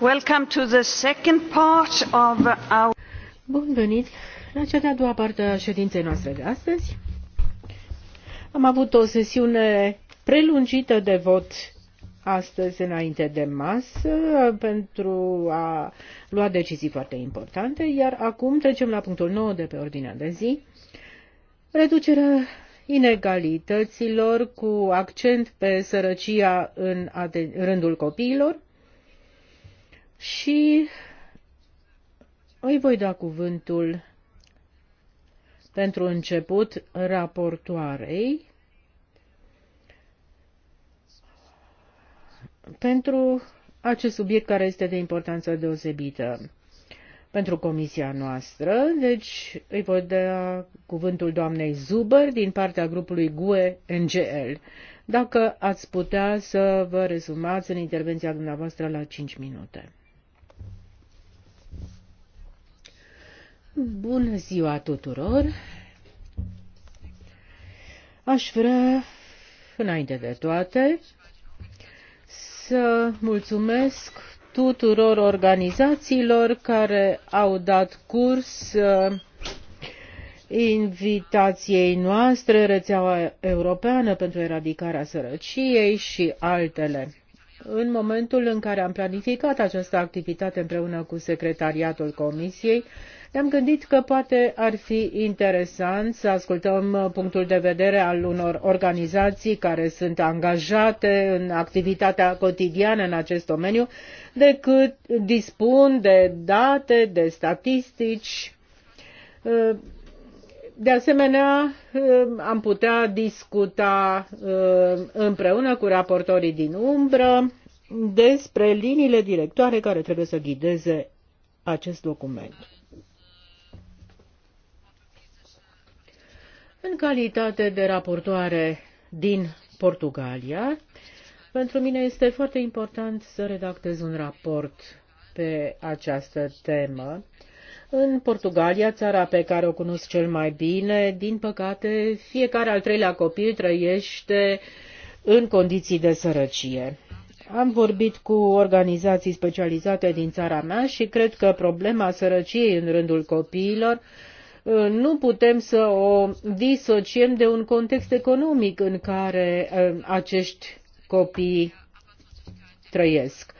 Welcome to the second part of our... Bun venit la cea de-a doua parte a ședinței noastre de astăzi. Am avut o sesiune prelungită de vot astăzi înainte de masă pentru a lua decizii foarte importante, iar acum trecem la punctul 9 de pe ordinea de zi. Reducerea inegalităților cu accent pe sărăcia în rândul copiilor, și îi voi da cuvântul pentru început raportoarei pentru acest subiect care este de importanță deosebită pentru comisia noastră. Deci îi voi da cuvântul doamnei Zuber din partea grupului GUE NGL. Dacă ați putea să vă rezumați în intervenția dumneavoastră la 5 minute. Bună ziua tuturor! Aș vrea, înainte de toate, să mulțumesc tuturor organizațiilor care au dat curs uh, invitației noastre, rețeaua europeană pentru eradicarea sărăciei și altele. În momentul în care am planificat această activitate împreună cu secretariatul Comisiei, ne-am gândit că poate ar fi interesant să ascultăm punctul de vedere al unor organizații care sunt angajate în activitatea cotidiană în acest domeniu, decât dispun de date, de statistici. De asemenea, am putea discuta ă, împreună cu raportorii din umbră despre liniile directoare care trebuie să ghideze acest document. În calitate de raportoare din Portugalia, pentru mine este foarte important să redactez un raport pe această temă. În Portugalia, țara pe care o cunosc cel mai bine, din păcate, fiecare al treilea copil trăiește în condiții de sărăcie. Am vorbit cu organizații specializate din țara mea și cred că problema sărăciei în rândul copiilor Uh, nu putem să o disociem de un context economic în care uh, acești copii trăiesc.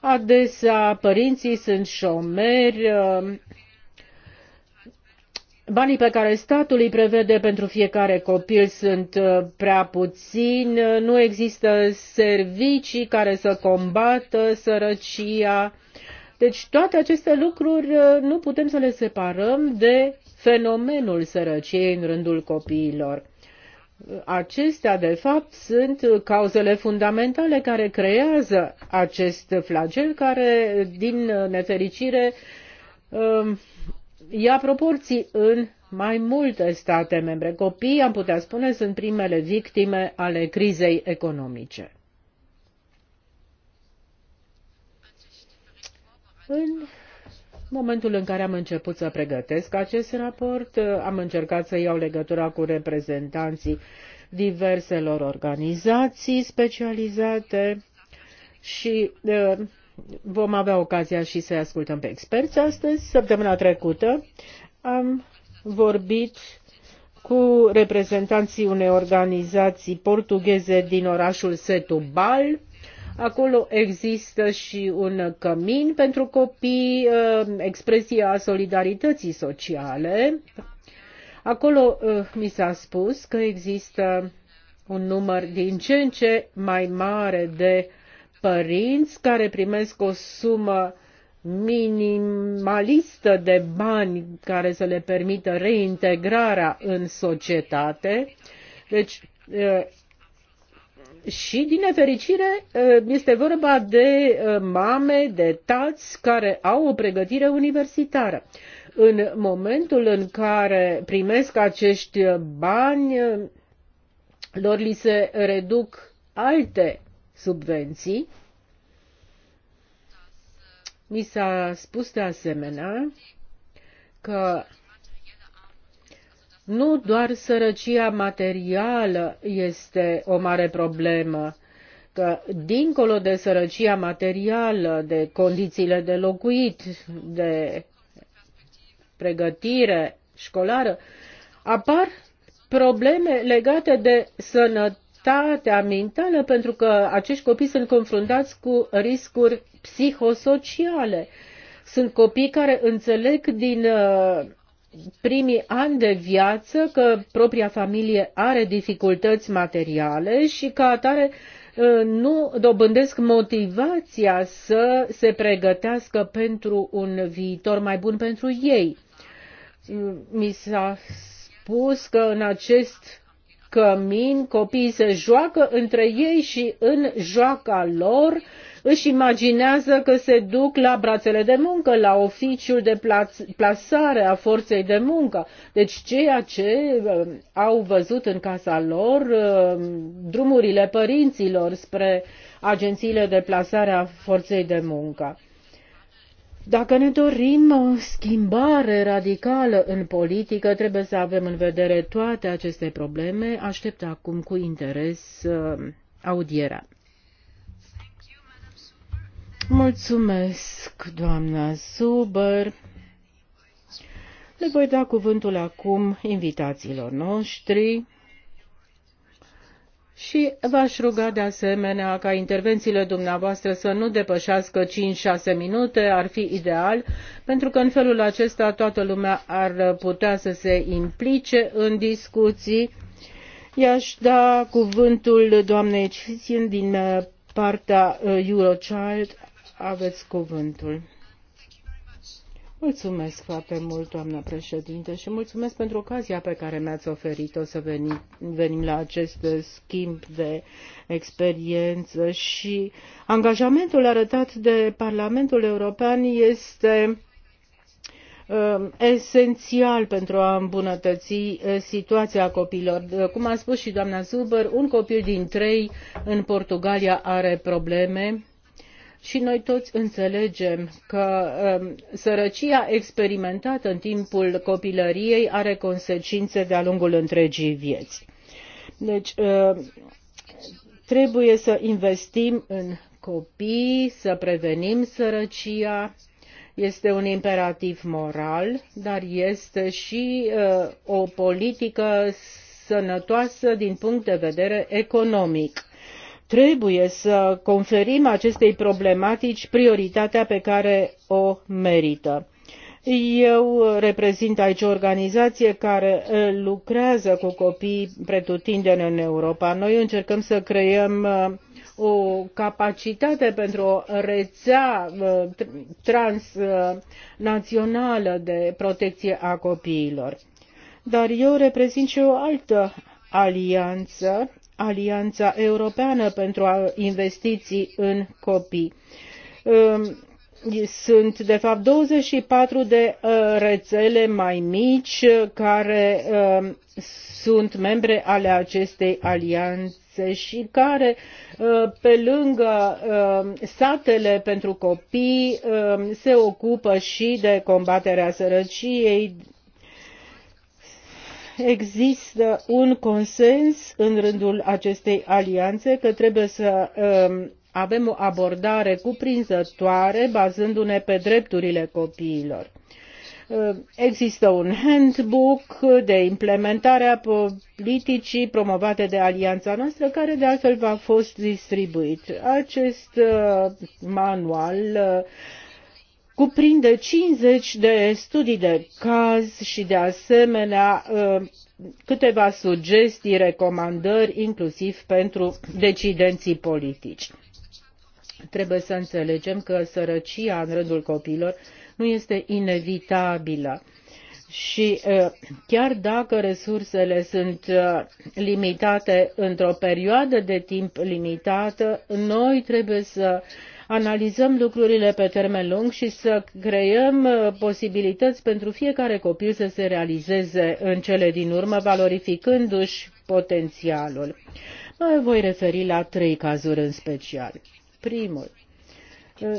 Adesea părinții sunt șomeri, uh, Banii pe care statul îi prevede pentru fiecare copil sunt prea puțini, nu există servicii care să combată sărăcia. Deci toate aceste lucruri nu putem să le separăm de fenomenul sărăciei în rândul copiilor. Acestea, de fapt, sunt cauzele fundamentale care creează acest flagel, care, din nefericire, um, ia proporții în mai multe state membre. Copiii, am putea spune, sunt primele victime ale crizei economice. În în momentul în care am început să pregătesc acest raport, uh, am încercat să iau legătura cu reprezentanții diverselor organizații specializate și uh, vom avea ocazia și să ascultăm pe experți astăzi. Săptămâna trecută am vorbit cu reprezentanții unei organizații portugheze din orașul Setubal Acolo există și un cămin pentru copii, uh, expresia solidarității sociale. Acolo uh, mi s-a spus că există un număr din ce în ce mai mare de părinți care primesc o sumă minimalistă de bani care să le permită reintegrarea în societate. Deci uh, și, din nefericire, ă, este vorba de ă, mame, de tați care au o pregătire universitară. În momentul în care primesc acești bani, ă, lor li se reduc alte subvenții. Mi s-a spus de asemenea că nu doar sărăcia materială este o mare problemă, că dincolo de sărăcia materială, de condițiile de locuit, de pregătire școlară, apar probleme legate de sănătatea mentală, pentru că acești copii sunt confruntați cu riscuri psihosociale. Sunt copii care înțeleg din uh, primii ani de viață că propria familie are dificultăți materiale și ca atare uh, nu dobândesc motivația să se pregătească pentru un viitor mai bun pentru ei. Uh, mi s-a spus că în acest cămin copiii se joacă între ei și în joaca lor își imaginează că se duc la brațele de muncă, la oficiul de plasare a forței de muncă. Deci ceea ce um, au văzut în casa lor, um, drumurile părinților spre agențiile de plasare a forței de muncă. Dacă ne dorim o schimbare radicală în politică, trebuie să avem în vedere toate aceste probleme. Aștept acum cu interes um, audierea. Mulțumesc, doamna Zuber. Le voi da cuvântul acum invitațiilor noștri și v-aș ruga de asemenea ca intervențiile dumneavoastră să nu depășească 5-6 minute, ar fi ideal, pentru că în felul acesta toată lumea ar putea să se implice în discuții. I-aș da cuvântul doamnei Cisin din partea Eurochild aveți cuvântul. Mulțumesc foarte mult, doamna președinte, și mulțumesc pentru ocazia pe care mi-ați oferit-o să venim, venim la acest schimb de experiență și angajamentul arătat de Parlamentul European este um, esențial pentru a îmbunătăți uh, situația copiilor. Uh, cum a spus și doamna Zuber, un copil din trei în Portugalia are probleme și noi toți înțelegem că um, sărăcia experimentată în timpul copilăriei are consecințe de-a lungul întregii vieți. Deci um, trebuie să investim în copii, să prevenim sărăcia, este un imperativ moral, dar este și uh, o politică sănătoasă din punct de vedere economic Trebuie să conferim acestei problematici prioritatea pe care o merită. Eu reprezint aici o organizație care lucrează cu copii pretutindeni în Europa. Noi încercăm să creăm o capacitate pentru o rețea transnațională de protecție a copiilor. Dar eu reprezint și o altă alianță Alianța Europeană pentru Investiții în Copii. Um, sunt, de fapt, 24 de uh, rețele mai mici uh, care um, sunt membre ale acestei alianțe și care, uh, pe lângă um, satele pentru copii, se ocupă și de combaterea sărăciei, există un consens în rândul acestei alianțe că trebuie să um, avem o abordare cuprinzătoare bazându-ne pe drepturile copiilor. Um, există un handbook de implementare a politicii promovate de alianța noastră, care de altfel va fost distribuit. Acest uh, manual uh, cuprinde 50 de studii de caz și de asemenea ă, câteva sugestii, recomandări, inclusiv pentru decidenții politici. Trebuie să înțelegem că sărăcia în rândul copilor nu este inevitabilă și ă, chiar dacă resursele sunt ă, limitate într-o perioadă de timp limitată, noi trebuie să analizăm lucrurile pe termen lung și să creăm uh, posibilități pentru fiecare copil să se realizeze în cele din urmă, valorificându-și potențialul. Mă voi referi la trei cazuri în special. Primul, uh,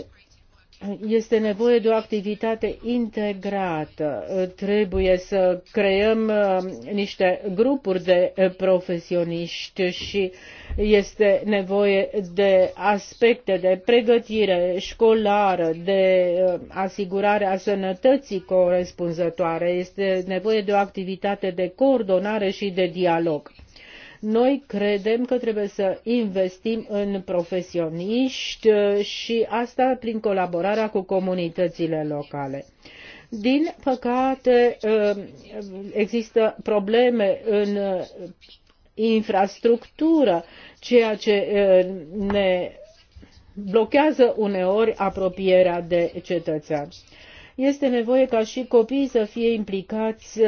este nevoie de o activitate integrată. Trebuie să creăm uh, niște grupuri de uh, profesioniști și este nevoie de aspecte de pregătire școlară, de uh, asigurare a sănătății corespunzătoare. Este nevoie de o activitate de coordonare și de dialog. Noi credem că trebuie să investim în profesioniști uh, și asta prin colaborarea cu comunitățile locale. Din păcate, uh, există probleme în uh, infrastructură, ceea ce ne blochează uneori apropierea de cetățean. Este nevoie ca și copiii să fie implicați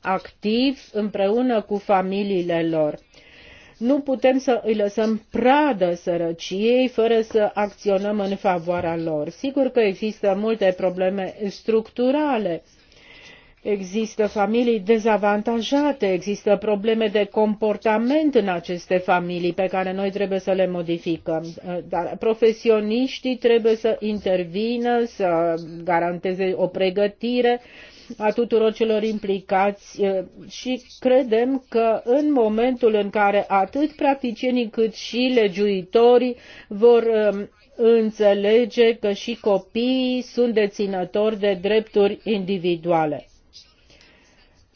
activ împreună cu familiile lor. Nu putem să îi lăsăm pradă sărăciei fără să acționăm în favoarea lor. Sigur că există multe probleme structurale. Există familii dezavantajate, există probleme de comportament în aceste familii pe care noi trebuie să le modificăm. Dar profesioniștii trebuie să intervină, să garanteze o pregătire, uh, a tuturor celor implicați și credem că în momentul în care atât practicienii cât și legiuitorii vor înțelege că și copiii sunt deținători de drepturi individuale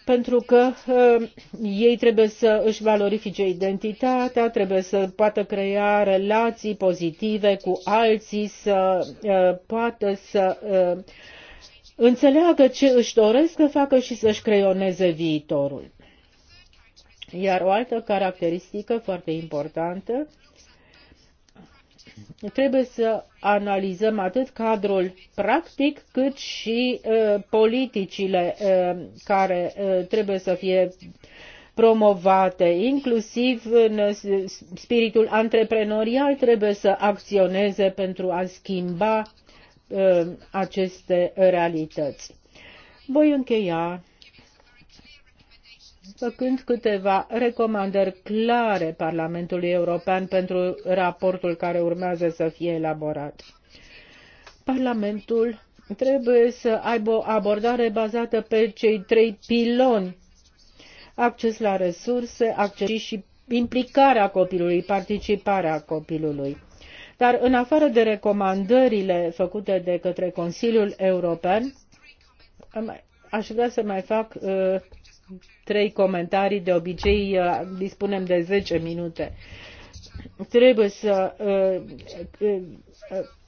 pentru că uh, ei trebuie să își valorifice identitatea, trebuie să poată crea relații pozitive cu alții, să uh, poată să uh, înțeleagă ce își doresc să facă și să-și creioneze viitorul. Iar o altă caracteristică foarte importantă, trebuie să analizăm atât cadrul practic cât și uh, politicile uh, care uh, trebuie să fie promovate, inclusiv în uh, spiritul antreprenorial trebuie să acționeze pentru a schimba Uh, aceste realități. Voi încheia făcând câteva recomandări clare Parlamentului European pentru raportul care urmează să fie elaborat. Parlamentul trebuie să aibă o abordare bazată pe cei trei piloni. Acces la resurse, acces și implicarea copilului, participarea copilului. Dar în afară de recomandările făcute de către Consiliul European, aș vrea să mai fac uh, trei comentarii. De obicei uh, dispunem de 10 minute. Trebuie să uh, uh,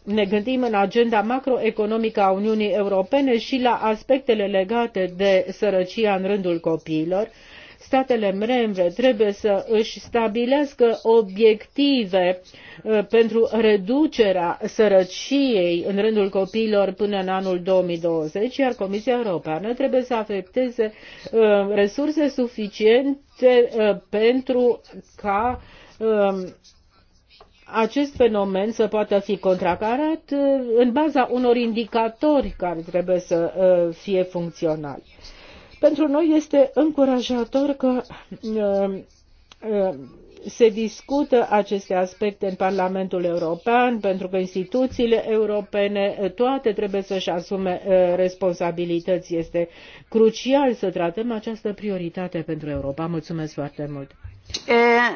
ne gândim în agenda macroeconomică a Uniunii Europene și la aspectele legate de sărăcia în rândul copiilor, statele membre trebuie să își stabilească obiective uh, pentru reducerea sărăciei în rândul copiilor până în anul 2020, iar Comisia Europeană trebuie să afecteze uh, resurse suficiente uh, pentru ca um, acest fenomen să poată fi contracarat în baza unor indicatori care trebuie să fie funcționali. Pentru noi este încurajator că uh, uh, se discută aceste aspecte în Parlamentul European, pentru că instituțiile europene uh, toate trebuie să-și asume responsabilități. Este crucial să tratăm această prioritate pentru Europa. Mulțumesc foarte mult!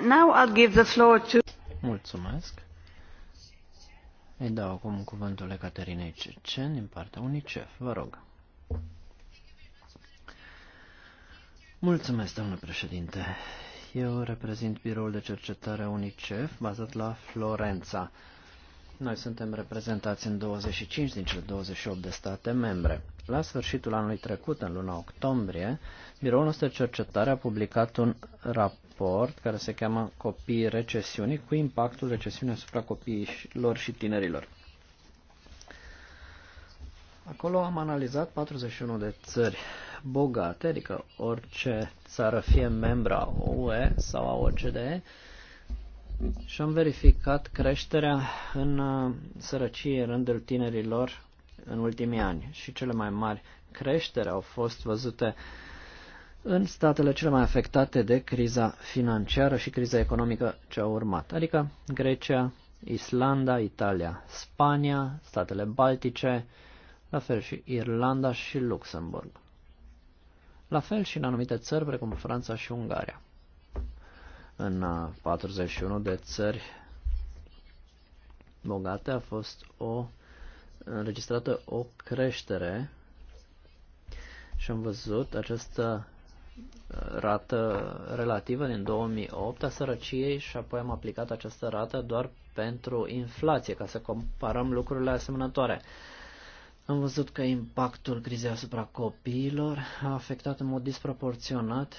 now I'll give the floor to... Mulțumesc! Îi dau acum cuvântul Ecaterinei Cecen din partea UNICEF. Vă rog! Mulțumesc, domnule președinte. Eu reprezint biroul de cercetare UNICEF, bazat la Florența. Noi suntem reprezentați în 25 din cele 28 de state membre. La sfârșitul anului trecut, în luna octombrie, biroul nostru de cercetare a publicat un raport care se cheamă Copiii recesiunii cu impactul recesiunii asupra copiilor și tinerilor. Acolo am analizat 41 de țări bogate, adică orice țară fie membra UE sau a OCDE, și am verificat creșterea în uh, sărăcie în rândul tinerilor în ultimii ani și cele mai mari creștere au fost văzute în statele cele mai afectate de criza financiară și criza economică ce au urmat, adică Grecia, Islanda, Italia, Spania, statele Baltice, la fel și Irlanda și Luxemburg la fel și în anumite țări precum Franța și Ungaria. În 41 de țări bogate a fost o înregistrată o creștere și am văzut această uh, rată relativă din 2008 a sărăciei și apoi am aplicat această rată doar pentru inflație, ca să comparăm lucrurile asemănătoare. Am văzut că impactul crizei asupra copiilor a afectat în mod disproporționat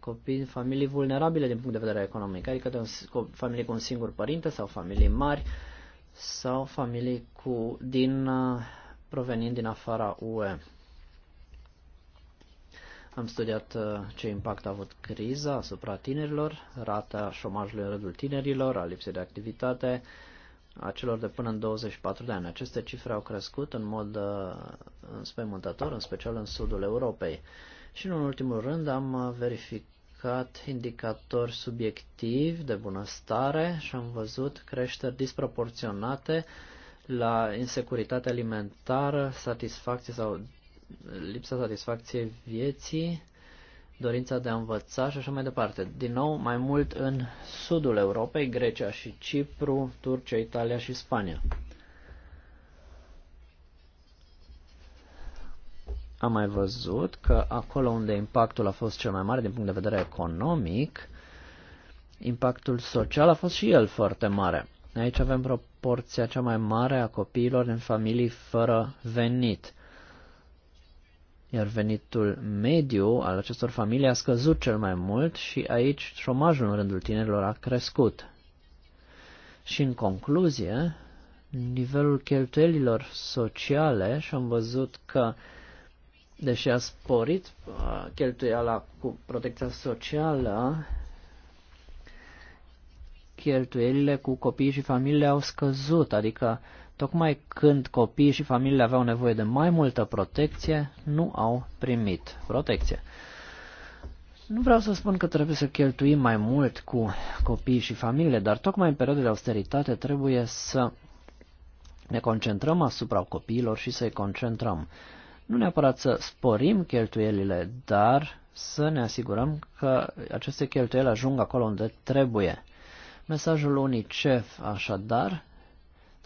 copii, familii vulnerabile din punct de vedere economic, adică de un, familii cu un singur părinte sau familii mari sau familii cu, din, uh, provenind din afara UE. Am studiat uh, ce impact a avut criza asupra tinerilor, rata șomajului în rândul tinerilor, a lipsei de activitate, a celor de până în 24 de ani. Aceste cifre au crescut în mod uh, înspăimântător, în special în sudul Europei. Și în ultimul rând am uh, verificat indicatori subiectivi de bunăstare și am văzut creșteri disproporționate la insecuritate alimentară, satisfacție sau lipsa satisfacției vieții, dorința de a învăța și așa mai departe. Din nou, mai mult în sudul Europei, Grecia și Cipru, Turcia, Italia și Spania. Am mai văzut că acolo unde impactul a fost cel mai mare din punct de vedere economic, impactul social a fost și el foarte mare. Aici avem proporția cea mai mare a copiilor în familii fără venit iar venitul mediu al acestor familii a scăzut cel mai mult și aici șomajul în rândul tinerilor a crescut. Și în concluzie, nivelul cheltuielilor sociale și am văzut că deși a sporit cheltuiala cu protecția socială, cheltuielile cu copiii și familiile au scăzut, adică Tocmai când copiii și familiile aveau nevoie de mai multă protecție, nu au primit protecție. Nu vreau să spun că trebuie să cheltuim mai mult cu copiii și familiile, dar tocmai în perioada de austeritate trebuie să ne concentrăm asupra copiilor și să-i concentrăm. Nu neapărat să sporim cheltuielile, dar să ne asigurăm că aceste cheltuieli ajung acolo unde trebuie. Mesajul UNICEF, așadar,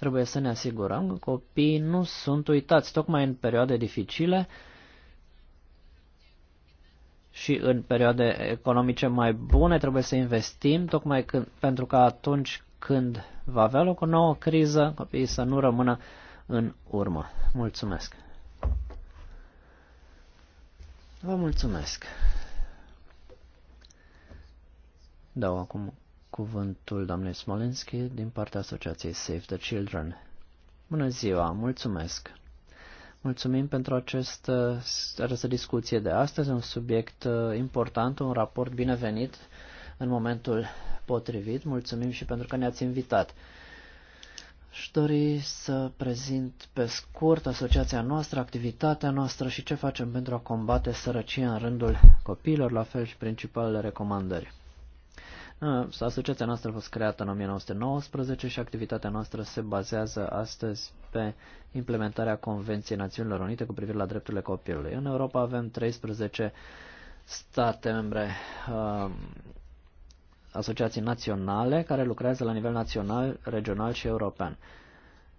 Trebuie să ne asigurăm că copiii nu sunt uitați, tocmai în perioade dificile și în perioade economice mai bune trebuie să investim, tocmai când, pentru că atunci când va avea loc o nouă criză, copiii să nu rămână în urmă. Mulțumesc! Vă mulțumesc! Dau acum cuvântul doamnei Smolenski din partea Asociației Save the Children. Bună ziua, mulțumesc! Mulțumim pentru acest, această discuție de astăzi, un subiect uh, important, un raport binevenit în momentul potrivit. Mulțumim și pentru că ne-ați invitat. Aș dori să prezint pe scurt asociația noastră, activitatea noastră și ce facem pentru a combate sărăcia în rândul copiilor, la fel și principalele recomandări. Asociația noastră a fost creată în 1919 și activitatea noastră se bazează astăzi pe implementarea Convenției Națiunilor Unite cu privire la drepturile copilului. În Europa avem 13 state membre um, asociații naționale care lucrează la nivel național, regional și european.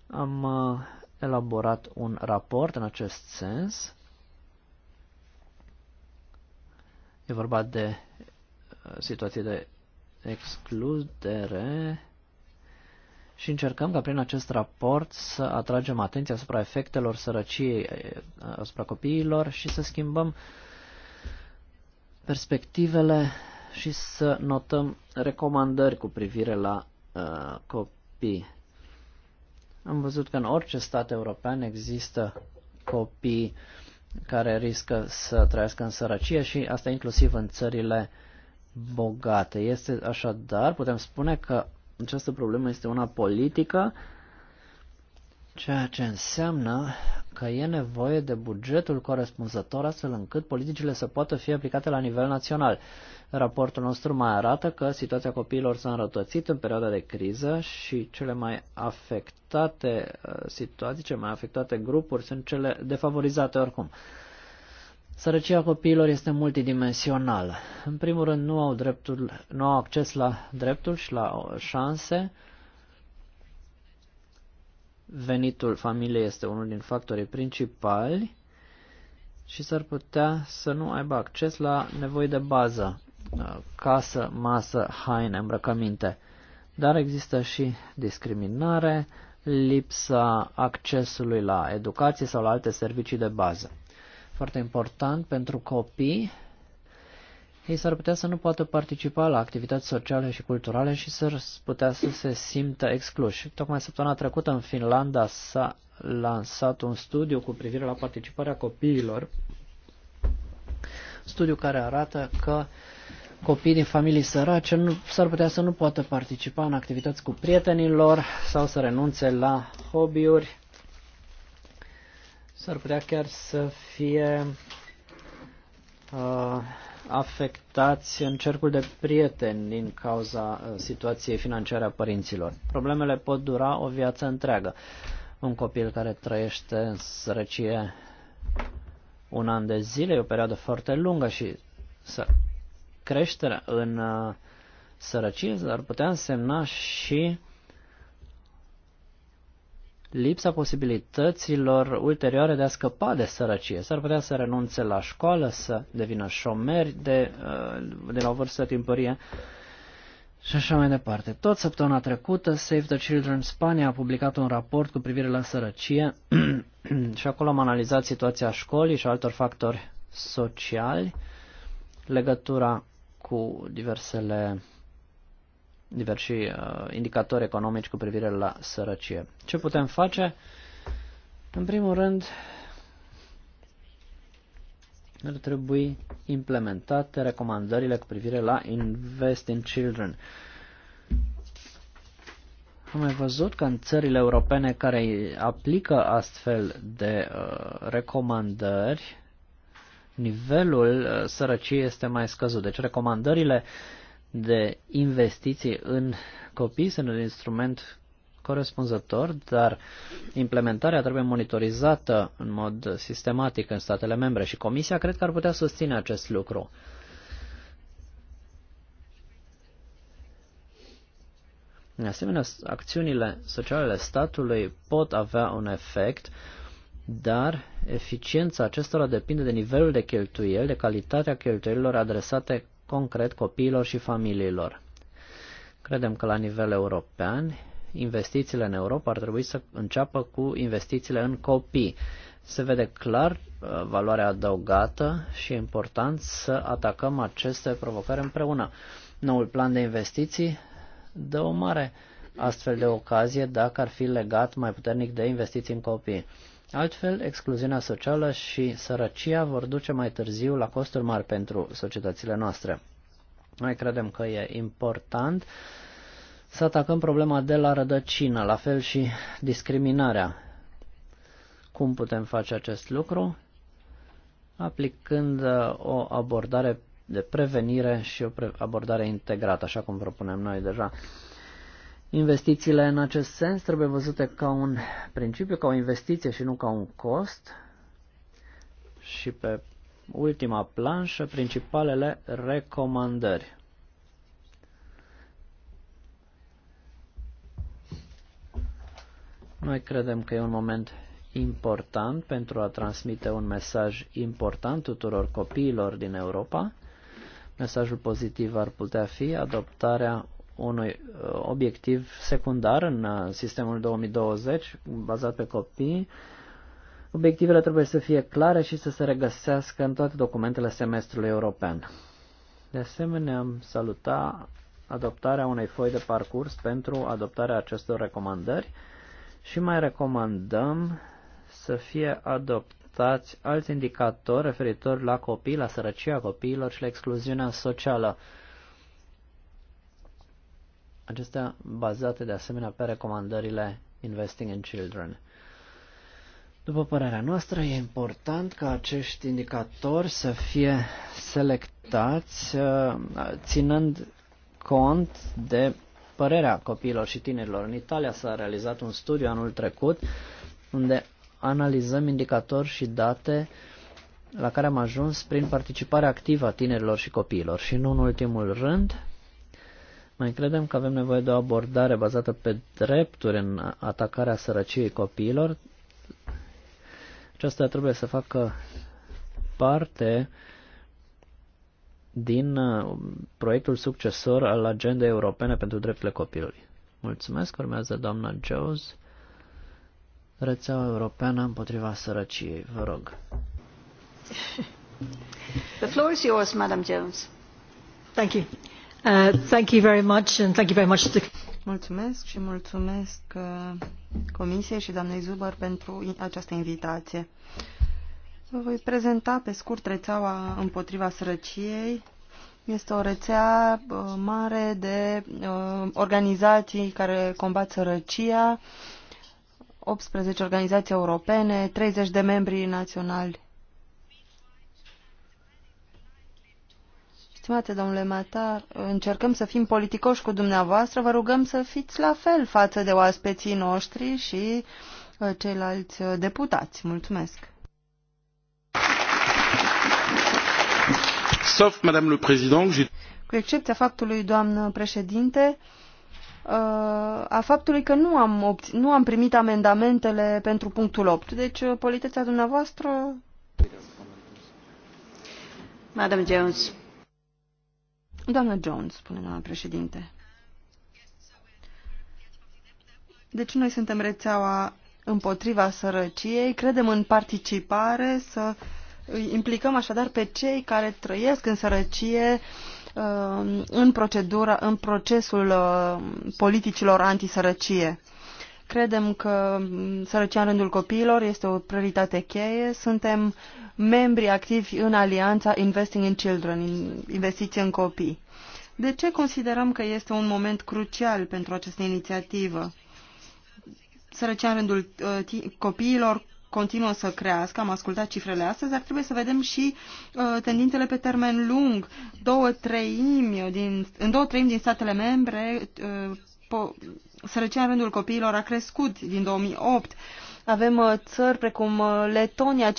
Am uh, elaborat un raport în acest sens. E vorba de uh, situație de excludere și încercăm ca prin acest raport să atragem atenția asupra efectelor sărăciei eh, asupra copiilor și să schimbăm perspectivele și să notăm recomandări cu privire la uh, copii. Am văzut că în orice stat european există copii care riscă să trăiască în sărăcie și asta inclusiv în țările uh, bogate. Este așadar, putem spune că această problemă este una politică, ceea ce înseamnă că e nevoie de bugetul corespunzător astfel încât politicile să poată fi aplicate la nivel național. Raportul nostru mai arată că situația copiilor s-a înrătățit în perioada de criză și cele mai afectate uh, situații, cele mai afectate grupuri sunt cele defavorizate oricum. Sărăcia copiilor este multidimensională. În primul rând, nu au, dreptul, nu au acces la drepturi și la uh, șanse. Venitul familiei este unul din factorii principali și s-ar putea să nu aibă acces la nevoi de bază, uh, casă, masă, haine, îmbrăcăminte. Dar există și discriminare, lipsa accesului la educație sau la alte servicii de bază foarte important pentru copii, ei s-ar putea să nu poată participa la activități sociale și culturale și s-ar putea să se simtă excluși. Tocmai săptămâna trecută în Finlanda s-a lansat un studiu cu privire la participarea copiilor, studiu care arată că copiii din familii sărace nu, s-ar putea să nu poată participa în activități cu prietenii lor sau să renunțe la hobby-uri s-ar putea chiar să fie uh, afectați în cercul de prieteni din cauza uh, situației financiare a părinților. Problemele pot dura o viață întreagă. Un copil care trăiește în sărăcie un an de zile, e o perioadă foarte lungă și să creșterea în uh, sărăcie ar putea însemna și lipsa posibilităților ulterioare de a scăpa de sărăcie. S-ar putea să renunțe la școală, să devină șomeri de, uh, de la o vârstă timpărie și așa mai departe. Tot săptămâna trecută, Save the Children Spania a publicat un raport cu privire la sărăcie și acolo am analizat situația școlii și altor factori sociali, legătura cu diversele diversi uh, indicatori economici cu privire la sărăcie. Ce putem face? În primul rând, ar trebui implementate recomandările cu privire la Invest in Children. Am mai văzut că în țările europene care aplică astfel de uh, recomandări, nivelul uh, sărăciei este mai scăzut. Deci recomandările uh, de investiții în copii sunt un instrument corespunzător, dar implementarea trebuie monitorizată în mod sistematic în statele membre și Comisia cred că ar putea susține acest lucru. De asemenea, acțiunile sociale ale statului pot avea un efect, dar eficiența acestora depinde de nivelul de cheltuieli, de calitatea cheltuielilor adresate concret copiilor și familiilor. Credem că la nivel european investițiile în Europa ar trebui să înceapă cu investițiile în copii. Se vede clar uh, valoarea adăugată și e important să atacăm aceste provocări împreună. Noul plan de investiții dă o mare astfel de ocazie dacă ar fi legat mai puternic de investiții în copii. Altfel, excluziunea socială și sărăcia vor duce mai târziu la costuri mari pentru societățile noastre. Noi credem că e important să atacăm problema de la rădăcină, la fel și discriminarea. Cum putem face acest lucru? Aplicând uh, o abordare de prevenire și o abordare integrată, așa cum propunem noi deja. Investițiile în acest sens trebuie văzute ca un principiu, ca o investiție și nu ca un cost. Și pe ultima planșă, principalele recomandări. Noi credem că e un moment important pentru a transmite un mesaj important tuturor copiilor din Europa. Mesajul pozitiv ar putea fi adoptarea unui uh, obiectiv secundar în uh, sistemul 2020 bazat pe copii. Obiectivele trebuie să fie clare și să se regăsească în toate documentele semestrului european. De asemenea, am saluta adoptarea unei foi de parcurs pentru adoptarea acestor recomandări și mai recomandăm să fie adoptați alți indicatori referitor la copii, la sărăcia copiilor și la excluziunea socială acestea bazate de asemenea pe recomandările Investing in Children. După părerea noastră, e important ca acești indicatori să fie selectați uh, ținând cont de părerea copiilor și tinerilor. În Italia s-a realizat un studiu anul trecut unde analizăm indicatori și date la care am ajuns prin participarea activă a tinerilor și copiilor. Și nu în ultimul rând, noi credem că avem nevoie de o abordare bazată pe drepturi în atacarea sărăciei copiilor. Aceasta trebuie să facă parte din uh, proiectul succesor al agendei europene pentru drepturile copilului. Mulțumesc, urmează doamna Jones, rețeaua europeană împotriva sărăciei. Vă rog. The floor is yours, Madam Jones. Thank you. Mulțumesc și mulțumesc uh, Comisiei și doamnei Zuber pentru această invitație. Vă voi prezenta pe scurt rețeaua împotriva sărăciei. Este o rețea uh, mare de uh, organizații care combat sărăcia, 18 organizații europene, 30 de membri naționali Stimate domnule Matar, încercăm să fim politicoși cu dumneavoastră, vă rugăm să fiți la fel față de oaspeții noștri și uh, ceilalți uh, deputați. Mulțumesc. Sauf, Madame le Président, cu excepția faptului, doamnă președinte, uh, a faptului că nu am, nu am primit amendamentele pentru punctul 8. Deci, politețea dumneavoastră... Madame Jones. Doamna Jones, spune doamna președinte. Deci noi suntem rețeaua împotriva sărăciei, credem în participare, să îi implicăm așadar pe cei care trăiesc în sărăcie uh, în, procedura, în procesul uh, politicilor antisărăcie. Credem că mm, sărăcia în rândul copiilor este o prioritate cheie. Suntem membri activi în alianța Investing in Children, investiții în copii. De ce considerăm că este un moment crucial pentru această inițiativă? Sărăcia în rândul uh, copiilor continuă să crească, am ascultat cifrele astăzi, dar trebuie să vedem și uh, tendințele pe termen lung. Două treimi din, în două treimi din statele membre, uh, sărăcia în rândul copiilor a crescut din 2008. Avem uh, țări precum uh, Letonia 50%,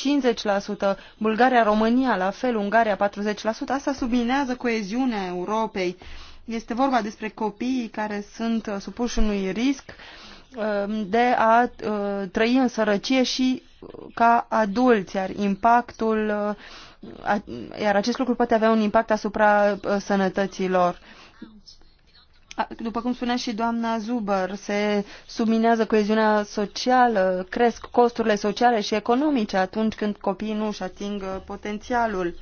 Bulgaria, România la fel, Ungaria 40%. Asta subminează coeziunea Europei. Este vorba despre copiii care sunt uh, supuși unui risc um, de a trăi în sărăcie și ca adulți, iar impactul, iar acest lucru poate avea un impact asupra sănătății lor după cum spunea și doamna Zuber, se subminează coeziunea socială, cresc costurile sociale și economice atunci când copiii nu își ating uh, potențialul.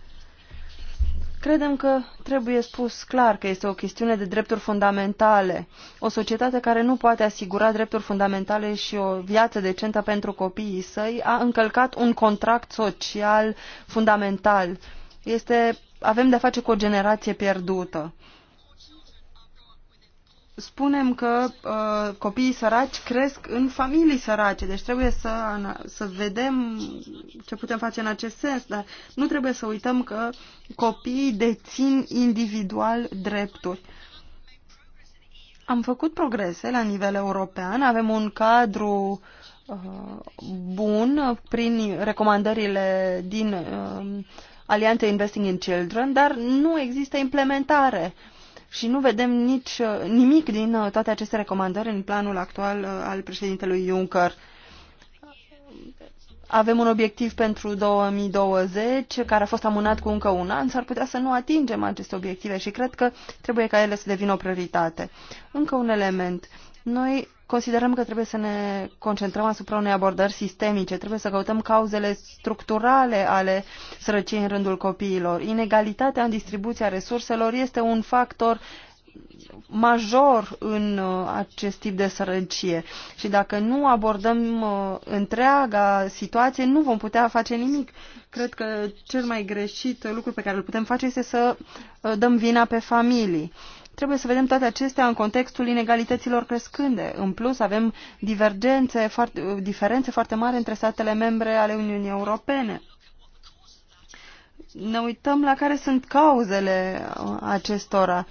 Credem că trebuie spus clar că este o chestiune de drepturi fundamentale. O societate care nu poate asigura drepturi fundamentale și o viață decentă pentru copiii săi a încălcat un contract social fundamental. Este, avem de-a face cu o generație pierdută spunem că uh, copiii săraci cresc în familii sărace, deci trebuie să, să vedem ce putem face în acest sens, dar nu trebuie să uităm că copiii dețin individual drepturi. Am făcut progrese la nivel european, avem un cadru uh, bun prin recomandările din uh, Alianța Investing in Children, dar nu există implementare. Uh, și nu vedem nici, uh, nimic din uh, toate aceste recomandări în planul actual uh, al președintelui Juncker. Avem un obiectiv pentru 2020 care a fost amânat cu încă un an, s-ar putea să nu atingem aceste obiective și cred că trebuie ca ele să devină o prioritate. Încă un element. Noi considerăm că trebuie să ne concentrăm asupra unei abordări sistemice, trebuie să căutăm cauzele structurale ale sărăciei în rândul copiilor. Inegalitatea în distribuția resurselor este un factor major în uh, acest tip de sărăcie. Și dacă nu abordăm uh, întreaga situație, nu vom putea face nimic. Cred că cel mai greșit lucru pe care îl putem face este să uh, dăm vina pe familii. Trebuie să vedem toate acestea în contextul inegalităților crescânde. În plus, avem divergențe, foarte, diferențe foarte mari între statele membre ale Uniunii Europene ne uităm la care sunt cauzele acestora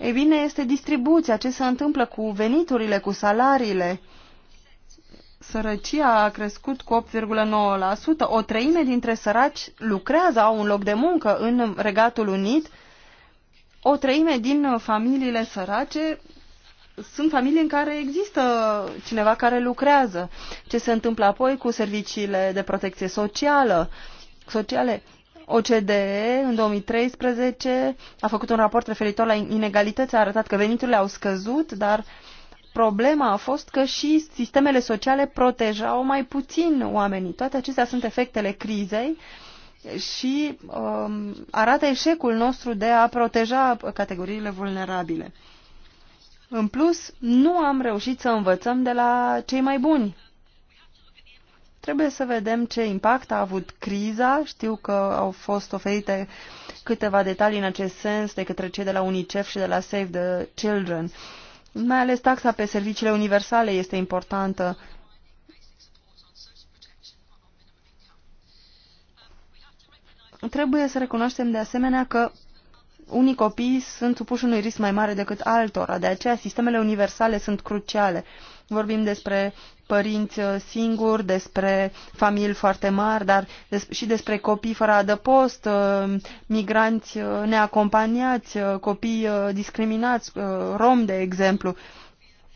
ei bine, este distribuția, ce se întâmplă cu veniturile, cu salariile. Sărăcia a crescut cu 8,9%. O treime dintre săraci lucrează, au un loc de muncă în Regatul Unit. O treime din familiile sărace sunt familii în care există cineva care lucrează. Ce se întâmplă apoi cu serviciile de protecție socială, sociale? OCDE în 2013 a făcut un raport referitor la inegalități, a arătat că veniturile au scăzut, dar problema a fost că și sistemele sociale protejau mai puțin oamenii. Toate acestea sunt efectele crizei și um, arată eșecul nostru de a proteja categoriile vulnerabile. În plus, nu am reușit să învățăm de la cei mai buni Trebuie să vedem ce impact a avut criza. Știu că au fost oferite câteva detalii în acest sens de către cei de la UNICEF și de la Save the Children. Mai ales taxa pe serviciile universale este importantă. Trebuie să recunoaștem de asemenea că unii copii sunt supuși unui risc mai mare decât altora, de aceea sistemele universale sunt cruciale. Vorbim despre părinți uh, singuri, despre familii foarte mari, dar și despre copii fără adăpost, uh, migranți uh, neacompaniați, copii discriminați, rom, de exemplu.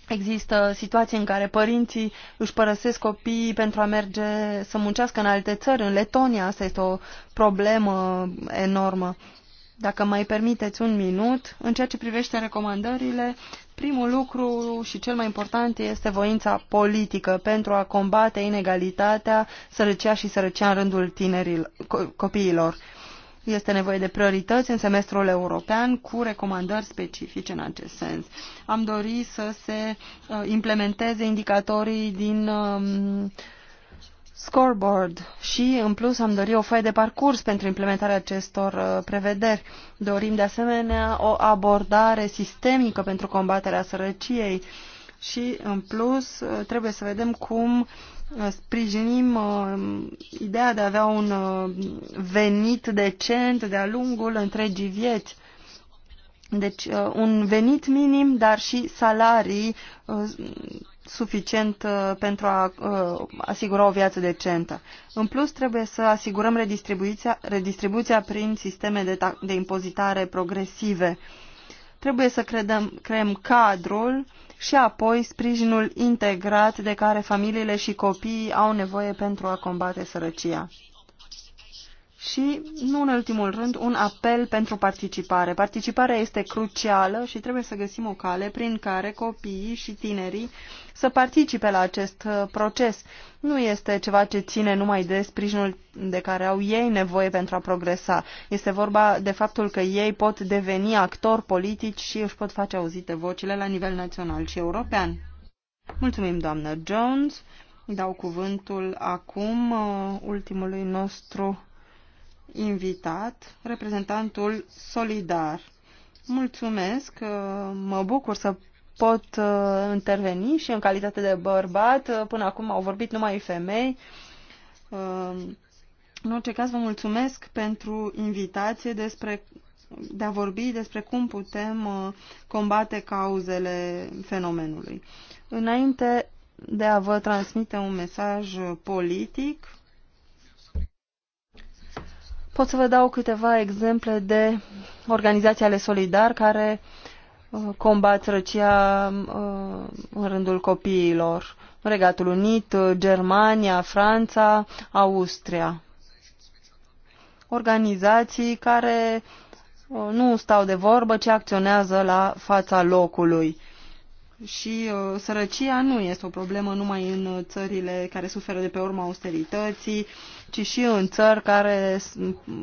Există situații în care părinții își părăsesc copiii pentru a merge să muncească în alte țări, în Letonia. Asta este o problemă enormă. Dacă mai permiteți un minut, în ceea ce privește recomandările, Primul lucru și cel mai important este voința politică pentru a combate inegalitatea, sărăcia și sărăcia în rândul tinerilor, copiilor. Este nevoie de priorități în semestrul european cu recomandări specifice în acest sens. Am dorit să se uh, implementeze indicatorii din um, scoreboard și, în plus, am dorit o foaie de parcurs pentru implementarea acestor uh, prevederi. Dorim, de asemenea, o abordare sistemică pentru combaterea sărăciei și, în plus, uh, trebuie să vedem cum uh, sprijinim ideea de a avea un venit decent de-a lungul întregii vieți. Deci, un venit minim, dar și salarii suficient uh, pentru a uh, asigura o viață decentă. În plus, trebuie să asigurăm redistribuția, redistribuția prin sisteme de, de impozitare progresive. Trebuie să credem, creăm cadrul și apoi sprijinul integrat de care familiile și copiii au nevoie pentru a combate sărăcia. Și, nu în ultimul rând, un apel pentru participare. Participarea este crucială și trebuie să găsim o cale prin care copiii și tinerii să participe la acest uh, proces. Nu este ceva ce ține numai de sprijinul de care au ei nevoie pentru a progresa. Este vorba de faptul că ei pot deveni actori politici și își pot face auzite vocile la nivel național și european. Mulțumim, doamnă Jones. Dau cuvântul acum uh, ultimului nostru invitat, reprezentantul Solidar. Mulțumesc, uh, mă bucur să pot uh, interveni și în calitate de bărbat. Uh, până acum au vorbit numai femei. Uh, în orice caz, vă mulțumesc pentru invitație despre, de a vorbi despre cum putem uh, combate cauzele fenomenului. Înainte de a vă transmite un mesaj politic, pot să vă dau câteva exemple de organizații ale Solidar care uh, combat sărăcia uh, în rândul copiilor. Regatul Unit, uh, Germania, Franța, Austria. Organizații care uh, nu stau de vorbă, ci acționează la fața locului. Și sărăcia nu este o problemă numai în țările care suferă de pe urma austerității, ci și în țări care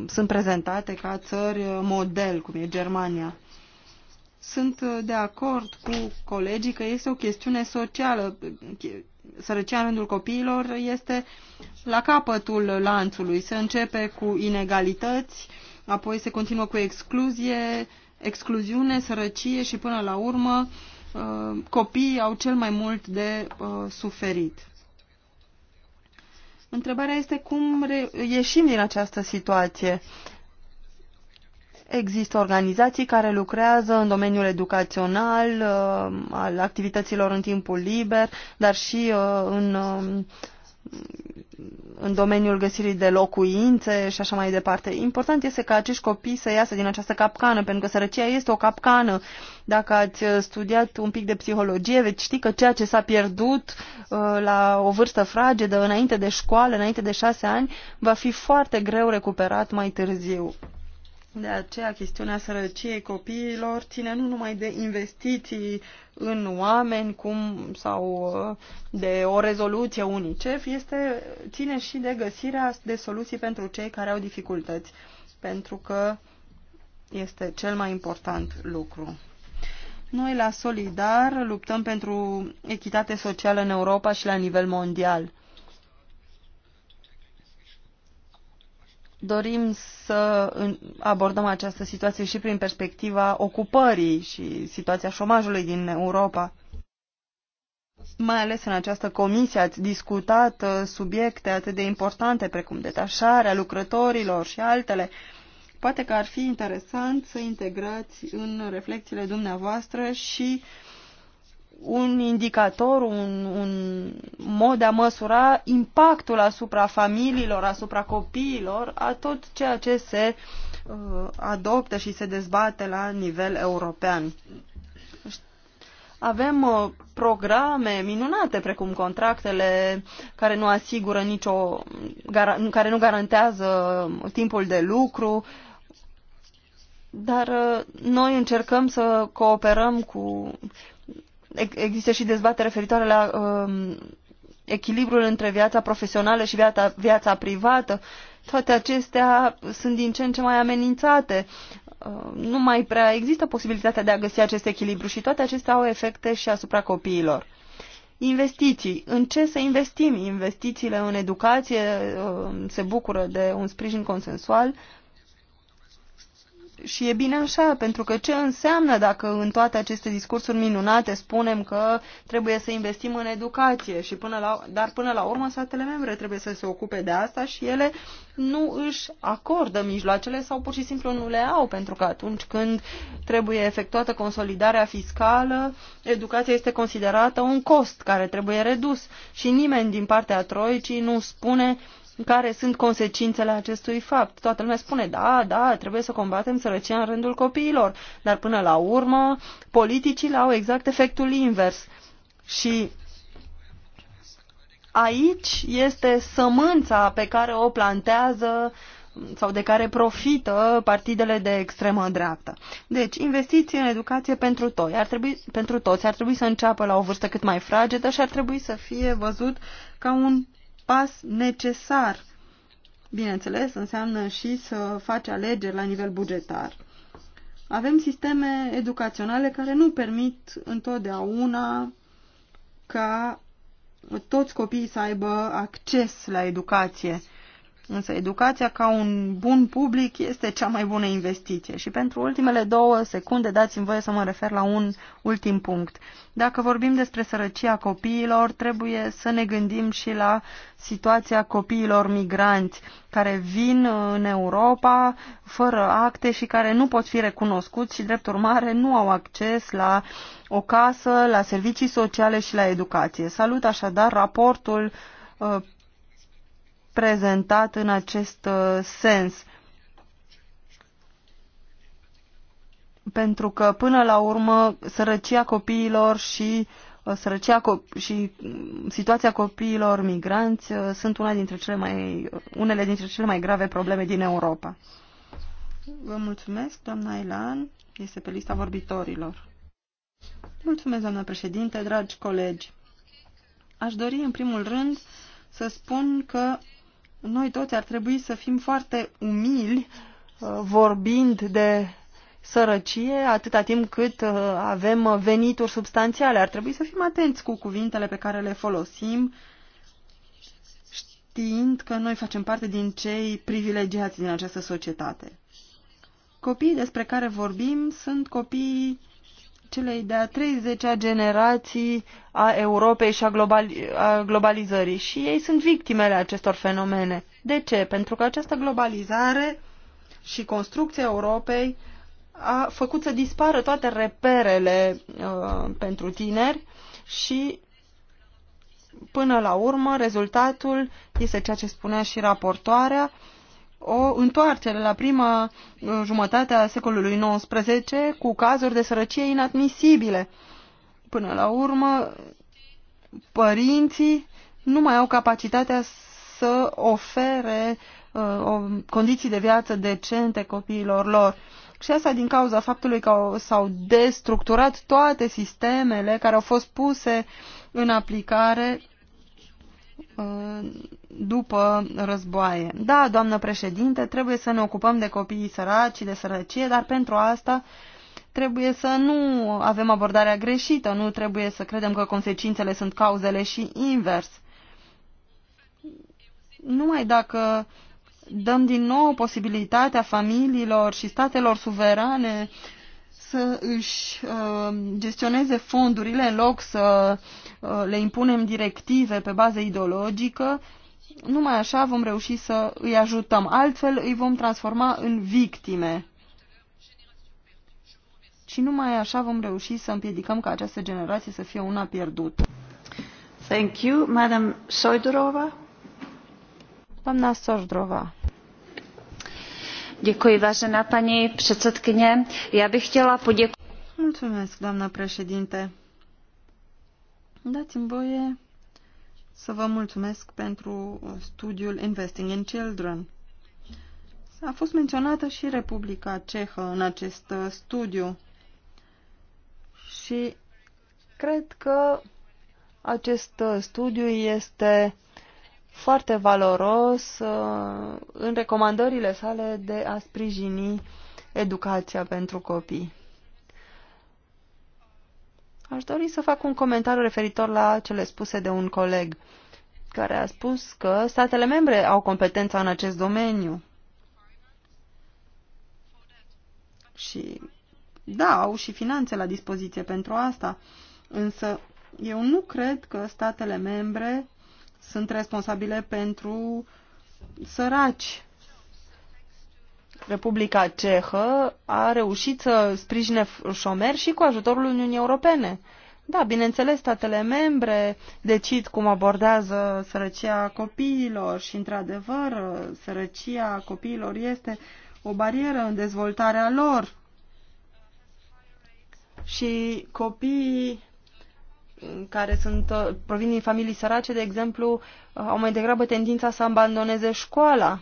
sunt prezentate ca țări model, cum e Germania. Sunt uh, de acord cu colegii că este o chestiune socială. Sărăcia în rândul copiilor este la capătul lanțului. Se începe cu inegalități, apoi se continuă cu excluzie, excluziune, sărăcie și până la urmă uh, copiii au cel mai mult de uh, suferit. Întrebarea este cum ieșim din această situație. Există organizații care lucrează în domeniul educațional, uh, al activităților în timpul liber, dar și uh, în, uh, în domeniul găsirii de locuințe și așa mai departe. Important este ca acești copii să iasă din această capcană, pentru că sărăcia este o capcană. Dacă ați studiat un pic de psihologie, veți ști că ceea ce s-a pierdut la o vârstă fragedă, înainte de școală, înainte de șase ani, va fi foarte greu recuperat mai târziu. De aceea, chestiunea sărăciei copiilor ține nu numai de investiții în oameni cum, sau uh, de o rezoluție UNICEF, este, ține și de găsirea de soluții pentru cei care au dificultăți, pentru că este cel mai important lucru. Noi la Solidar luptăm pentru echitate socială în Europa și la nivel mondial. dorim să abordăm această situație și prin perspectiva ocupării și situația șomajului din Europa. Mai ales în această comisie ați discutat uh, subiecte atât de importante precum detașarea lucrătorilor și altele. Poate că ar fi interesant să integrați în reflexiile dumneavoastră și uh, un indicator, un, un mod de a măsura impactul asupra familiilor, asupra copiilor, a tot ceea ce se uh, adoptă și se dezbate la nivel european. Avem uh, programe minunate, precum contractele care nu asigură nicio, care nu garantează timpul de lucru, dar uh, noi încercăm să cooperăm cu există și dezbatere referitoare la uh, echilibrul între viața profesională și viața, viața privată. Toate acestea sunt din ce în ce mai amenințate. Uh, nu mai prea există posibilitatea de a găsi acest echilibru și toate acestea au efecte și asupra copiilor. Investiții. În ce să investim? Investițiile în educație uh, se bucură de un sprijin consensual și e bine așa, pentru că ce înseamnă dacă în toate aceste discursuri minunate spunem că trebuie să investim în educație, și până la, dar până la urmă statele membre trebuie să se ocupe de asta și ele nu își acordă mijloacele sau pur și simplu nu le au, pentru că atunci când trebuie efectuată consolidarea fiscală, educația este considerată un cost care trebuie redus și nimeni din partea troicii nu spune care sunt consecințele acestui fapt. Toată lumea spune, da, da, trebuie să combatem sărăcia în rândul copiilor, dar până la urmă politicile au exact efectul invers. Și aici este sămânța pe care o plantează sau de care profită partidele de extremă dreaptă. Deci, investiții în educație pentru, toi. Ar trebui, pentru toți ar trebui să înceapă la o vârstă cât mai fragedă și ar trebui să fie văzut ca un pas necesar. Bineînțeles, înseamnă și să faci alegeri la nivel bugetar. Avem sisteme educaționale care nu permit întotdeauna ca toți copiii să aibă acces la educație. Însă educația ca un bun public este cea mai bună investiție. Și pentru ultimele două secunde dați-mi voie să mă refer la un ultim punct. Dacă vorbim despre sărăcia copiilor, trebuie să ne gândim și la situația copiilor migranți care vin în Europa fără acte și care nu pot fi recunoscuți și, drept urmare, nu au acces la o casă, la servicii sociale și la educație. Salut așadar raportul uh, prezentat în acest uh, sens. Pentru că, până la urmă, sărăcia copiilor și, uh, sărăcia co- și mm, situația copiilor migranți uh, sunt una dintre cele mai, unele dintre cele mai grave probleme din Europa. Vă mulțumesc, doamna Elan. Este pe lista vorbitorilor. Mulțumesc, doamna președinte, dragi colegi. Aș dori, în primul rând, să spun că noi toți ar trebui să fim foarte umili uh, vorbind de sărăcie atâta timp cât uh, avem venituri substanțiale. Ar trebui să fim atenți cu cuvintele pe care le folosim știind că noi facem parte din cei privilegiați din această societate. Copiii despre care vorbim sunt copii celei de-a 30-a generații a Europei și a, globali- a globalizării. Și ei sunt victimele acestor fenomene. De ce? Pentru că această globalizare și construcția Europei a făcut să dispară toate reperele uh, pentru tineri și până la urmă rezultatul este ceea ce spunea și raportoarea, uh, o întoarcere la prima uh, jumătate a secolului XIX cu cazuri de sărăcie inadmisibile. Până la urmă, părinții nu mai au capacitatea să ofere uh, o, condiții de viață decente copiilor lor. Și asta din cauza faptului că s-au destructurat toate sistemele care au fost puse în aplicare Uh, după războaie. Da, doamnă președinte, trebuie să ne ocupăm de copiii săraci de sărăcie, dar pentru asta trebuie să nu avem abordarea greșită, nu trebuie să credem că consecințele sunt cauzele și invers. Numai dacă dăm din nou posibilitatea familiilor și statelor suverane să își uh, gestioneze fondurile în loc să uh, Uh, le impunem directive pe bază ideologică, numai așa vom reuși să îi ajutăm. Altfel îi vom transforma în victime. Și numai așa vom reuși să împiedicăm ca această generație să fie una pierdută. Thank you, Madam Sojdorova. Doamna Sojdorova. Děkuji, vážená paní předsedkyně. Já bych chtěla poděkovat. Mulțumesc, doamnă președinte. Dați-mi voie să vă mulțumesc pentru studiul Investing in Children. A fost menționată și Republica Cehă în acest uh, studiu și cred că acest uh, studiu este foarte valoros uh, în recomandările sale de a sprijini educația pentru copii. Aș dori să fac un comentariu referitor la cele spuse de un coleg care a spus că statele membre au competența în acest domeniu. Și da, au și finanțe la dispoziție pentru asta, însă eu nu cred că statele membre sunt responsabile pentru săraci Republica Cehă a reușit să sprijine șomeri și cu ajutorul Uniunii Europene. Da, bineînțeles, statele membre decid cum abordează sărăcia copiilor și, într-adevăr, sărăcia copiilor este o barieră în dezvoltarea lor. Și copiii care sunt, provin din familii sărace, de exemplu, au mai degrabă tendința să abandoneze școala.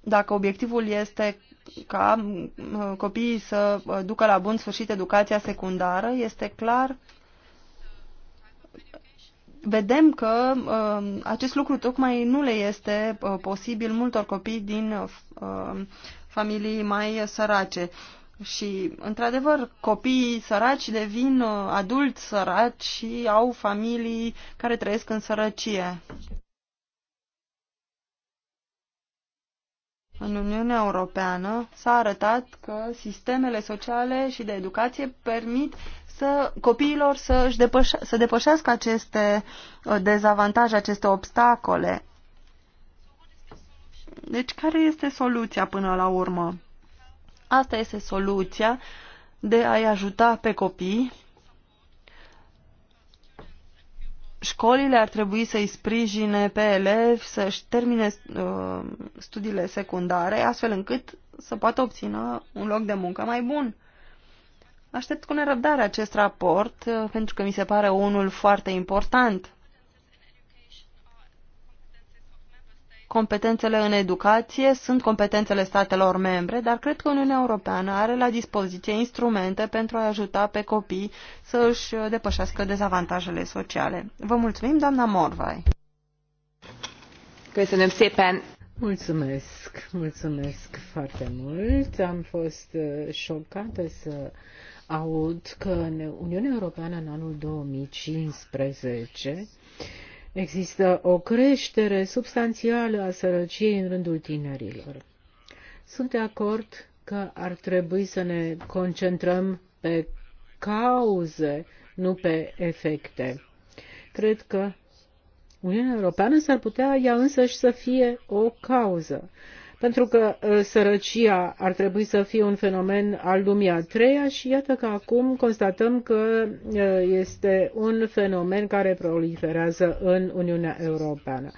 Dacă obiectivul este ca copiii să uh, ducă la bun sfârșit educația secundară, este clar vedem că uh, acest lucru tocmai nu le este uh, posibil multor copii din familii mai sărace. Și, într-adevăr, copiii săraci devin adulți săraci și au familii care trăiesc în sărăcie. în Uniunea Europeană s-a arătat că sistemele sociale și de educație permit să copiilor să, -și depășe, să depășească aceste uh, dezavantaje, aceste obstacole. Deci care este soluția până la urmă? Asta este soluția de a-i ajuta pe copii școlile ar trebui să-i sprijine pe elevi să-și termine uh, studiile secundare, astfel încât să poată obțină un loc de muncă mai bun. Aștept cu nerăbdare acest raport, uh, pentru că mi se pare unul foarte important. competențele în educație sunt competențele statelor membre, dar cred că Uniunea Europeană are la dispoziție instrumente pentru a ajuta pe copii să își depășească dezavantajele sociale. Vă mulțumim, doamna Morvai. Mulțumesc, mulțumesc foarte mult. Am fost uh, șocată să aud că în Uniunea Europeană în anul 2015 Există o creștere substanțială a sărăciei în rândul tinerilor. Sunt de acord că ar trebui să ne concentrăm pe cauze, nu pe efecte. Cred că Uniunea Europeană s-ar putea ea însăși să fie o cauză pentru că uh, sărăcia ar trebui să fie un fenomen al lumii a treia și iată că acum constatăm că uh, este un fenomen care proliferează în Uniunea Europeană.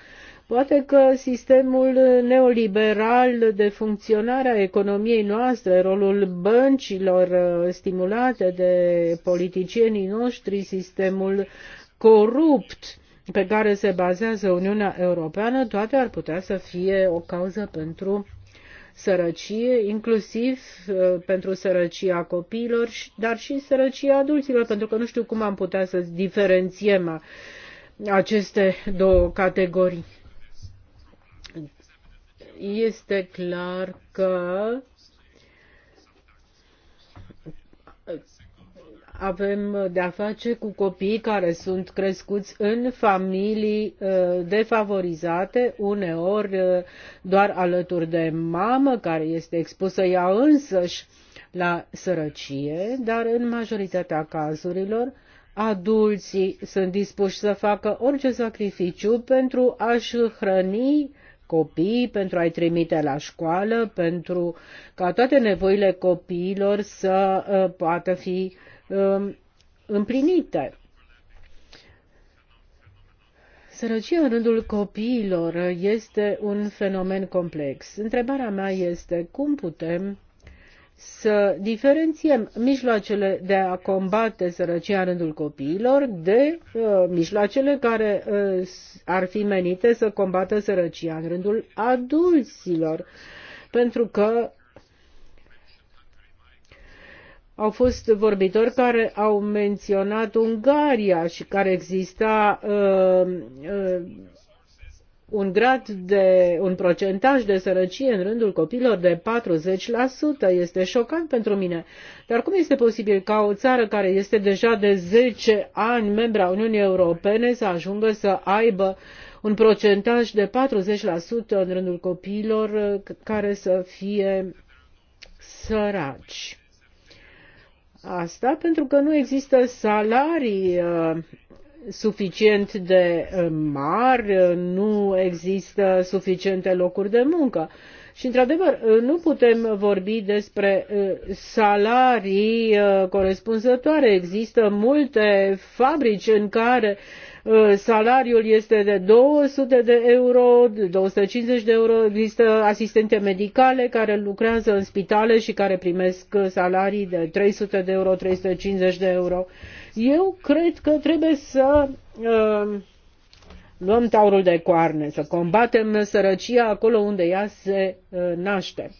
Poate că sistemul neoliberal de funcționare a economiei noastre, rolul băncilor uh, stimulate de politicienii noștri, sistemul corupt pe care se bazează Uniunea Europeană, toate ar putea să fie o cauză pentru sărăcie, inclusiv uh, pentru sărăcia copiilor, dar și sărăcia adulților, pentru că nu știu cum am putea să diferențiem aceste două categorii. Este clar că avem de-a face cu copii care sunt crescuți în familii uh, defavorizate, uneori uh, doar alături de mamă, care este expusă ea însăși la sărăcie, dar în majoritatea cazurilor adulții sunt dispuși să facă orice sacrificiu pentru a-și hrăni copiii, pentru a-i trimite la școală, pentru ca toate nevoile copiilor să uh, poată fi Um, împlinite. Sărăcia în rândul copiilor este un fenomen complex. Întrebarea mea este cum putem să diferențiem mijloacele de a combate sărăcia în rândul copiilor de uh, mijloacele care uh, ar fi menite să combată sărăcia în rândul adulților. Pentru că au fost vorbitori care au menționat Ungaria și care exista uh, uh, un grad de un procentaj de sărăcie în rândul copilor de 40%. Este șocant pentru mine. Dar cum este posibil ca o țară care este deja de 10 ani membra Uniunii Europene să ajungă să aibă un procentaj de 40% în rândul copiilor uh, care să fie săraci? asta pentru că nu există salarii uh, suficient de uh, mari, uh, nu există suficiente locuri de muncă. Și, într-adevăr, nu putem vorbi despre salarii corespunzătoare. Există multe fabrici în care Uh, salariul este de 200 de euro, 250 de euro. Există asistente medicale care lucrează în spitale și care primesc salarii de 300 de euro, 350 de euro. Eu cred că trebuie să uh, luăm taurul de coarne, să combatem sărăcia acolo unde ea se uh, naște.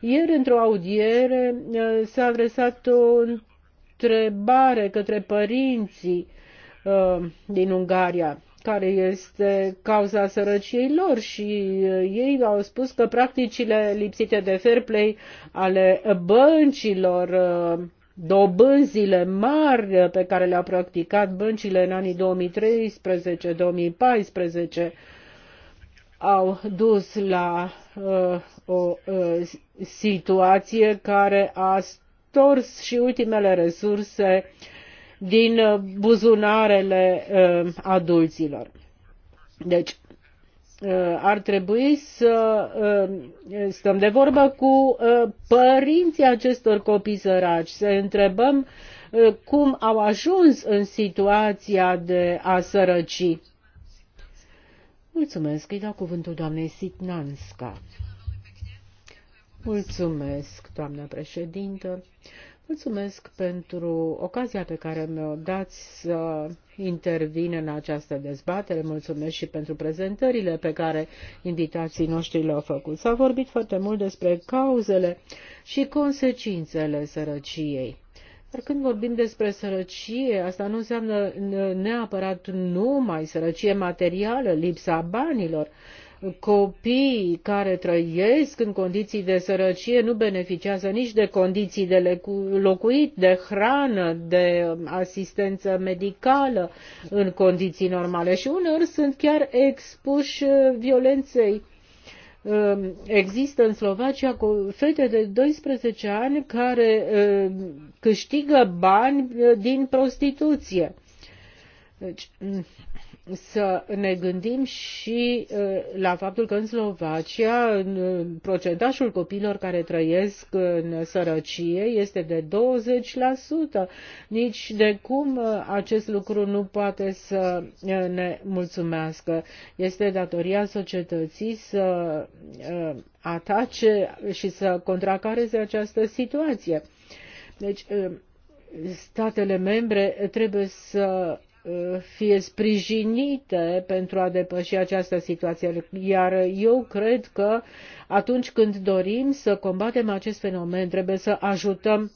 Ieri, într-o audiere, uh, s-a adresat o întrebare către părinții Uh, din Ungaria care este cauza sărăciei lor și uh, ei au spus că practicile lipsite de fair play ale băncilor, uh, dobânzile mari pe care le-au practicat băncile în anii 2013-2014 au dus la uh, o uh, situație care a stors și ultimele resurse uh, din uh, buzunarele uh, adulților. Deci, uh, ar trebui să stăm de vorbă cu părinții acestor copii săraci, să întrebăm cum au ajuns în situația de a sărăci. Mulțumesc, îi dau cuvântul doamnei Sitnanska. Mulțumesc, doamnă președintă. Mulțumesc pentru ocazia pe care mi-o dați să intervin în această dezbatere. Mulțumesc și pentru prezentările pe care invitații noștri le-au făcut. S-a vorbit foarte mult despre cauzele și consecințele sărăciei. Dar când vorbim despre sărăcie, asta nu înseamnă neapărat numai sărăcie materială, lipsa banilor, copiii care trăiesc în condiții de sărăcie nu beneficiază nici de condiții de locuit, de hrană, de um, asistență medicală în condiții normale și uneori sunt chiar expuși uh, violenței. Um, există în Slovacia fete de 12 ani care um, câștigă bani uh, din prostituție. Deci, să ne gândim și uh, la faptul că în Slovacia procentajul copiilor care trăiesc în sărăcie este de 20%. Nici de cum uh, acest lucru nu poate să uh, ne mulțumească. Este datoria societății să atace și să contracareze această situație. Deci, statele membre trebuie să Uh, fie sprijinite pentru a depăși această situație. Iar eu cred că atunci când dorim să combatem acest fenomen, trebuie să ajutăm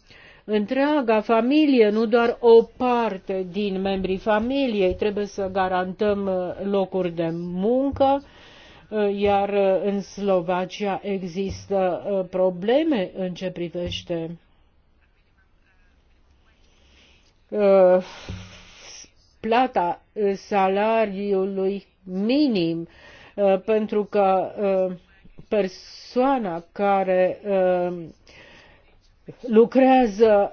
întreaga familie, nu doar o parte din membrii familiei. Trebuie să garantăm uh, locuri de muncă, uh, iar în Slovacia există probleme în ce privește plata uh, salariului minim, uh, pentru că uh, persoana care lucrează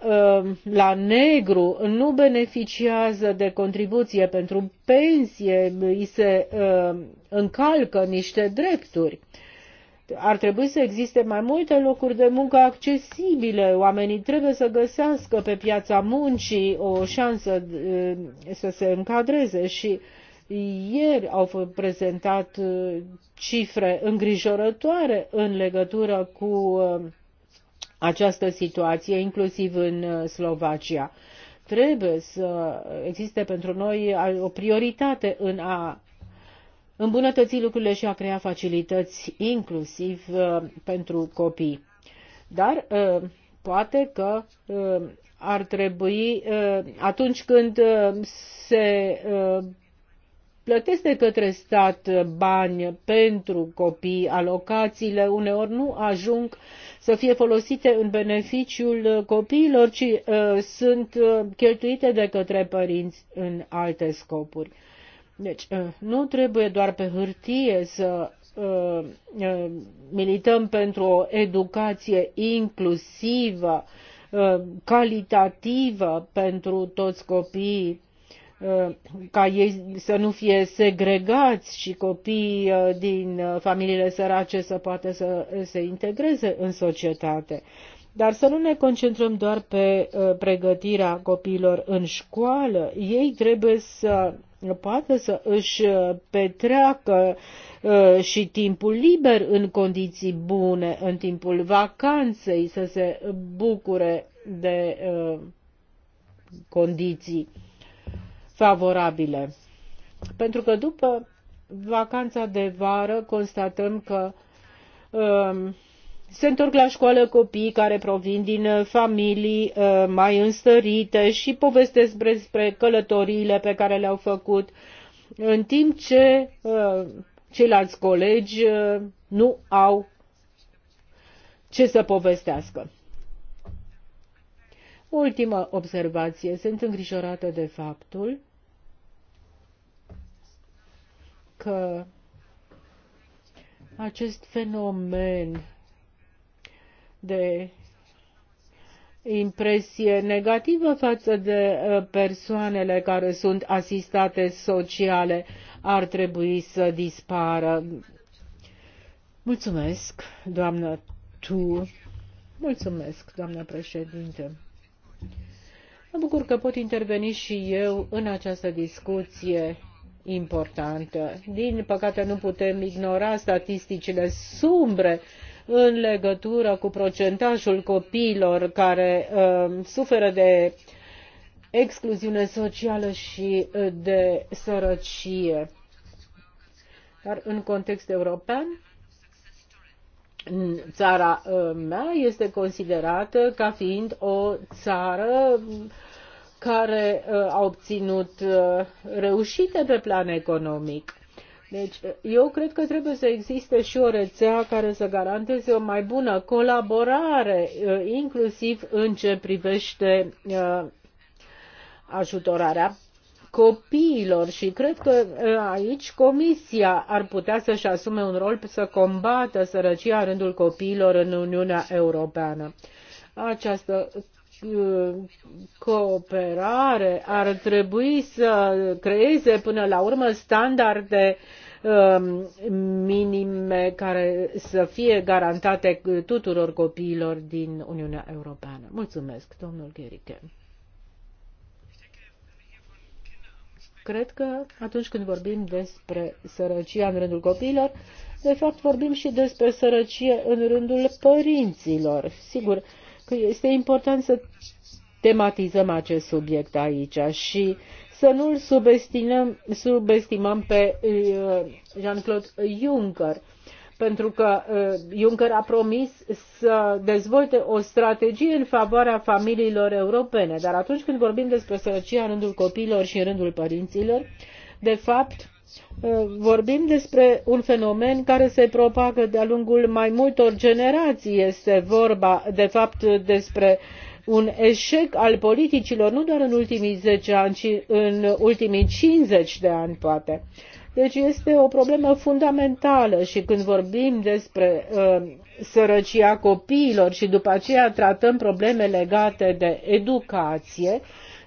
la negru nu beneficiază de contribuție pentru pensie, îi se încalcă niște drepturi ar trebui să existe mai multe locuri de muncă accesibile. Oamenii trebuie să găsească pe piața muncii o șansă eh, să se încadreze și ieri au fost prezentat eh, cifre îngrijorătoare în legătură cu eh, această situație, inclusiv în Slovacia. Trebuie să existe pentru noi o prioritate în a îmbunătăți lucrurile și a crea facilități inclusiv uh, pentru copii. Dar uh, poate că uh, ar trebui atunci când se plătesc de către stat bani pentru copii, alocațiile uneori nu ajung să fie folosite în beneficiul copiilor, ci uh, sunt cheltuite de către părinți în alte scopuri. Deci, uh, nu trebuie doar pe hârtie să uh, uh, milităm pentru o educație inclusivă, calitativă pentru toți copiii, ca ei să nu fie segregați și copiii din familiile sărace să poată să se integreze în societate. Dar să nu ne concentrăm doar pe pregătirea copiilor în școală. Ei trebuie să poată să își uh, petreacă uh, și timpul liber în condiții bune, în timpul vacanței, să se bucure de uh, condiții favorabile. Pentru că după vacanța de vară constatăm că um, se întorc la școală copii care provin din uh, familii uh, mai înstărite și povestesc despre călătoriile pe care le-au făcut, în timp ce uh, ceilalți colegi nu au ce să povestească. Ultima observație. Sunt îngrijorată de faptul că acest fenomen de impresie negativă față de uh, persoanele care sunt asistate sociale ar trebui să dispară. Mulțumesc, doamnă Tu. Mulțumesc, doamnă președinte. Mă bucur că pot interveni și eu în această discuție importantă. Din păcate nu putem ignora statisticile sumbre în legătură cu procentajul copiilor care uh, suferă de excluziune socială și uh, de sărăcie. Dar în context european, țara uh, mea este considerată ca fiind o țară care a obținut reușite pe plan economic. Deci, eu cred că trebuie să existe și o rețea care să garanteze o mai bună colaborare, uh, inclusiv în ce privește uh, ajutorarea copiilor și cred că uh, aici Comisia ar putea să-și asume un rol să combată sărăcia în rândul copiilor în Uniunea Europeană. Această cooperare ar trebui să creeze până la urmă standarde uh, Um, minime care să fie garantate tuturor copiilor din Uniunea Europeană. Mulțumesc, domnul Gheriche. Cred că atunci când vorbim despre sărăcia în rândul copiilor, de fapt vorbim și despre sărăcie în rândul părinților. Sigur că este important să tematizăm acest subiect aici și să nu-l subestimăm, subestimăm pe uh, Jean-Claude Juncker pentru că uh, Juncker a promis să dezvolte o strategie în favoarea familiilor europene. Dar atunci când vorbim despre sărăcia în rândul copiilor și în rândul părinților, de fapt uh, vorbim despre un fenomen care se propagă de-a lungul mai multor generații. Este vorba, de fapt, despre un eșec al politicilor, nu doar în ultimii 10 ani, ci în ultimii 50 de ani, poate. Deci este o problemă fundamentală și când vorbim despre uh, sărăcia copiilor și după aceea tratăm probleme legate de educație, uh,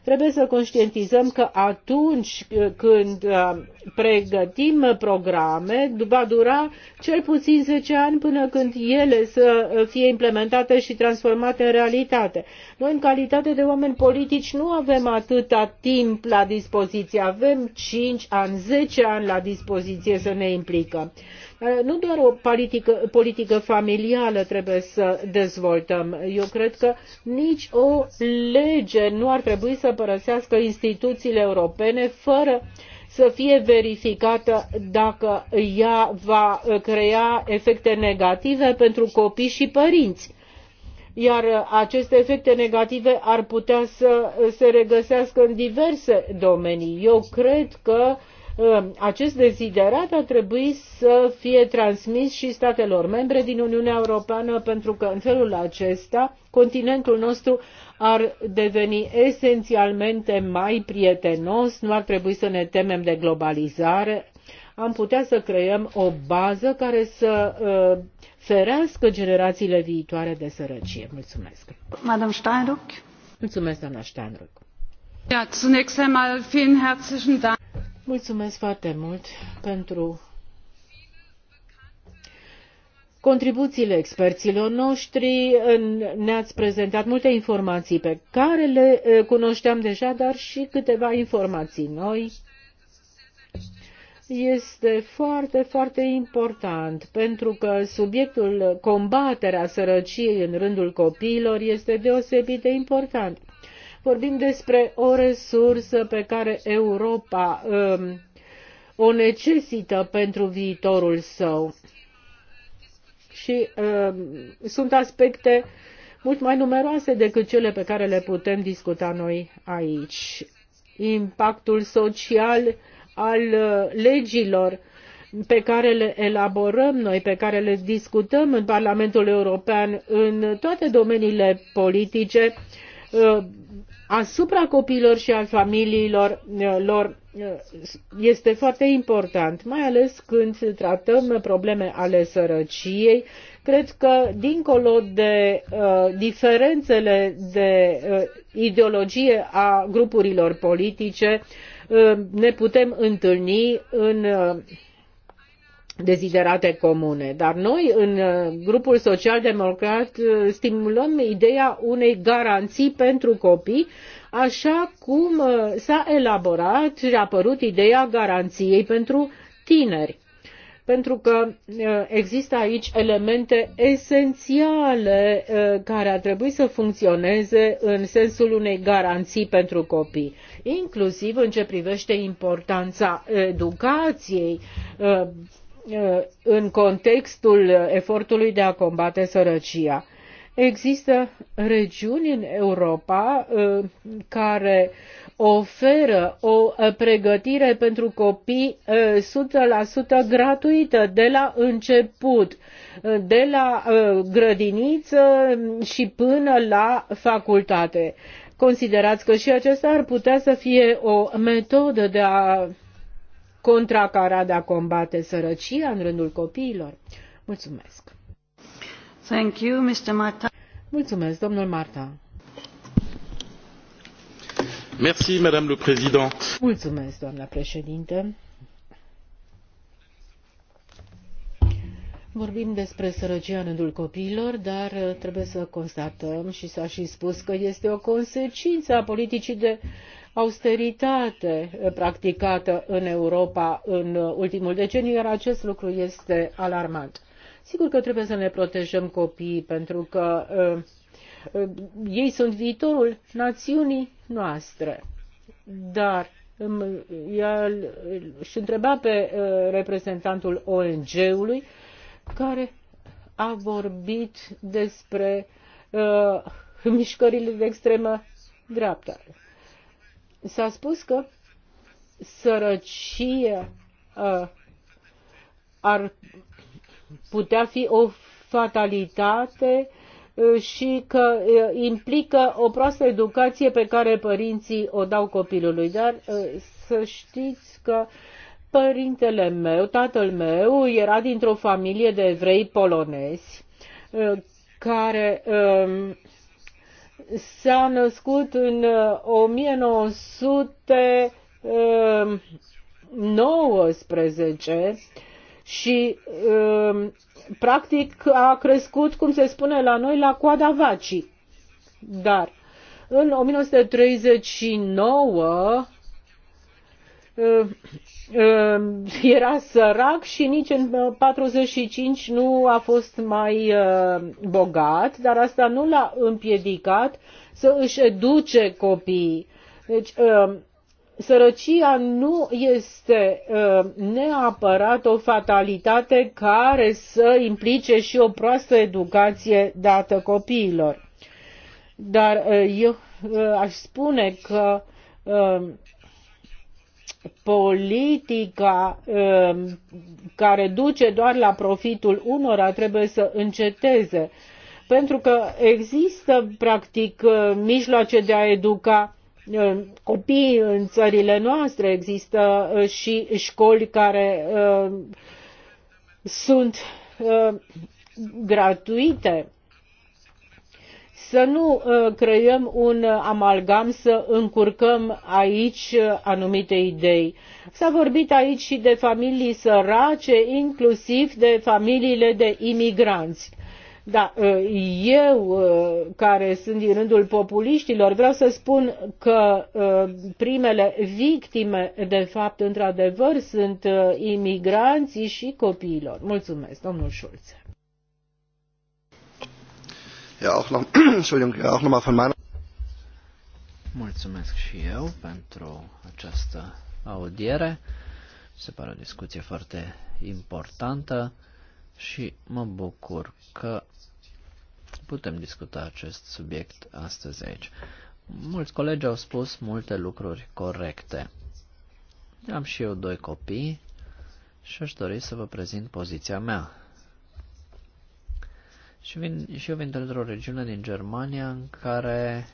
Trebuie să conștientizăm că atunci uh, când uh, pregătim programe, va dura cel puțin 10 ani până când ele să uh, fie implementate și transformate în realitate. Noi, în calitate de oameni politici, nu avem atâta timp la dispoziție. Avem 5 ani, 10 ani la dispoziție să ne implicăm. Eh, nu doar o politică, politică familială trebuie să dezvoltăm. Eu cred că nici o lege nu ar trebui să părăsească instituțiile europene fără să fie verificată dacă ea va eh, crea efecte negative pentru copii și părinți iar eh, aceste efecte negative ar putea să se regăsească în diverse domenii. Eu cred că Ă, acest deziderat ar trebui să fie transmis și statelor membre din Uniunea Europeană, pentru că în felul acesta continentul nostru ar deveni esențialmente mai prietenos, nu ar trebui să ne temem de globalizare, am putea să creăm o bază care să uh, ferească generațiile viitoare de sărăcie. Mulțumesc. Madame Steinruck. Mulțumesc, doamna Steinruck. Ja, zunächst einmal vielen herzlichen Dank. Mulțumesc foarte mult pentru contribuțiile experților noștri. Ne-ați prezentat multe informații pe care le cunoșteam deja, dar și câteva informații noi. Este foarte, foarte important pentru că subiectul combaterea sărăciei în rândul copiilor este deosebit de important Vorbim despre o resursă pe care Europa um, o necesită pentru viitorul său. Și um, sunt aspecte mult mai numeroase decât cele pe care le putem discuta noi aici. Impactul social al uh, legilor pe care le elaborăm noi, pe care le discutăm în Parlamentul European, în toate domeniile politice, uh, Uh, asupra copiilor și al familiilor uh, lor uh, este foarte important, mai ales când tratăm probleme ale sărăciei. Cred că, dincolo de uh, diferențele de uh, ideologie a grupurilor politice, uh, ne putem întâlni în uh, deziderate comune. Dar noi, în uh, grupul social-democrat, uh, stimulăm ideea unei garanții pentru copii, așa cum uh, s-a elaborat și a apărut ideea garanției pentru tineri. Pentru că există aici elemente esențiale care ar trebui să funcționeze în sensul unei garanții pentru copii, inclusiv în ce privește importanța educației Uh, în contextul efortului de a combate sărăcia. Există regiuni în Europa uh, care oferă o uh, pregătire pentru copii 100% gratuită de la început, de la grădiniță și până la facultate. Considerați că și acesta ar putea să fie o metodă de a contracara de a combate sărăcia în rândul copiilor. Mulțumesc. Thank you, Mr. Marta. Mulțumesc, domnul Marta. Merci, Madame le Président. Mulțumesc, doamna președinte. Vorbim despre sărăcia în rândul copiilor, dar trebuie să constatăm și s-a și spus că este o consecință a politicii de austeritate practicată în Europa în ultimul deceniu, iar acest lucru este alarmant. Sigur că trebuie să ne protejăm copiii, pentru că uh, uh, ei sunt viitorul națiunii noastre. Dar el um, și întreba pe uh, reprezentantul ONG-ului care a vorbit despre uh, mișcările de extremă dreaptă. S-a spus că sărăcie uh, ar putea fi o fatalitate uh, și că uh, implică o proastă educație pe care părinții o dau copilului. Dar uh, să știți că părintele meu, tatăl meu, era dintr-o familie de evrei polonezi care um, s-a născut în 1919 uh, uh, și uh, practic a crescut, cum se spune la noi, la coada vacii. Dar în 1939 Uh, uh, era sărac și nici în 45 uh, nu a fost mai bogat, dar asta nu l-a împiedicat să își educe copiii. Deci, sărăcia nu este neapărat o fatalitate care să implice și o proastă educație dată copiilor. Dar eu aș spune că politica um, care duce doar la profitul unora trebuie să înceteze, pentru că există practic uh, mijloace de a educa um, copiii în țările noastre, există uh, și școli care um, sunt uh, gratuite să nu uh, creăm un uh, amalgam, să încurcăm aici uh, anumite idei. S-a vorbit aici și de familii sărace, inclusiv de familiile de imigranți. Da, eu care sunt din rândul populiștilor vreau să spun că primele victime de fapt într-adevăr sunt imigranții și copiilor. Mulțumesc, domnul Schulze. Ja, auch noch, Entschuldigung, ja, auch nochmal von meiner Mulțumesc și eu pentru această audiere. Se pare o discuție foarte importantă și mă bucur că putem discuta acest subiect astăzi aici. Mulți colegi au spus multe lucruri corecte. Am și eu doi copii și aș dori să vă prezint poziția mea. Și, vin, și eu vin dintr-o regiune din Germania în care,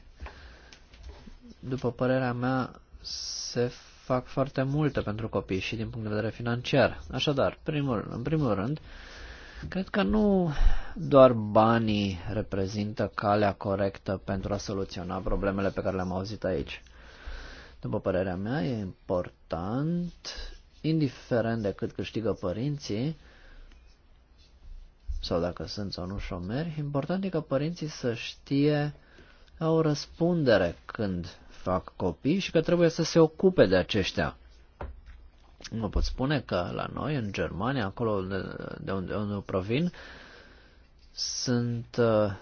după părerea mea, se fac foarte multe pentru copii și din punct de vedere financiar. Așadar, primul, în primul rând, cred că nu doar banii reprezintă calea corectă pentru a soluționa problemele pe care le-am auzit aici. După părerea mea, e important, indiferent de cât câștigă părinții, sau dacă sunt sau nu șomeri, important e ca părinții să știe că au răspundere când fac copii și că trebuie să se ocupe de aceștia. Mă pot spune că la noi, în Germania, acolo de unde, de unde provin, sunt uh,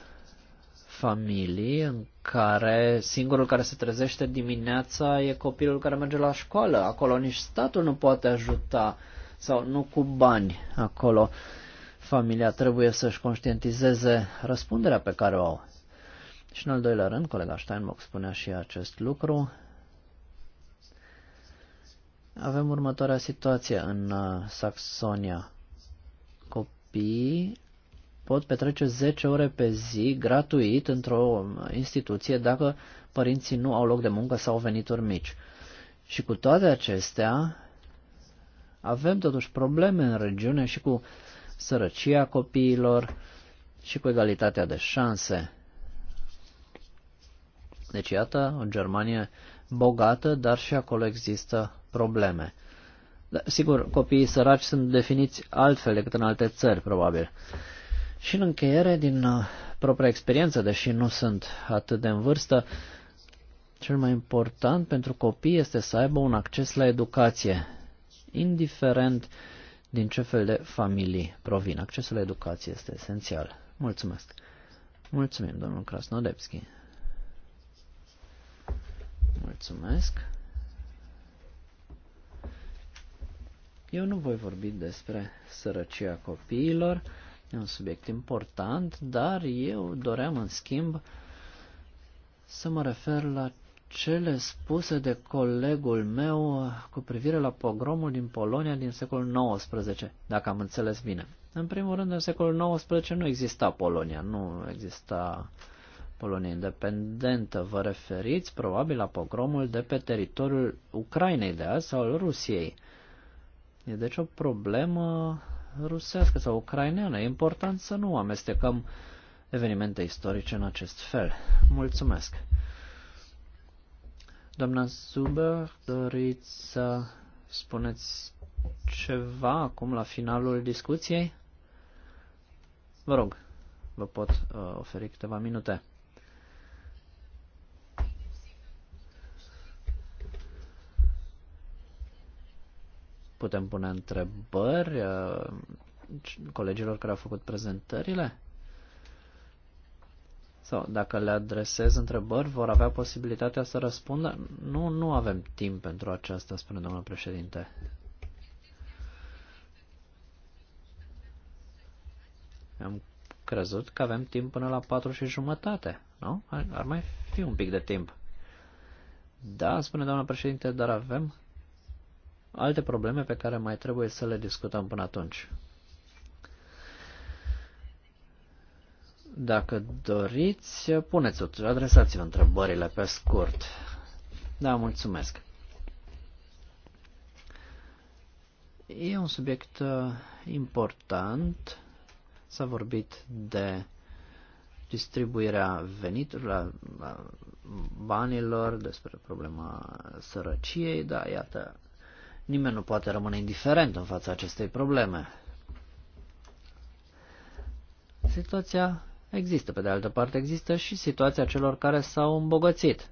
familii în care singurul care se trezește dimineața e copilul care merge la școală. Acolo nici statul nu poate ajuta sau nu cu bani acolo. Uh, familia trebuie să-și conștientizeze răspunderea pe care o au. Și în al doilea rând, colega Steinbock spunea și acest lucru, avem următoarea situație în uh, Saxonia. Copiii pot petrece 10 ore pe zi gratuit într-o um, instituție dacă părinții nu au loc de muncă sau venituri mici. Și cu toate acestea, avem totuși probleme în regiune și cu uh, sărăcia copiilor și cu egalitatea de șanse. Deci, iată, o Germanie bogată, dar și acolo există probleme. Da, sigur, copiii săraci sunt definiți altfel decât în alte țări, probabil. Și în încheiere, din uh, propria experiență, deși nu sunt atât de în vârstă, cel mai important pentru copii este să aibă un acces la educație, indiferent din ce fel de familii provin. Accesul la educație este esențial. Mulțumesc! Mulțumim, domnul Krasnodebski! Mulțumesc! Eu nu voi vorbi despre sărăcia copiilor, e un subiect important, dar eu doream în schimb să mă refer la cele spuse de colegul meu cu privire la pogromul din Polonia din secolul XIX, dacă am înțeles bine. În primul rând, în secolul XIX nu exista Polonia, nu exista Polonia independentă. Vă referiți probabil la pogromul de pe teritoriul Ucrainei de azi sau al Rusiei. E deci o problemă rusească sau ucraineană. E important să nu amestecăm evenimente istorice în acest fel. Mulțumesc! Doamna Zuber, doriți să spuneți ceva acum la finalul discuției? Vă rog, vă pot uh, oferi câteva minute. Putem pune întrebări uh, colegilor care au făcut prezentările? sau dacă le adresez întrebări, vor avea posibilitatea să răspundă? Nu, nu avem timp pentru aceasta, spune domnul președinte. Am crezut că avem timp până la patru și jumătate, nu? Ar, ar mai fi un pic de timp. Da, spune doamna președinte, dar avem alte probleme pe care mai trebuie să le discutăm până atunci. Dacă doriți, puneți-o, adresați-vă întrebările pe scurt. Da, mulțumesc. E un subiect uh, important. S-a vorbit de distribuirea veniturilor, banilor, despre problema sărăciei, da, iată, nimeni nu poate rămâne indiferent în fața acestei probleme. Situația Există, pe de altă parte, există și situația celor care s-au îmbogățit.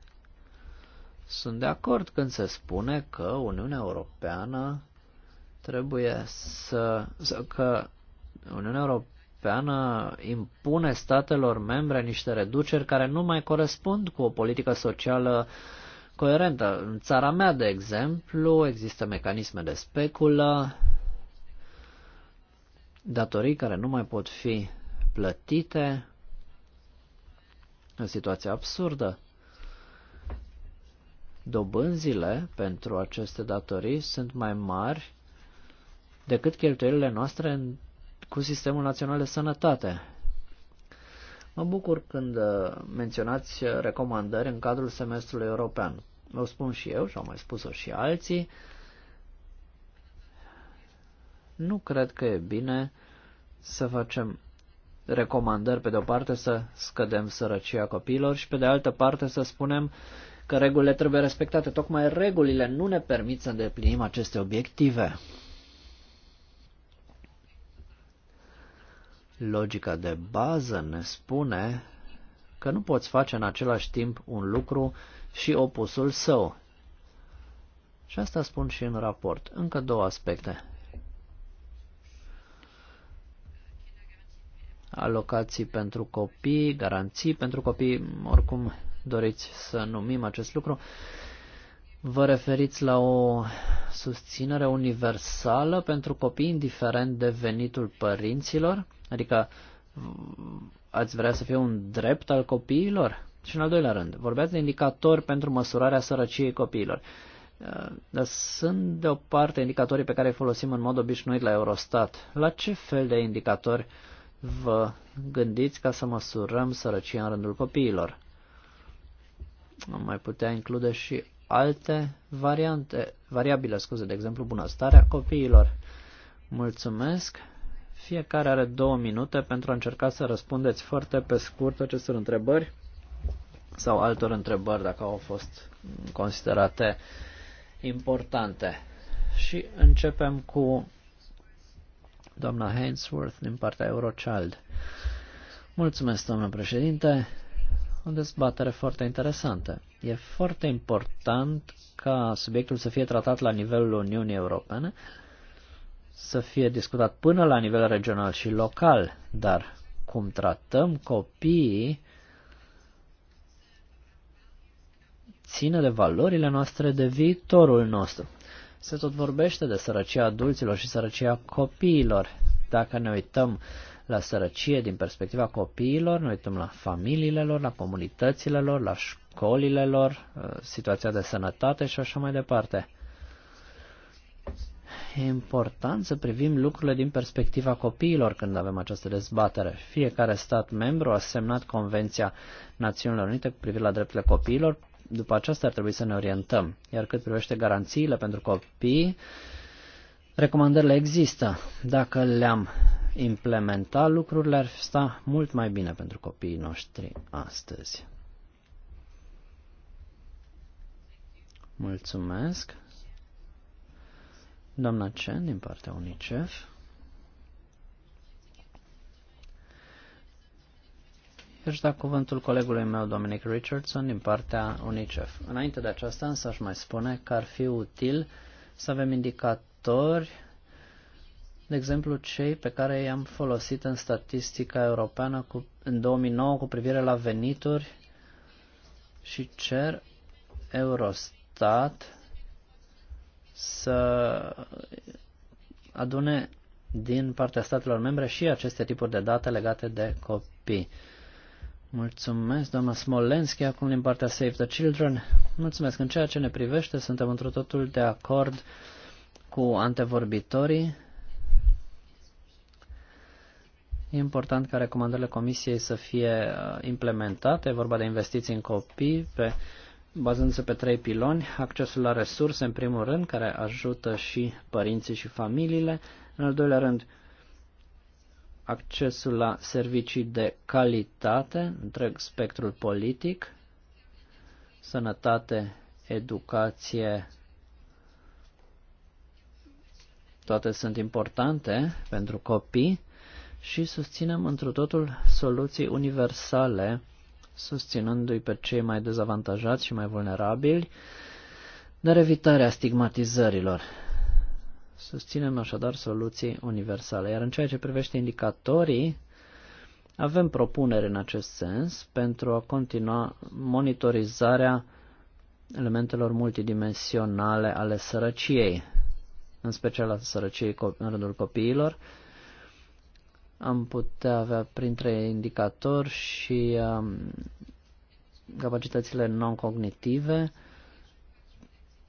Sunt de acord când se spune că Uniunea Europeană trebuie să, să că Uniunea Europeană impune statelor membre niște reduceri care nu mai corespund cu o politică socială coerentă. În țara mea, de exemplu, există mecanisme de speculă, datorii care nu mai pot fi plătite o situație absurdă. Dobânzile pentru aceste datorii sunt mai mari decât cheltuielile noastre în, cu sistemul național de sănătate. Mă bucur când uh, menționați recomandări în cadrul semestrului european. O spun și eu și au mai spus-o și alții. Nu cred că e bine să facem recomandări, pe de o parte să scădem sărăcia copiilor și pe de altă parte să spunem că regulile trebuie respectate. Tocmai regulile nu ne permit să îndeplinim aceste obiective. Logica de bază ne spune că nu poți face în același timp un lucru și opusul său. Și asta spun și în raport. Încă două aspecte. alocații pentru copii, garanții pentru copii, oricum doriți să numim acest lucru. Vă referiți la o susținere universală pentru copii, indiferent de venitul părinților? Adică ați vrea să fie un drept al copiilor? Și în al doilea rând, vorbeați de indicatori pentru măsurarea sărăciei copiilor. Dar sunt de o parte indicatorii pe care îi folosim în mod obișnuit la Eurostat. La ce fel de indicatori uh, vă gândiți ca să măsurăm sărăcia în rândul copiilor? Am mai putea include și alte variante, variabile, scuze, de exemplu bunăstarea copiilor. Mulțumesc! Fiecare are două minute pentru a încerca să răspundeți foarte pe scurt acestor întrebări sau altor întrebări dacă au fost considerate importante. Și începem cu doamna Hainsworth din partea Eurochild. Mulțumesc, doamnă președinte. O dezbatere foarte interesantă. E foarte important ca subiectul să fie tratat la nivelul Uniunii Europene, să fie discutat până la nivel regional și local, dar cum tratăm copiii ține de valorile noastre, de viitorul nostru. Se tot vorbește de sărăcia adulților și sărăcia copiilor. Dacă ne uităm la sărăcie din perspectiva copiilor, ne uităm la familiile lor, la comunitățile lor, la școlile lor, uh, situația de sănătate și așa mai departe. E important să privim lucrurile din perspectiva copiilor când avem această dezbatere. Fiecare stat membru a semnat Convenția Națiunilor Unite cu privire la drepturile copiilor, după aceasta ar trebui să ne orientăm. Iar cât privește garanțiile pentru copii, recomandările există. Dacă le-am implementa, lucrurile ar sta mult mai bine pentru copiii noștri astăzi. Mulțumesc. Doamna Chen, din partea UNICEF. Aș deci da cuvântul colegului meu, Dominic Richardson, din partea UNICEF. Înainte de aceasta, însă, aș mai spune că ar fi util să avem indicatori, de exemplu, cei pe care i-am folosit în statistica europeană cu, în 2009 cu privire la venituri și cer Eurostat să adune din partea statelor membre și aceste tipuri de date legate de copii. Mulțumesc, doamna Smolenski, acum din partea Save the Children. Mulțumesc. În ceea ce ne privește, suntem într totul de acord cu antevorbitorii. E important ca recomandările Comisiei să fie uh, implementate. E vorba de investiții în copii, pe, bazându-se pe trei piloni. Accesul la resurse, în primul rând, care ajută și părinții și familiile. În al doilea rând, accesul la servicii de calitate, întreg spectrul politic, sănătate, educație, toate sunt importante pentru copii și susținem întru totul soluții universale, susținându-i pe cei mai dezavantajați și mai vulnerabili, dar evitarea stigmatizărilor. Susținem așadar soluții universale. Iar în ceea ce privește indicatorii, avem propuneri în acest sens pentru a continua monitorizarea elementelor multidimensionale ale sărăciei, în special a sărăciei în rândul copiilor. Am putea avea printre indicatori și um, capacitățile non-cognitive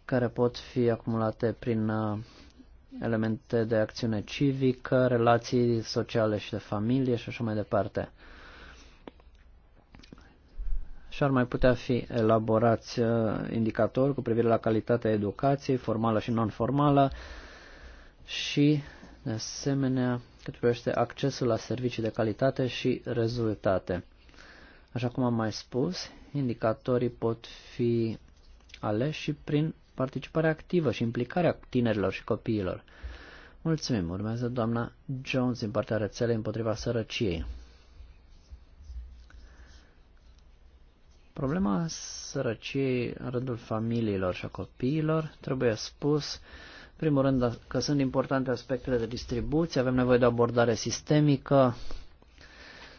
care pot fi acumulate prin uh, elemente de acțiune civică, relații sociale și de familie și așa mai departe. Și ar mai putea fi elaborați uh, indicatori cu privire la calitatea educației, formală și non-formală, și, de asemenea, cât privește accesul la servicii de calitate și rezultate. Așa cum am mai spus, indicatorii pot fi aleși și prin participare activă și implicarea tinerilor și copiilor. Mulțumim. Urmează doamna Jones din partea rețelei împotriva sărăciei. Problema sărăciei în rândul familiilor și a copiilor trebuie spus, în primul rând, că sunt importante aspectele de distribuție, avem nevoie de abordare sistemică.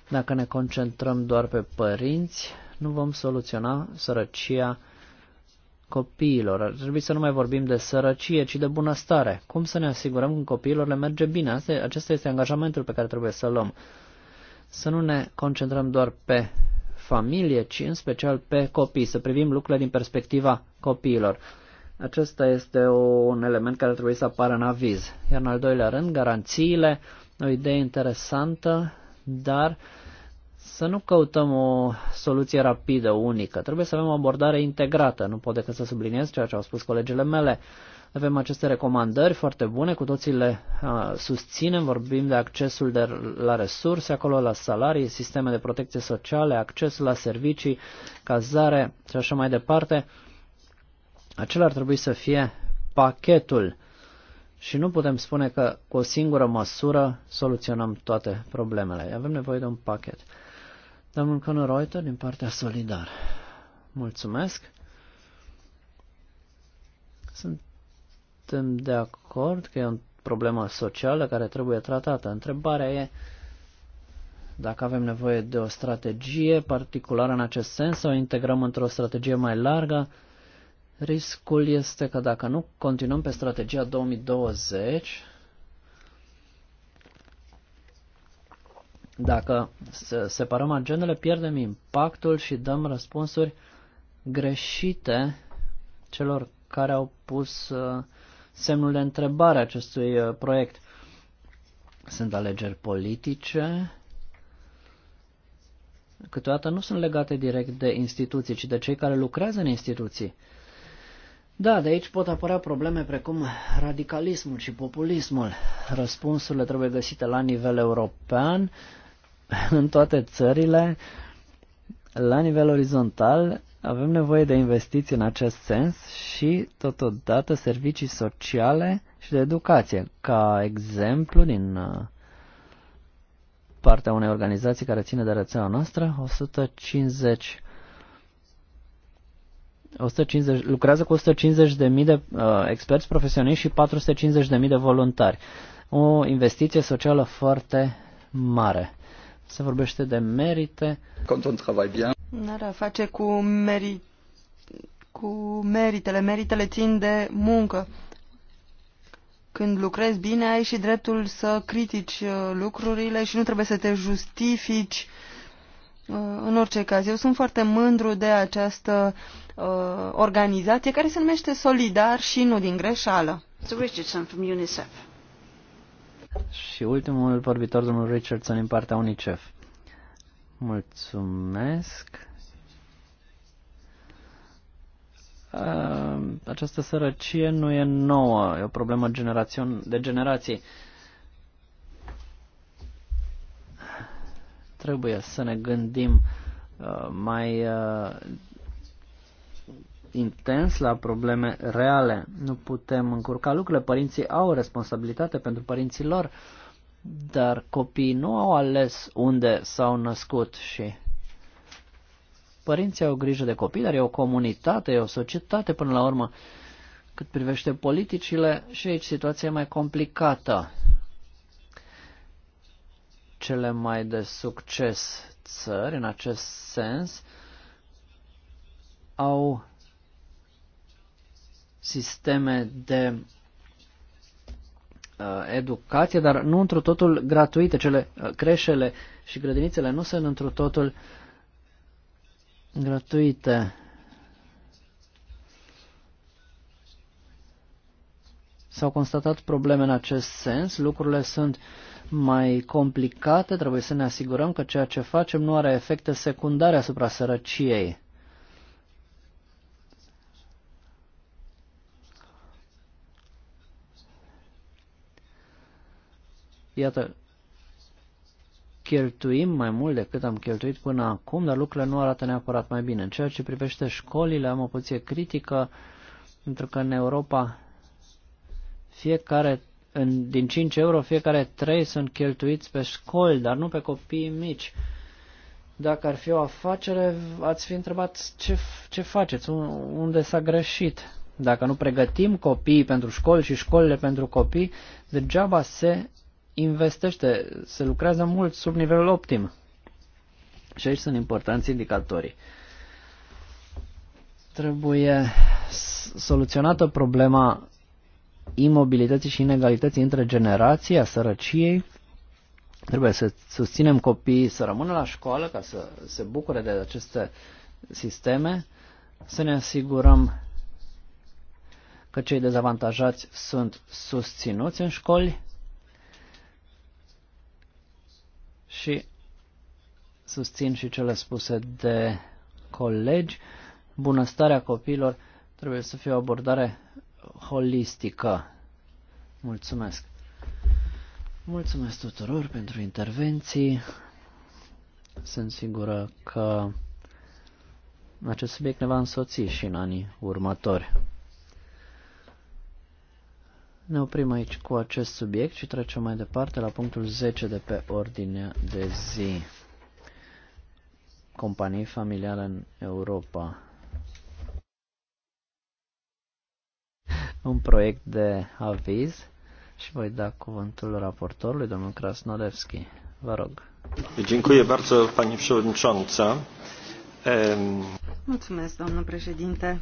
Dacă ne concentrăm doar pe părinți, nu vom soluționa sărăcia copiilor. Ar trebui să nu mai vorbim de sărăcie, ci de bunăstare. Cum să ne asigurăm că copiilor le merge bine? Asta, acesta este angajamentul pe care trebuie să-l luăm. Să nu ne concentrăm doar pe familie, ci în special pe copii, să privim lucrurile din perspectiva copiilor. Acesta este un element care trebuie să apară în aviz. Iar în al doilea rând, garanțiile, o idee interesantă, dar uh, să nu căutăm o soluție rapidă, unică. Trebuie să avem o abordare integrată. Nu pot decât să subliniez ceea ce au spus colegele mele. Avem aceste recomandări foarte bune, cu toții le susținem, vorbim de accesul de, la resurse, acolo la salarii, sisteme de protecție sociale, acces la servicii, cazare și așa mai departe. Acela ar trebui să fie pachetul și nu putem spune că cu o singură măsură soluționăm toate problemele. Avem nevoie de un pachet. Domnul Conor Reuter din partea Solidar. Mulțumesc. Suntem de acord că e o problemă socială care trebuie tratată. Întrebarea e dacă avem nevoie de o strategie particulară în acest sens sau integrăm într-o strategie mai largă. Riscul este că dacă nu continuăm pe strategia 2020, Dacă separăm agendele, pierdem impactul și dăm răspunsuri greșite celor care au pus uh, semnul de întrebare acestui uh, proiect. Sunt alegeri politice, câteodată nu sunt legate direct de instituții, ci de cei care lucrează în instituții. Da, de aici pot apărea probleme precum radicalismul și populismul. Răspunsurile trebuie găsite la nivel european, în toate țările, la nivel orizontal, avem nevoie de investiții în acest sens și, totodată, servicii sociale și de educație. Ca exemplu, din uh, partea unei organizații care ține de rețeaua noastră, 150 150, lucrează cu 150.000 de mii de uh, experți profesioniști și 450.000 de mii de voluntari. O investiție socială foarte mare se vorbește de merite. Când on travaille bien. n face cu, meri... cu meritele. Meritele țin de muncă. Când lucrezi bine, ai și dreptul să critici uh, lucrurile și nu trebuie să te justifici uh, în orice caz. Eu sunt foarte mândru de această uh, organizație care se numește Solidar și nu din greșeală. Richardson from UNICEF. Și ultimul vorbitor, domnul Richardson, din partea UNICEF. Mulțumesc. Uh, această sărăcie nu e nouă, e o problemă de generații. Trebuie să ne gândim uh, mai uh, intens la probleme reale. Nu putem încurca lucrurile. Părinții au responsabilitate pentru părinții lor, dar copiii nu au ales unde s-au născut și părinții au grijă de copii, dar e o comunitate, e o societate până la urmă. Cât privește politicile, și aici situația e mai complicată. Cele mai de succes țări, în acest sens, au sisteme de uh, educație, dar nu într totul gratuite. Cele uh, creșele și grădinițele nu sunt într totul gratuite. S-au constatat probleme în acest sens, lucrurile sunt mai complicate, trebuie să ne asigurăm că ceea ce facem nu are efecte secundare asupra sărăciei. Iată, cheltuim mai mult decât am cheltuit până acum, dar lucrurile nu arată neapărat mai bine. În ceea ce privește școlile, am o poziție critică, pentru că în Europa fiecare în, din 5 euro, fiecare 3 sunt cheltuiți pe școli, dar nu pe copii mici. Dacă ar fi o afacere, ați fi întrebat ce, ce faceți, unde s-a greșit. Dacă nu pregătim copiii pentru școli și școlile pentru copii, degeaba se investește, se lucrează mult sub nivelul optim. Și aici sunt importanți indicatorii. Trebuie soluționată problema imobilității și inegalității între generații, a sărăciei. Trebuie să susținem copiii să rămână la școală ca să se bucure de aceste sisteme, să ne asigurăm că cei dezavantajați sunt susținuți în școli, și susțin și cele spuse de colegi. Bunăstarea copiilor trebuie să fie o abordare holistică. Mulțumesc! Mulțumesc tuturor pentru intervenții. Sunt sigură că acest subiect ne va însoți și în anii următori. Ne oprim aici cu acest subiect și trecem mai departe la punctul 10 de pe ordinea de zi. Companii familiale în Europa. Un proiect de aviz și voi da cuvântul raportorului, domnul Krasnodevski. Vă rog. Dziękuję bardzo, pani przewodnicząca. Mulțumesc, domnul președinte.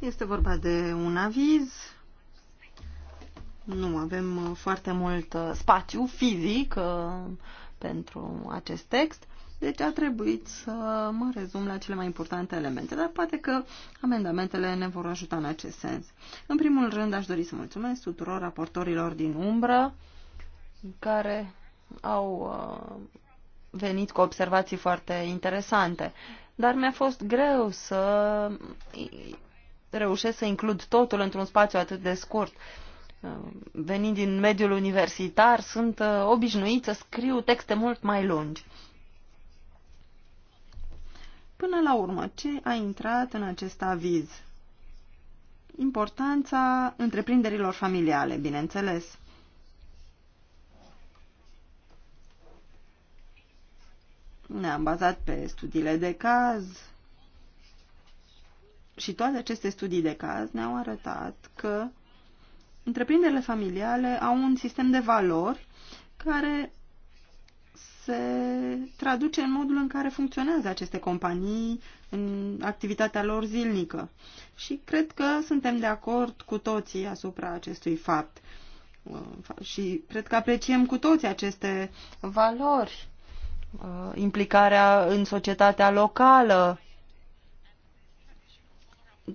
Este vorba de un aviz. Nu avem uh, foarte mult uh, spațiu fizic uh, pentru acest text, deci a trebuit să mă rezum la cele mai importante elemente, dar poate că amendamentele ne vor ajuta în acest sens. În primul rând aș dori să mulțumesc tuturor raportorilor din umbră care au venit cu observații foarte interesante, dar mi-a fost greu să reușesc să includ totul într-un spațiu atât de scurt. Venind din mediul universitar, sunt uh, obișnuit să scriu texte mult mai lungi. Până la urmă, ce a intrat în acest aviz? Importanța întreprinderilor familiale, bineînțeles. Ne-am bazat pe studiile de caz, și toate aceste studii de caz ne-au arătat că întreprinderile familiale au un sistem de valori care se traduce în modul în care funcționează aceste companii în activitatea lor zilnică. Și cred că suntem de acord cu toții asupra acestui fapt. Uh, și cred că apreciem cu toții aceste valori, uh, implicarea în societatea locală,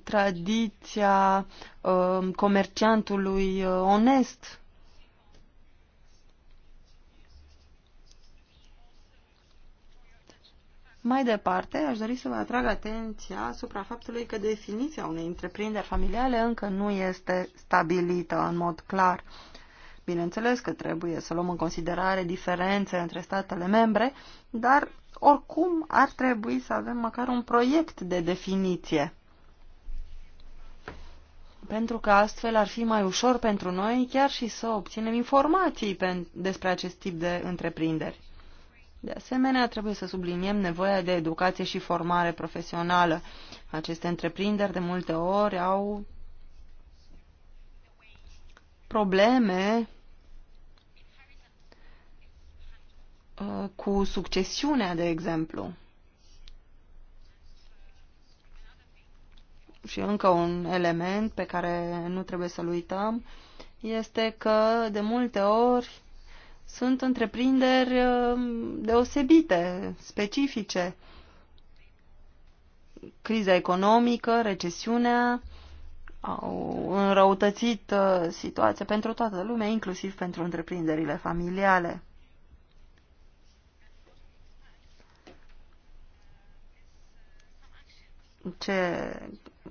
tradiția uh, comerciantului uh, onest. Mai departe, aș dori să vă atrag atenția asupra faptului că definiția unei întreprinderi familiale încă nu este stabilită în mod clar. Bineînțeles că trebuie să luăm în considerare diferențe între statele membre, dar oricum ar trebui să avem măcar un proiect de definiție pentru că astfel ar fi mai ușor pentru noi chiar și să obținem informații despre acest tip de întreprinderi. De asemenea, trebuie să subliniem nevoia de educație și formare profesională. Aceste întreprinderi de multe ori au probleme uh, cu succesiunea, de exemplu. și încă un element pe care nu trebuie să-l uităm este că de multe ori sunt întreprinderi um, deosebite, specifice. Criza economică, recesiunea au înrăutățit uh, situația pentru toată lumea, inclusiv pentru întreprinderile familiale. Ce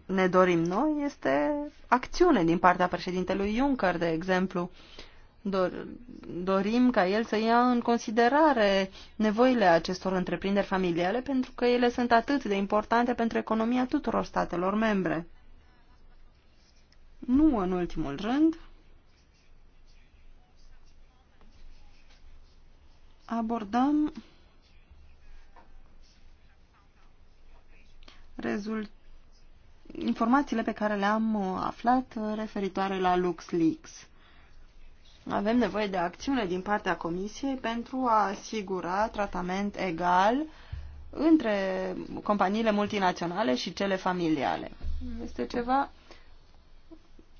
ne dorim noi este acțiune din partea președintelui Juncker, de exemplu. Dorim ca el să ia în considerare nevoile acestor întreprinderi familiale pentru că ele sunt atât de importante pentru economia tuturor statelor membre. Nu în ultimul rând, abordăm rezultatul informațiile pe care le-am uh, aflat uh, referitoare la LuxLeaks. Avem nevoie de acțiune din partea Comisiei pentru a asigura tratament egal între companiile multinaționale și cele familiale. Este ceva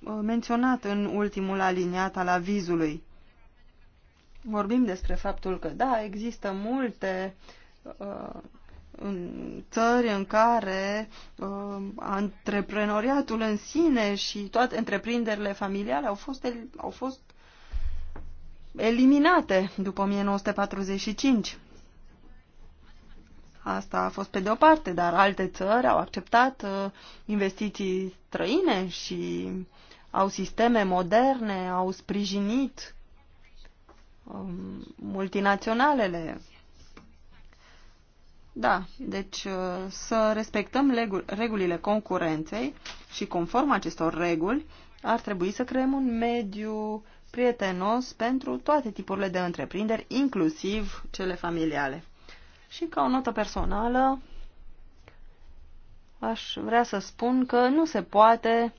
uh, menționat în ultimul aliniat al avizului. Vorbim despre faptul că, da, există multe uh, în țări în care uh, antreprenoriatul în sine și toate întreprinderile familiale au fost, au fost eliminate după 1945. Asta a fost pe de o parte, dar alte țări au acceptat uh, investiții străine și au sisteme moderne, au sprijinit um, multinaționalele da, deci uh, să respectăm regulile concurenței și conform acestor reguli ar trebui să creăm un mediu prietenos pentru toate tipurile de întreprinderi, inclusiv cele familiale. Și ca o notă personală, aș vrea să spun că nu se poate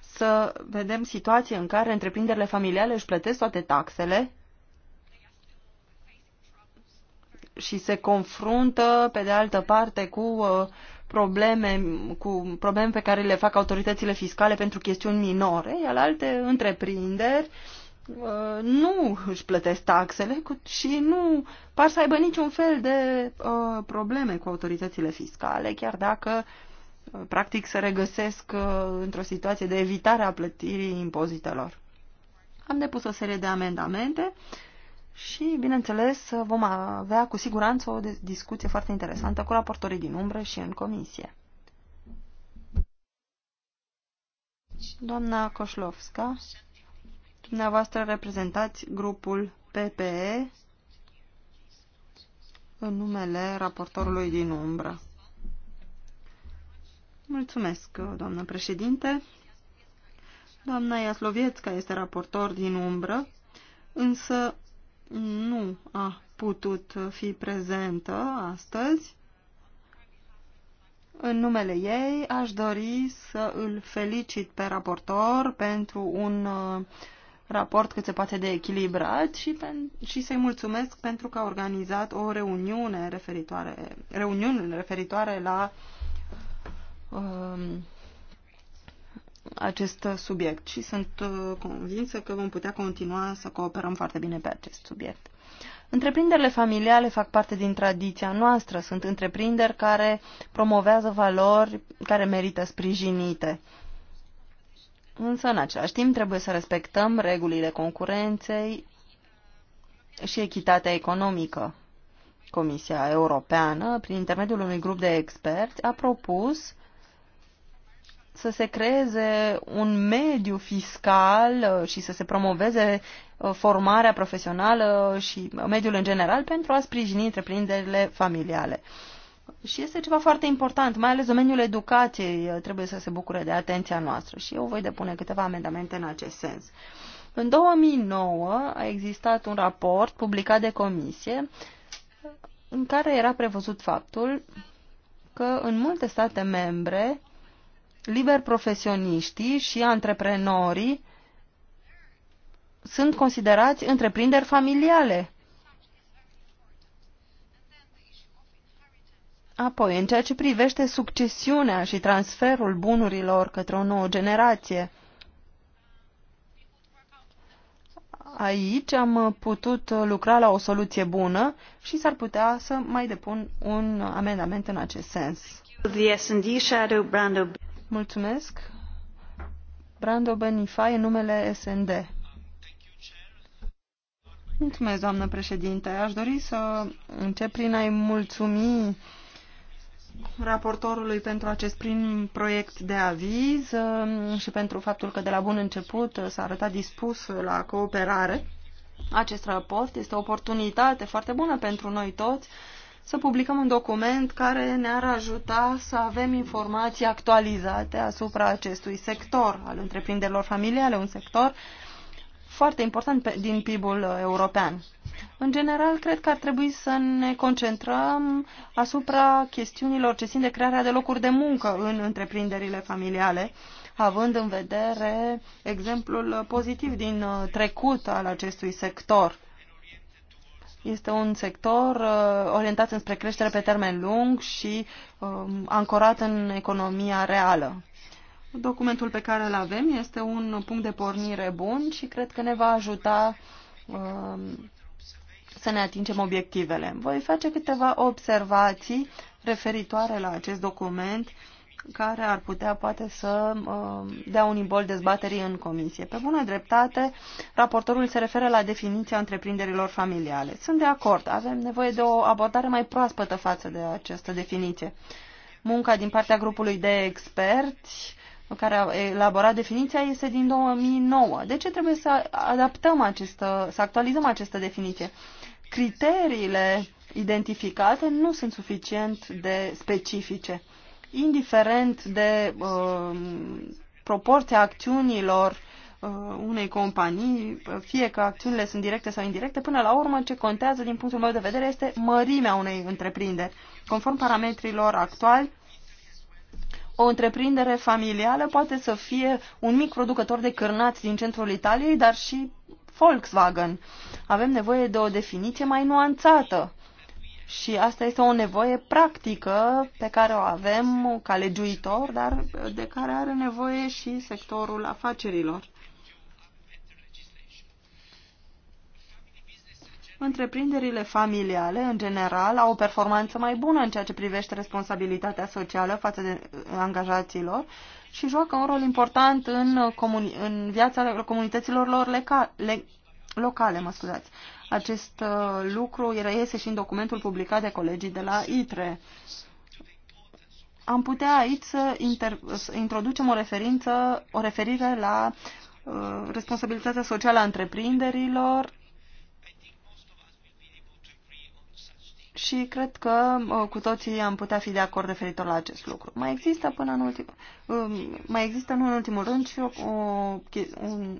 să vedem situații în care întreprinderile familiale își plătesc toate taxele și se confruntă, pe de altă parte, cu uh, probleme, cu probleme pe care le fac autoritățile fiscale pentru chestiuni minore, iar alte întreprinderi uh, nu își plătesc taxele și nu par să aibă niciun fel de uh, probleme cu autoritățile fiscale, chiar dacă practic se regăsesc într-o situație de evitare a plătirii impozitelor. Am depus o serie de amendamente și, bineînțeles, vom avea cu siguranță o discuție foarte interesantă cu raportorii din umbră și în comisie. Doamna Koșlovska, dumneavoastră reprezentați grupul PPE în numele raportorului din umbră. Mulțumesc, doamnă președinte. Doamna Iaslovietska este raportor din umbră, însă nu a putut fi prezentă astăzi. În numele ei aș dori să îl felicit pe raportor pentru un uh, raport cât se poate de echilibrat și, și să-i mulțumesc pentru că a organizat o reuniune referitoare, reuniune referitoare la um, acest subiect și sunt uh, convinsă că vom putea continua să cooperăm foarte bine pe acest subiect. Întreprinderile familiale fac parte din tradiția noastră, sunt întreprinderi care promovează valori care merită sprijinite. Însă, în același timp, trebuie să respectăm regulile concurenței și echitatea economică. Comisia Europeană, prin intermediul unui grup de experți, a propus să se creeze un mediu fiscal uh, și să se promoveze uh, formarea profesională și mediul în general pentru a sprijini întreprinderile familiale. Și este ceva foarte important, mai ales domeniul educației uh, trebuie să se bucure de atenția noastră și eu voi depune câteva amendamente în acest sens. În 2009 a existat un raport publicat de comisie în care era prevăzut faptul că în multe state membre liber profesioniștii și antreprenorii sunt considerați întreprinderi familiale. Apoi, în ceea ce privește succesiunea și transferul bunurilor către o nouă generație, aici am putut lucra la o soluție bună și s-ar putea să mai depun un amendament în acest sens. Mulțumesc. Brando Benifai, numele SND. Mulțumesc, doamnă președinte. Aș dori să încep prin a-i mulțumi raportorului pentru acest prim proiect de aviz uh, și pentru faptul că de la bun început s-a arătat dispus la cooperare. Acest raport este o oportunitate foarte bună pentru noi toți să publicăm un document care ne-ar ajuta să avem informații actualizate asupra acestui sector al întreprinderilor familiale, un sector foarte important din PIB-ul european. În general, cred că ar trebui să ne concentrăm asupra chestiunilor ce țin de crearea de locuri de muncă în întreprinderile familiale, având în vedere exemplul pozitiv din uh, trecut al acestui sector este un sector uh, orientat înspre creștere pe termen lung și um, ancorat în economia reală. Documentul pe care îl avem este un punct de pornire bun și cred că ne va ajuta um, să ne atingem obiectivele. Voi face câteva observații referitoare la acest document care ar putea poate să uh, dea un imbol dezbaterii în comisie. Pe bună dreptate, raportorul se referă la definiția întreprinderilor familiale. Sunt de acord, avem nevoie de o abordare mai proaspătă față de această definiție. Munca din partea grupului de experți care a elaborat definiția este din 2009. De ce trebuie să adaptăm această, să actualizăm această definiție? Criteriile identificate nu sunt suficient de specifice indiferent de uh, proporția acțiunilor uh, unei companii, fie că acțiunile sunt directe sau indirecte, până la urmă ce contează din punctul meu de vedere este mărimea unei întreprinderi. Conform parametrilor actuali, o întreprindere familială poate să fie un mic producător de cârnați din centrul Italiei, dar și Volkswagen. Avem nevoie de o definiție mai nuanțată și asta este o nevoie practică pe care o avem ca legiuitor, dar de care are nevoie și sectorul afacerilor. Întreprinderile familiale, în general, au o performanță mai bună în ceea ce privește responsabilitatea socială față de uh, angajaților și joacă un rol important în, comuni- în viața comunităților lor leca- le- locale. Mă scuzați. Acest uh, lucru reiese și în documentul publicat de colegii de la ITRE. Am putea aici să, să introducem o, referință, o referire la uh, responsabilitatea socială a întreprinderilor, și cred că uh, cu toții am putea fi de acord referitor la acest lucru. Mai există până în ultim, um, mai există nu în ultimul rând și o, o,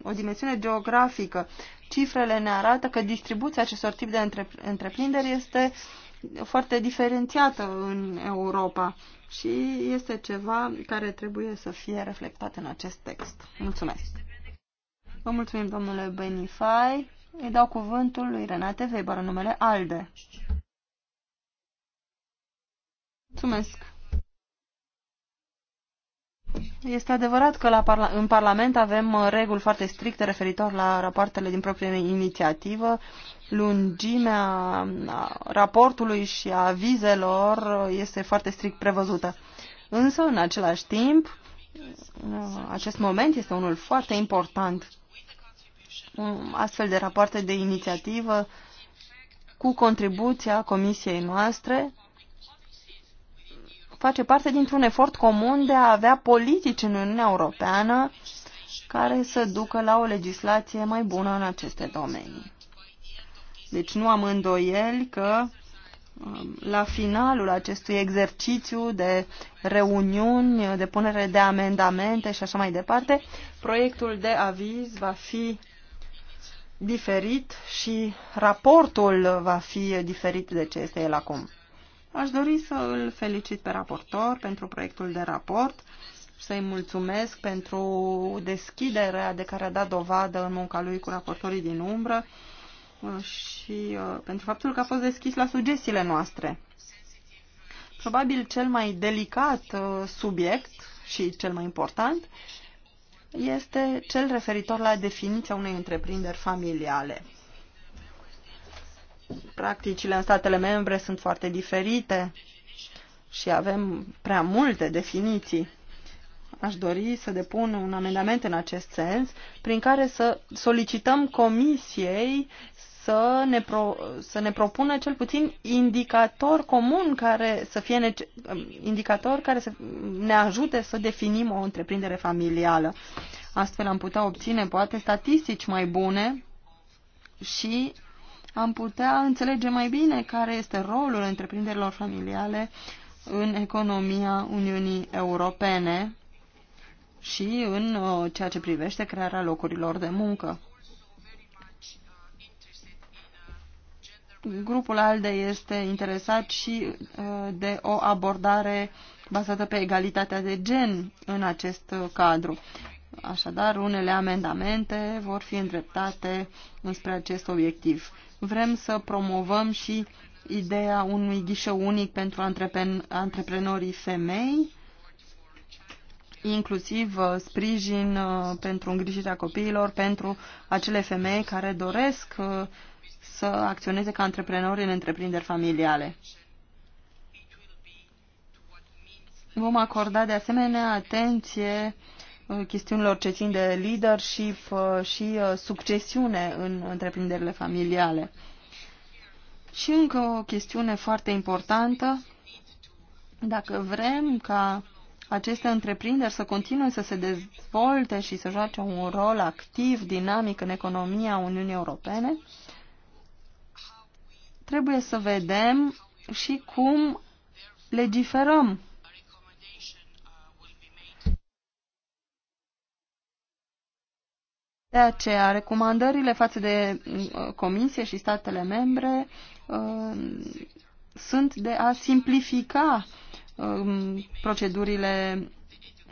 o dimensiune geografică cifrele ne arată că distribuția acestor tip de întreprinderi este foarte diferențiată în Europa și este ceva care trebuie să fie reflectat în acest text. Mulțumesc! Vă mulțumim, domnule Benifai. Îi dau cuvântul lui Renate Weber, numele ALDE. Mulțumesc! Este adevărat că la parla în Parlament avem uh, reguli foarte stricte referitor la rapoartele din proprie inițiativă. Lungimea uh, raportului și a vizelor uh, este foarte strict prevăzută. Însă, în același timp, acest moment este unul foarte important. Astfel de rapoarte de inițiativă cu contribuția comisiei noastre face parte dintr-un efort comun de a avea politici în Uniunea Europeană care să ducă la o legislație mai bună în aceste domenii. Deci nu am îndoieli că um, la finalul acestui exercițiu de reuniuni, de punere de amendamente și așa mai departe, proiectul de aviz va fi diferit și raportul va fi diferit de ce este el acum. Aș dori să îl felicit pe raportor pentru proiectul de raport să-i mulțumesc pentru deschiderea de care a dat dovadă în munca lui cu raportorii din umbră și uh, pentru faptul că a fost deschis la sugestiile noastre. Probabil cel mai delicat uh, subiect și cel mai important este cel referitor la definiția unei întreprinderi familiale practicile în statele membre sunt foarte diferite și avem prea multe definiții. Aș dori să depun un amendament în acest sens, prin care să solicităm comisiei să ne, pro, să ne propună cel puțin indicator comun care să fie nece, um, indicator care să ne ajute să definim o întreprindere familială. Astfel am putea obține poate statistici mai bune și am putea înțelege mai bine care este rolul întreprinderilor familiale în economia Uniunii Europene și în uh, ceea ce privește crearea locurilor de muncă. Grupul ALDE este interesat și uh, de o abordare bazată pe egalitatea de gen în acest uh, cadru. Așadar, unele amendamente vor fi îndreptate înspre acest obiectiv. Vrem să promovăm și ideea unui ghișeu unic pentru antreprenorii femei, inclusiv uh, sprijin uh, pentru îngrijirea copiilor, pentru acele femei care doresc uh, să acționeze ca antreprenori în întreprinderi familiale. Vom acorda de asemenea atenție uh, Uh, chestiunilor ce țin de leadership uh, și uh, succesiune în întreprinderile familiale. Și încă o chestiune foarte importantă, dacă vrem ca aceste întreprinderi să continue să se dezvolte și să joace un rol activ, dinamic în economia Uniunii Europene, trebuie să vedem și cum legiferăm De aceea, recomandările față de uh, Comisie și statele membre uh, sunt de a simplifica um, procedurile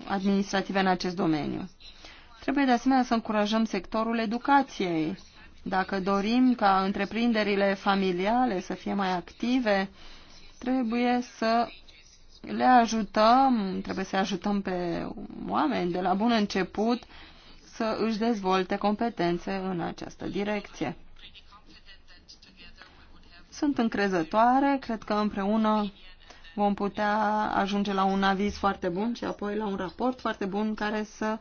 administrative în acest domeniu. Trebuie de asemenea să încurajăm sectorul educației. Dacă dorim ca întreprinderile familiale să fie mai active, trebuie să le ajutăm, trebuie să ajutăm pe oameni de la bun început să își dezvolte competențe în această direcție. Sunt încrezătoare, cred că împreună vom putea ajunge la un aviz foarte bun și apoi la un raport foarte bun care să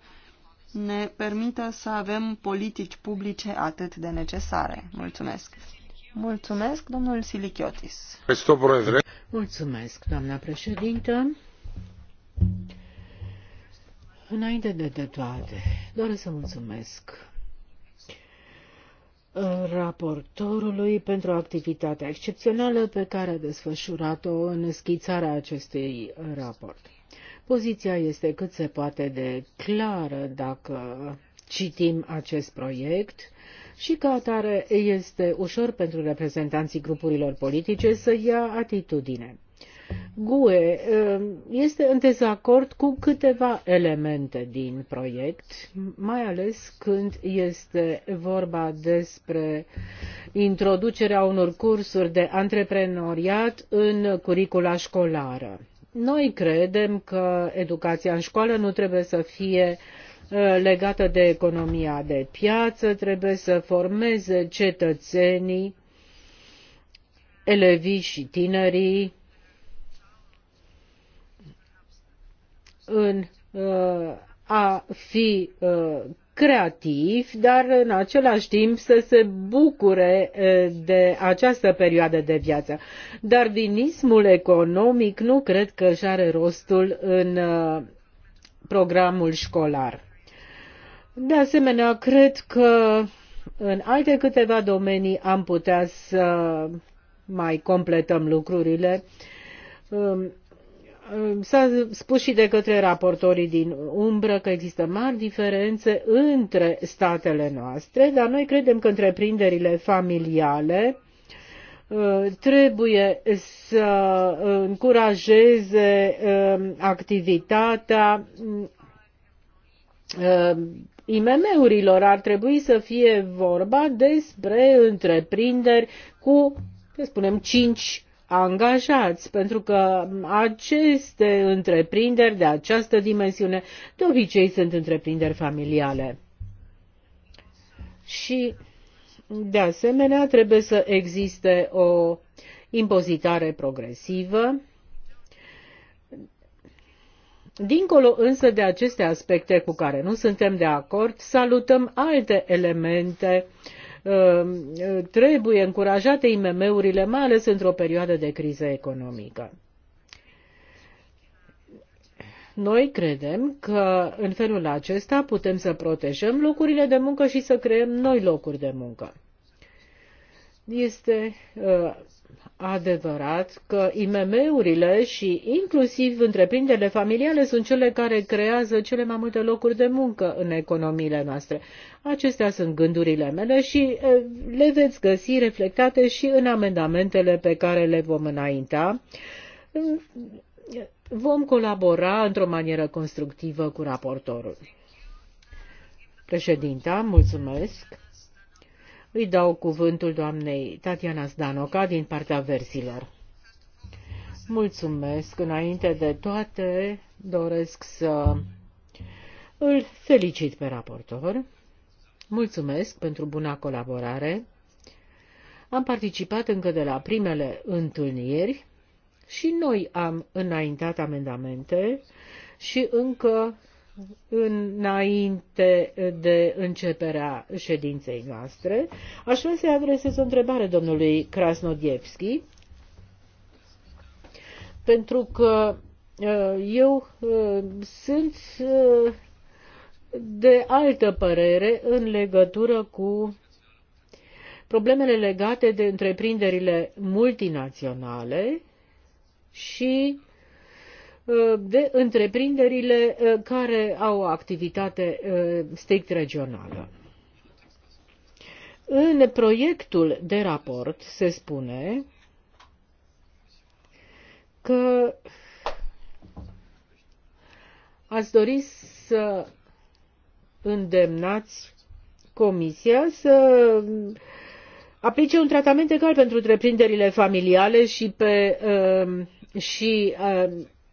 ne permită să avem politici publice atât de necesare. Mulțumesc! Mulțumesc, domnul Silichiotis. Mulțumesc, doamna președintă. Înainte de toate, doresc să mulțumesc uh, raportorului pentru activitatea excepțională pe care a desfășurat-o în schițarea acestui raport. Poziția este cât se poate de clară dacă citim acest proiect și ca atare este ușor pentru reprezentanții grupurilor politice să ia atitudine. GUE um, este în dezacord cu câteva elemente din proiect, mai ales când este vorba despre introducerea unor cursuri de antreprenoriat în curicula școlară. Noi credem că educația în școală nu trebuie să fie uh, legată de economia de piață, trebuie să formeze cetățenii, elevii și tinerii în uh, a fi uh, creativ, dar în același timp să se bucure uh, de această perioadă de viață. Darwinismul economic nu cred că își are rostul în programul școlar. De asemenea, cred că în alte câteva domenii am putea să mai completăm lucrurile um, S-a spus și de către raportorii din umbră că există mari diferențe între statele noastre, dar noi credem că întreprinderile familiale uh, trebuie să încurajeze uh, activitatea uh, IMM-urilor. Ar trebui să fie vorba despre întreprinderi cu, să spunem, cinci angajați, pentru că aceste întreprinderi de această dimensiune de obicei sunt întreprinderi familiale. Și, de asemenea, trebuie să existe o impozitare progresivă. Dincolo însă de aceste aspecte cu care nu suntem de acord, salutăm alte elemente uh, Uh, trebuie încurajate IMM-urile, mai ales într-o perioadă de criză economică. Noi credem că în felul acesta putem să protejăm locurile de muncă și să creăm noi locuri de muncă. Este uh, adevărat că IMM-urile și inclusiv întreprinderile familiale sunt cele care creează cele mai multe locuri de muncă în economiile noastre. Acestea sunt gândurile mele și le veți găsi reflectate și în amendamentele pe care le vom înainta. Vom colabora într-o manieră constructivă cu raportorul. Președinta, mulțumesc. Îi dau cuvântul doamnei Tatiana Zdanoca din partea versilor. Mulțumesc. Înainte de toate, doresc să îl felicit pe raportor. Mulțumesc pentru buna colaborare. Am participat încă de la primele întâlniri și noi am înaintat amendamente și încă înainte de începerea ședinței noastre, aș vrea să-i adresez o întrebare domnului Krasnodievski, pentru că uh, eu uh, sunt uh, de altă părere în legătură cu problemele legate de întreprinderile multinaționale și Uh, de întreprinderile uh, care au o activitate uh, strict regională. În proiectul de raport se spune că ați dori să îndemnați Comisia să aplice un tratament egal pentru întreprinderile familiale și, pe, și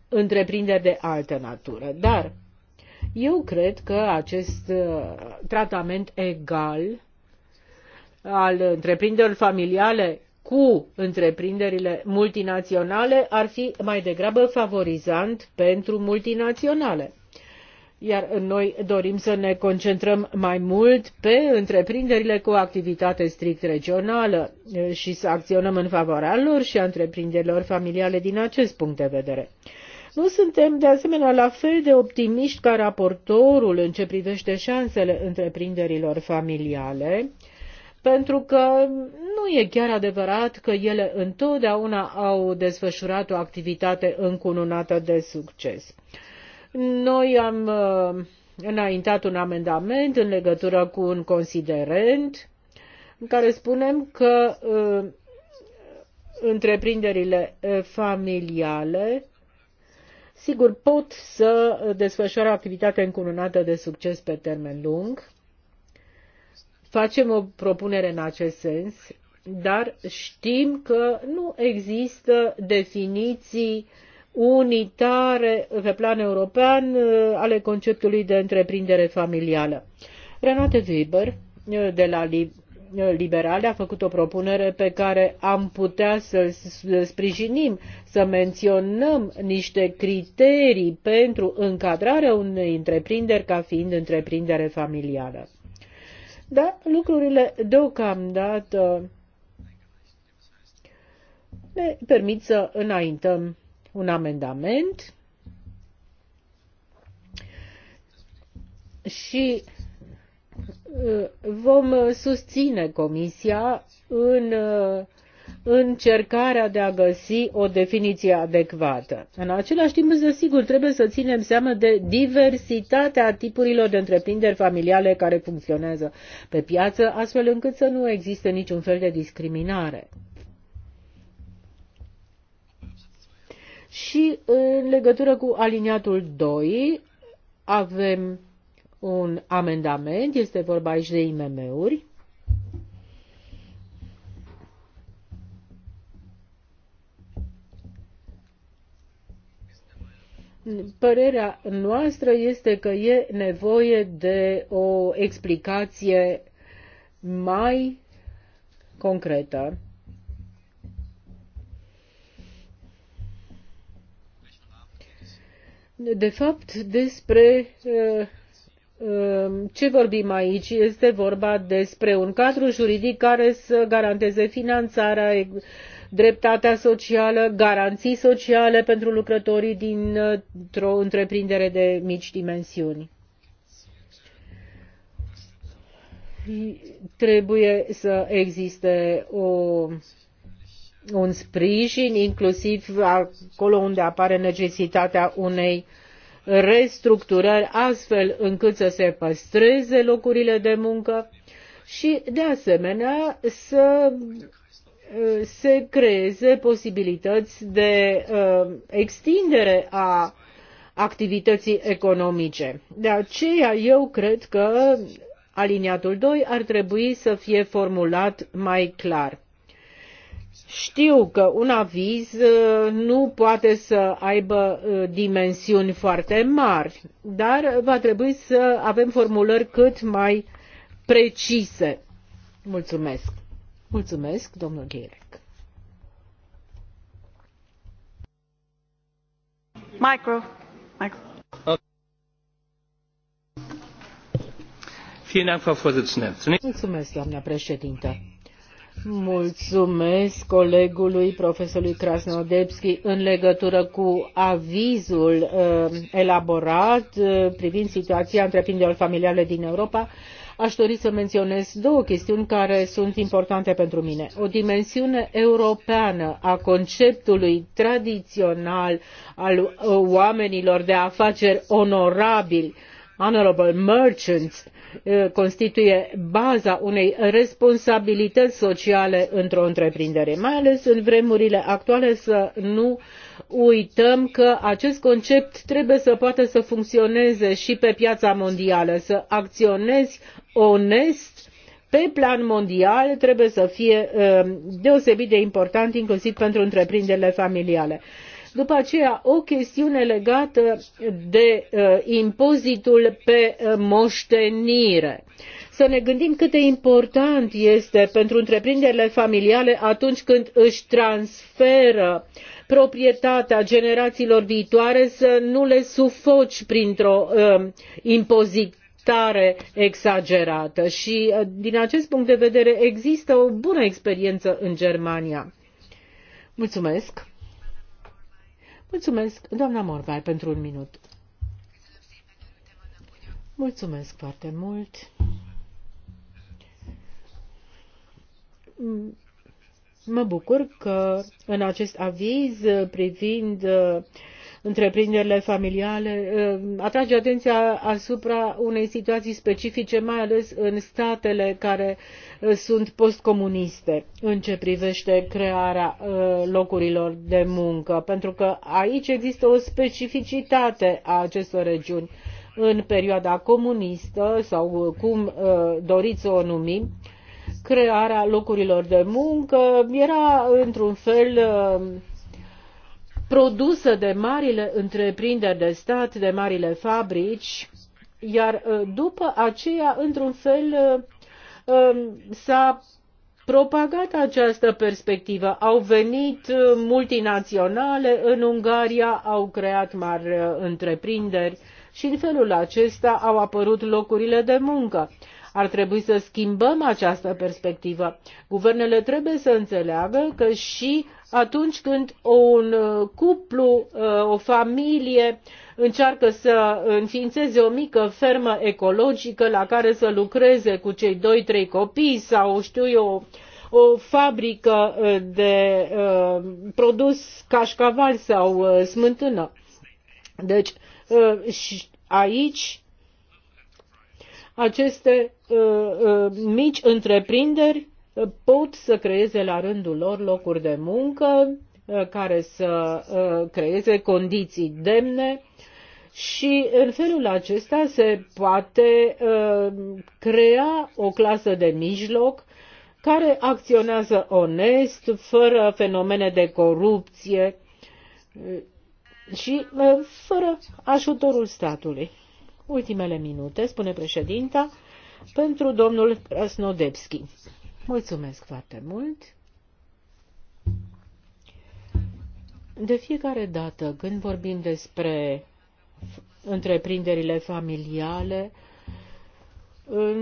întreprinderi de altă natură. Dar eu cred că acest uh, tratament egal al întreprinderilor familiale cu întreprinderile multinaționale ar fi mai degrabă favorizant pentru multinaționale. Iar noi dorim să ne concentrăm mai mult pe întreprinderile cu activitate strict regională uh, și să acționăm în favoarea lor și a întreprinderilor familiale din acest punct de vedere. Nu suntem de asemenea la fel de optimiști ca raportorul în ce privește șansele întreprinderilor familiale, pentru că nu e chiar adevărat că ele întotdeauna au desfășurat o activitate încununată de succes. Noi am uh, înaintat un amendament în legătură cu un considerent în care spunem că uh, întreprinderile uh, familiale sigur pot să desfășoare o activitate încununată de succes pe termen lung. Facem o propunere în acest sens, dar știm că nu există definiții unitare pe plan european uh, ale conceptului de întreprindere familială. Renate Weber uh, de la liberale a făcut o propunere pe care am putea să sprijinim, să menționăm niște criterii pentru încadrarea unei întreprinderi ca fiind întreprindere familială. Dar lucrurile deocamdată ne permit să înaintăm un amendament și vom uh, susține Comisia în uh, încercarea de a găsi o definiție adecvată. În același timp, însă, sigur, trebuie să ținem seama de diversitatea tipurilor de întreprinderi familiale care funcționează pe piață, astfel încât să nu existe niciun fel de discriminare. Și în legătură cu aliniatul 2, avem un amendament, este vorba aici de IMM-uri. Părerea noastră este că e nevoie de o explicație mai concretă. De fapt, despre uh, Ehm, ce vorbim aici? Este vorba despre un cadru juridic care să garanteze finanțarea, dreptatea socială, garanții sociale pentru lucrătorii dintr-o întreprindere de mici dimensiuni. Trebuie să existe o un sprijin, inclusiv acolo unde apare necesitatea unei uh, restructurări astfel încât să se păstreze locurile de muncă și, de asemenea, să uh, se creeze posibilități de uh, extindere a activității economice. De aceea eu cred că aliniatul 2 ar trebui să fie formulat mai clar. Știu că un aviz uh, nu poate să aibă uh, dimensiuni foarte mari, dar va trebui să avem formulări cât mai precise. Mulțumesc. Mulțumesc, domnul Gherec. Micro. Micro. Mulțumesc, doamna președintă Mulțumesc colegului profesorului Krasnodebski în legătură cu avizul uh, elaborat uh, privind situația întreprinderilor familiale din Europa. Aș dori să menționez două chestiuni care sunt importante pentru mine. O dimensiune europeană a conceptului tradițional al uh, oamenilor de afaceri onorabili honorable merchants constituie baza unei responsabilități sociale într-o întreprindere. Mai ales în vremurile actuale să nu uităm că acest concept trebuie să poată să funcționeze și pe piața mondială, să acționezi onest pe plan mondial trebuie să fie deosebit de important inclusiv pentru întreprinderile familiale. După aceea, o chestiune legată de uh, impozitul pe uh, moștenire. Să ne gândim cât de important este pentru întreprinderile familiale atunci când își transferă proprietatea generațiilor viitoare să nu le sufoci printr-o uh, um, impozit tare exagerată și uh, din acest punct de vedere există o bună experiență în Germania. Mulțumesc! Mulțumesc, doamna Morvai, pentru un minut. Mulțumesc foarte mult. Mă bucur că în acest aviz privind uh, întreprinderile familiale, ă, atrage atenția asupra unei situații specifice, mai ales în statele care ă, sunt postcomuniste în ce privește crearea ă, locurilor de muncă, pentru că aici există o specificitate a acestor regiuni în perioada comunistă sau cum doriți să o numim, crearea locurilor de muncă era într-un fel produsă de marile întreprinderi de stat, de marile fabrici, iar uh, după aceea, într-un fel, uh, um, s-a propagat această perspectivă. Au venit uh, multinaționale în Ungaria, au creat mari întreprinderi și în felul acesta au apărut locurile de muncă. Ar trebui să schimbăm această perspectivă. Guvernele trebuie să înțeleagă că și atunci când un uh, cuplu, uh, o familie încearcă să înființeze o mică fermă ecologică la care să lucreze cu cei doi, trei copii sau știu eu, o fabrică uh, de uh, produs cașcaval sau uh, smântână. Deci uh, și aici aceste mici întreprinderi pot să creeze la rândul lor locuri de muncă uh, care să uh, creeze condiții demne și în felul acesta se poate uh, crea o clasă de mijloc care acționează onest, fără fenomene de corupție și fără ajutorul statului. Ultimele minute, spune președinta, pentru domnul Krasnodebski. Mulțumesc foarte mult! De fiecare dată când vorbim despre întreprinderile familiale,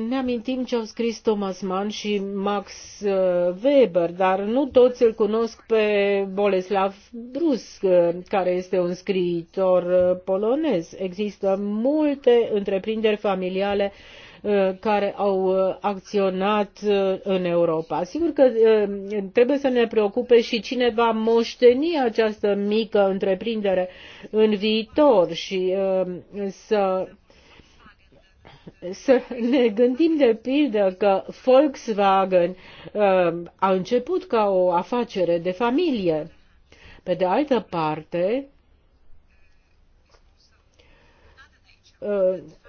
ne amintim ce au scris Thomas Mann și Max uh, Weber, dar nu toți îl cunosc pe Boleslav Brus, uh, care este un scriitor uh, polonez. Există multe întreprinderi familiale uh, Uh, care au uh, acționat uh, în Europa. Sigur că trebuie să ne preocupe și cine va moșteni această mică întreprindere în viitor și să să ne gândim de pildă că Volkswagen a început ca o afacere de familie. Pe de altă parte,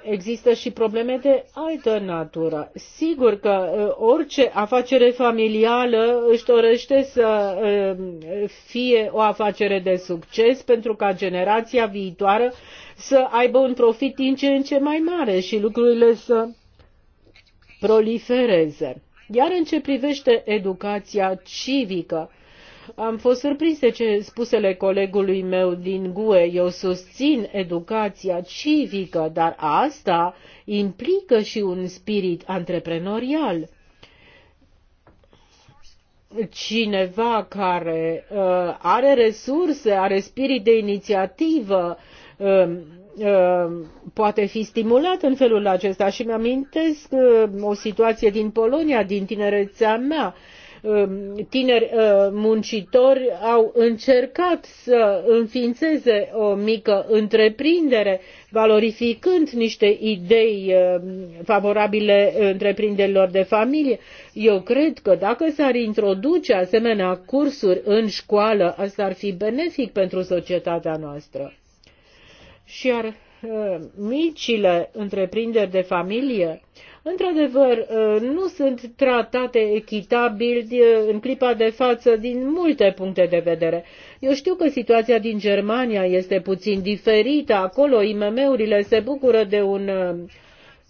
există și probleme de altă natură. Sigur că uh, orice afacere familială își dorește să uh, fie o afacere de succes pentru ca generația viitoare să aibă un profit din ce în ce mai mare și lucrurile să prolifereze. Iar în ce privește educația civică, am fost surprinse de ce spusele colegului meu din GUE. Eu susțin educația civică, dar asta implică și un spirit antreprenorial cineva care uh, are resurse, are spirit de inițiativă, uh, uh, poate fi stimulat în felul acesta. Și mi-amintesc uh, o situație din Polonia, din tinerețea mea. Uh, Um, tineri uh, muncitori au încercat să înființeze o mică întreprindere, valorificând niște idei um, favorabile întreprinderilor de familie. Eu cred că dacă s-ar introduce asemenea cursuri în școală, asta ar fi benefic pentru societatea noastră. Și ar uh, micile întreprinderi de familie într-adevăr, uh, nu sunt tratate echitabil uh, în clipa de față din multe puncte de vedere. Eu știu că situația din Germania este puțin diferită. Acolo IMM-urile se bucură de un uh,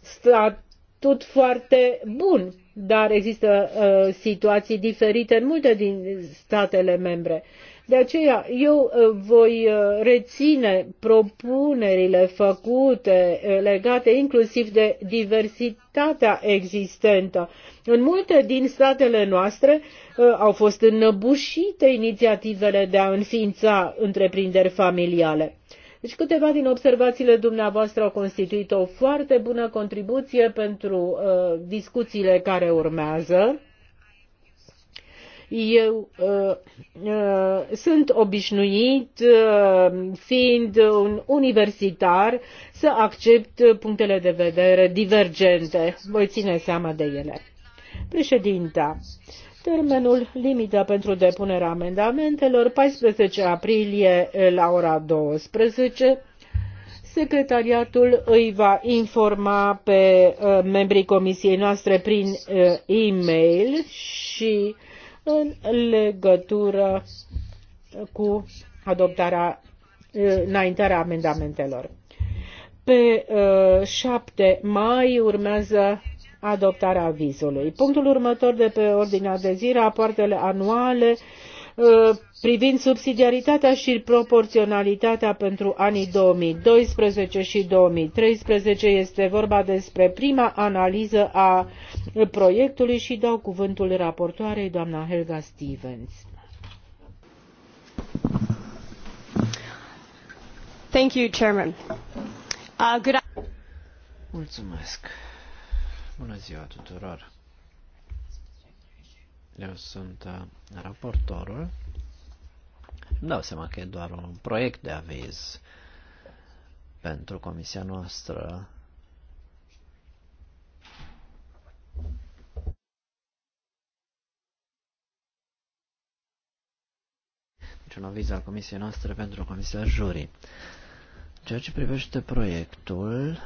statut foarte bun, dar există uh, situații diferite în multe din statele membre. De aceea eu uh, voi uh, reține propunerile făcute uh, legate inclusiv de diversitatea existentă. În multe din statele noastre au fost înnăbușite inițiativele de a înființa întreprinderi familiale. Deci câteva din observațiile dumneavoastră au constituit o foarte bună contribuție pentru uh, discuțiile care urmează. Eu uh, uh, sunt obișnuit, uh, fiind un universitar, să accept punctele de vedere divergente. Voi ține seama de ele. Președinta, termenul limită pentru depunerea amendamentelor 14 aprilie la ora 12. Secretariatul îi va informa pe membrii comisiei noastre prin e-mail și în legătură cu adoptarea, eh, înaintarea amendamentelor. Pe 7 eh, mai urmează adoptarea vizului. Punctul următor de pe ordinea de zi, rapoartele anuale Uh, privind subsidiaritatea și proporționalitatea pentru anii 2012 și 2013. Este vorba despre prima analiză a proiectului și dau cuvântul raportoarei doamna Helga Stevens. Thank you, Chairman. Uh, good Mulțumesc. Bună ziua tuturor. Eu sunt uh, raportorul. Îmi dau seama că e doar un proiect de aviz pentru comisia noastră. Deci un aviz al comisiei noastre pentru comisia jurii. Ceea ce privește proiectul,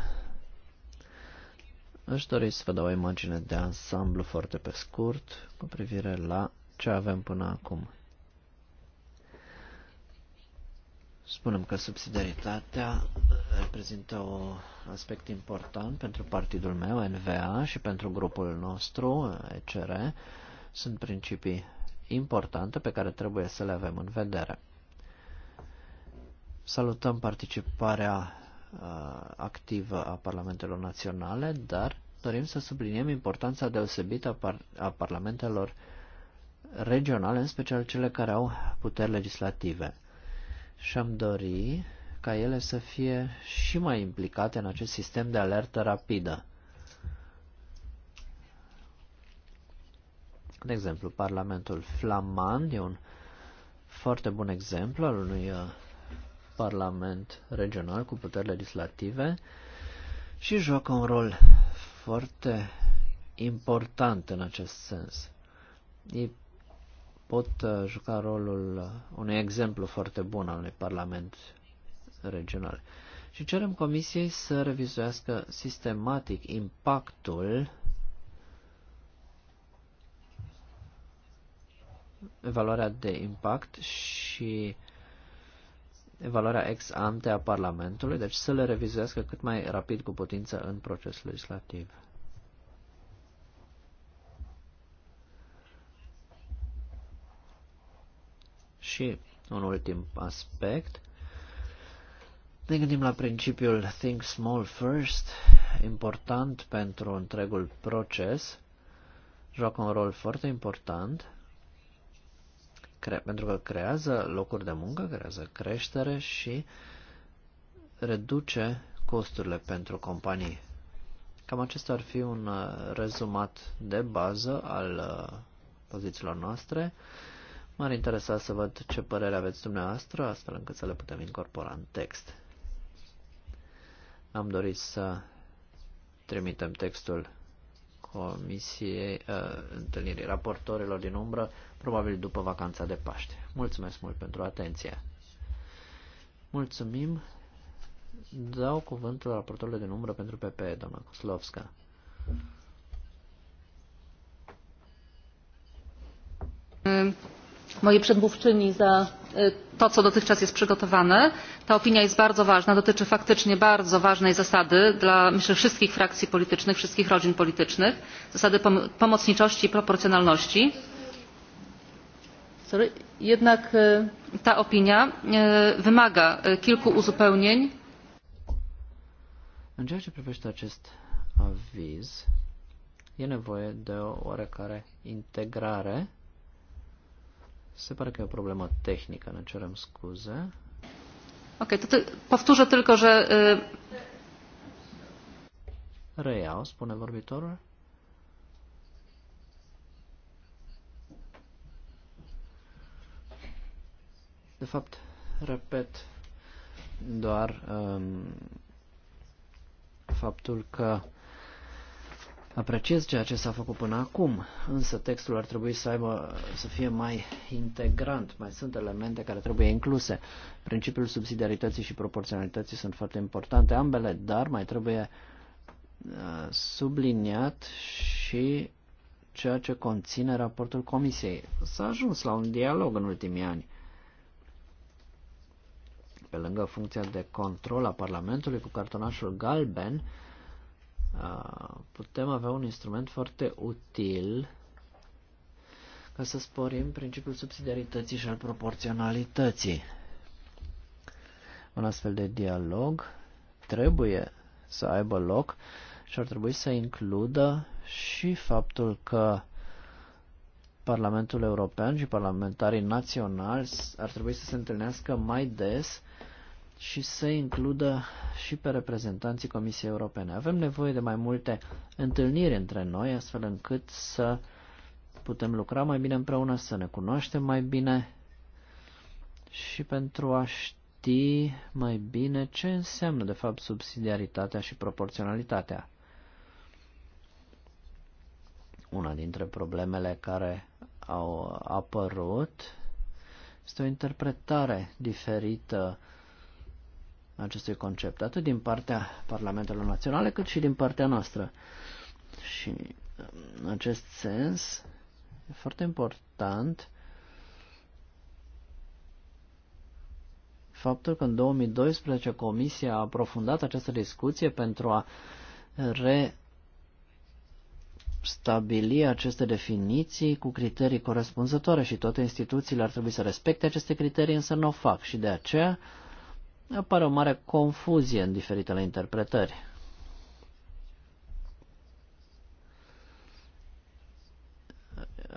Aș dori să vă dau o imagine de ansamblu foarte pe scurt cu privire la ce avem până acum. Spunem că subsidiaritatea reprezintă un aspect important pentru partidul meu, NVA, și pentru grupul nostru, ECR. Sunt principii importante pe care trebuie să le avem în vedere. Salutăm participarea uh, activă a Parlamentelor Naționale, dar dorim să subliniem importanța deosebită a, par a parlamentelor regionale, în special cele care au puteri legislative. Și am dori ca ele să fie și mai implicate în acest sistem de alertă rapidă. De exemplu, Parlamentul Flamand e un foarte bun exemplu al unui uh, parlament regional cu puteri legislative și joacă un rol foarte important în acest sens. Ei pot uh, juca rolul uh, unui exemplu foarte bun al unui parlament regional. Și cerem comisiei să revizuiască sistematic impactul evaluarea de impact și evaluarea ex ante a Parlamentului, deci să le revizuiască cât mai rapid cu putință în procesul legislativ. Și un ultim aspect. Ne gândim la principiul Think Small First, important pentru întregul proces, joacă un rol foarte important pentru că creează locuri de muncă, creează creștere și reduce costurile pentru companii. Cam acesta ar fi un uh, rezumat de bază al uh, pozițiilor noastre. M-ar interesa să văd ce părere aveți dumneavoastră, astfel încât să le putem incorpora în text. Am dorit să trimitem textul comisiei, uh, întâlnirii raportorilor din umbră, probabil după vacanța de Paște. Mulțumesc mult pentru atenție. Mulțumim. Dau cuvântul raportorilor din umbră pentru PP, doamna Koslovska. Mm. Um, mojej przedmówczyni za to co dotychczas jest przygotowane. ta opinia jest bardzo ważna dotyczy faktycznie bardzo ważnej zasady dla myślę wszystkich frakcji politycznych wszystkich rodzin politycznych zasady pomocniczości i proporcjonalności. jednak ta opinia wymaga kilku uzupełnień. În ceea ce privește acest aviz, e nevoie de o oarecare integrare se pare că e o problemă tehnică, ne cerem scuze. Ok, to ty, powtórzę tylko, że... Y... Reiau, spune vorbitorul. De fapt, repet doar um, faptul că Apreciez ceea ce s-a făcut până acum, însă textul ar trebui să, aibă, să fie mai integrant, mai sunt elemente care trebuie incluse. Principiul subsidiarității și proporționalității sunt foarte importante ambele, dar mai trebuie uh, subliniat și ceea ce conține raportul Comisiei. S-a ajuns la un dialog în ultimii ani. Pe lângă funcția de control a Parlamentului cu cartonașul galben, putem avea un instrument foarte util ca să sporim principiul subsidiarității și al proporționalității. Un astfel de dialog trebuie să aibă loc și ar trebui să includă și faptul că Parlamentul European și parlamentarii naționali ar trebui să se întâlnească mai des uh, și să includă și pe reprezentanții Comisiei Europene. Avem nevoie de mai multe întâlniri între noi, astfel încât să putem lucra mai bine împreună, să ne cunoaștem mai bine și pentru a ști mai bine ce înseamnă, de fapt, subsidiaritatea și proporționalitatea. Una dintre problemele care au apărut este o interpretare diferită acestui concept, atât din partea Parlamentelor Naționale, cât și din partea noastră. Și în acest sens e foarte important faptul că în 2012 Comisia a aprofundat această discuție pentru a re stabili aceste definiții cu criterii corespunzătoare și toate instituțiile ar trebui să respecte aceste criterii, însă nu o fac și de aceea apare o mare confuzie în diferitele interpretări.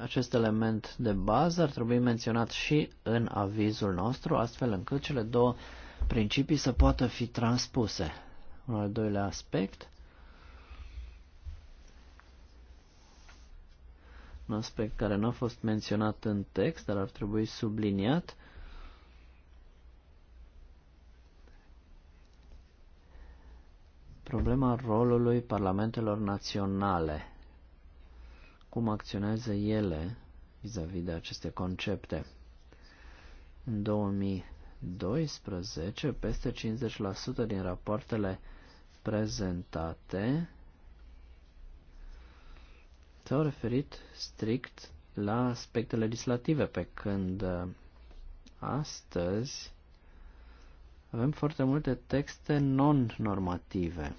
Acest element de bază ar trebui menționat și în avizul nostru, astfel încât cele două principii să poată fi transpuse. Un al doilea aspect, un aspect care nu a fost menționat în text, dar ar trebui subliniat, Problema rolului parlamentelor naționale. Cum acționează ele vis-a-vis -vis de aceste concepte? În 2012, peste 50% din rapoartele prezentate s-au referit strict la aspecte legislative, pe când uh, astăzi avem foarte multe texte non-normative.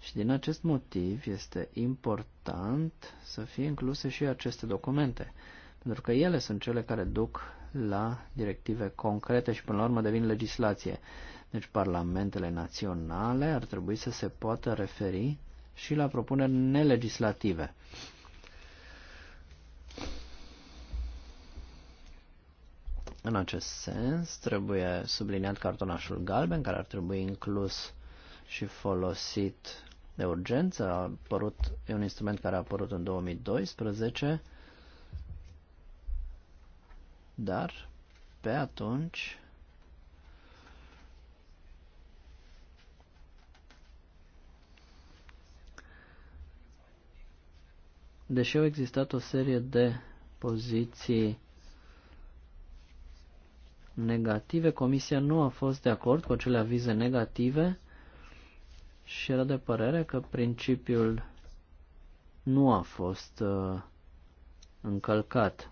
Și din acest motiv este important să fie incluse și aceste documente, pentru că ele sunt cele care duc la directive concrete și până la urmă devin legislație. Deci parlamentele naționale ar trebui să se poată referi și la propuneri nelegislative. În acest sens, trebuie subliniat cartonașul galben, care ar trebui inclus și folosit de urgență. A apărut, e un instrument care a apărut în 2012, dar pe atunci deși au existat o serie de poziții negative. Comisia nu a fost de acord cu acele avize negative și era de părere că principiul nu a fost uh, încălcat.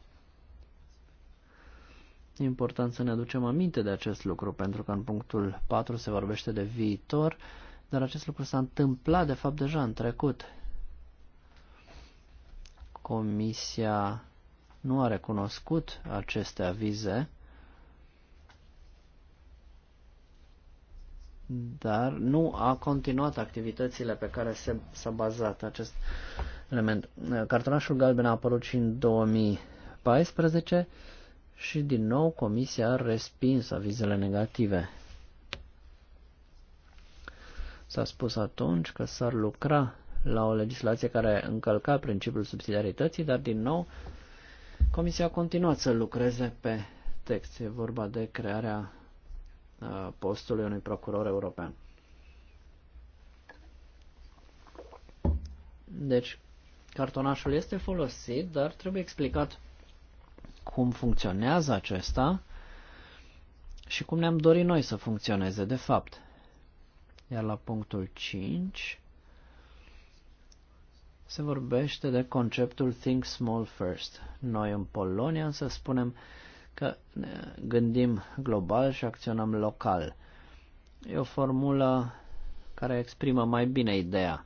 E important să ne aducem aminte de acest lucru, pentru că în punctul 4 se vorbește de viitor, dar acest lucru s-a întâmplat, de fapt, deja în trecut. Comisia nu a recunoscut aceste avize dar nu a continuat activitățile pe care se, s-a bazat acest element. Cartonașul galben a apărut și în 2014 și din nou Comisia a respins avizele negative. S-a spus atunci că s-ar lucra la o legislație care încălca principiul subsidiarității, dar din nou Comisia a continuat să lucreze pe text. E vorba de crearea postului unui procuror european. Deci, cartonașul este folosit, dar trebuie explicat cum funcționează acesta și cum ne-am dorit noi să funcționeze de fapt. Iar la punctul 5 se vorbește de conceptul Think Small First. Noi în Polonia să spunem uh, că ne gândim global și acționăm local. E o formulă care exprimă mai bine ideea.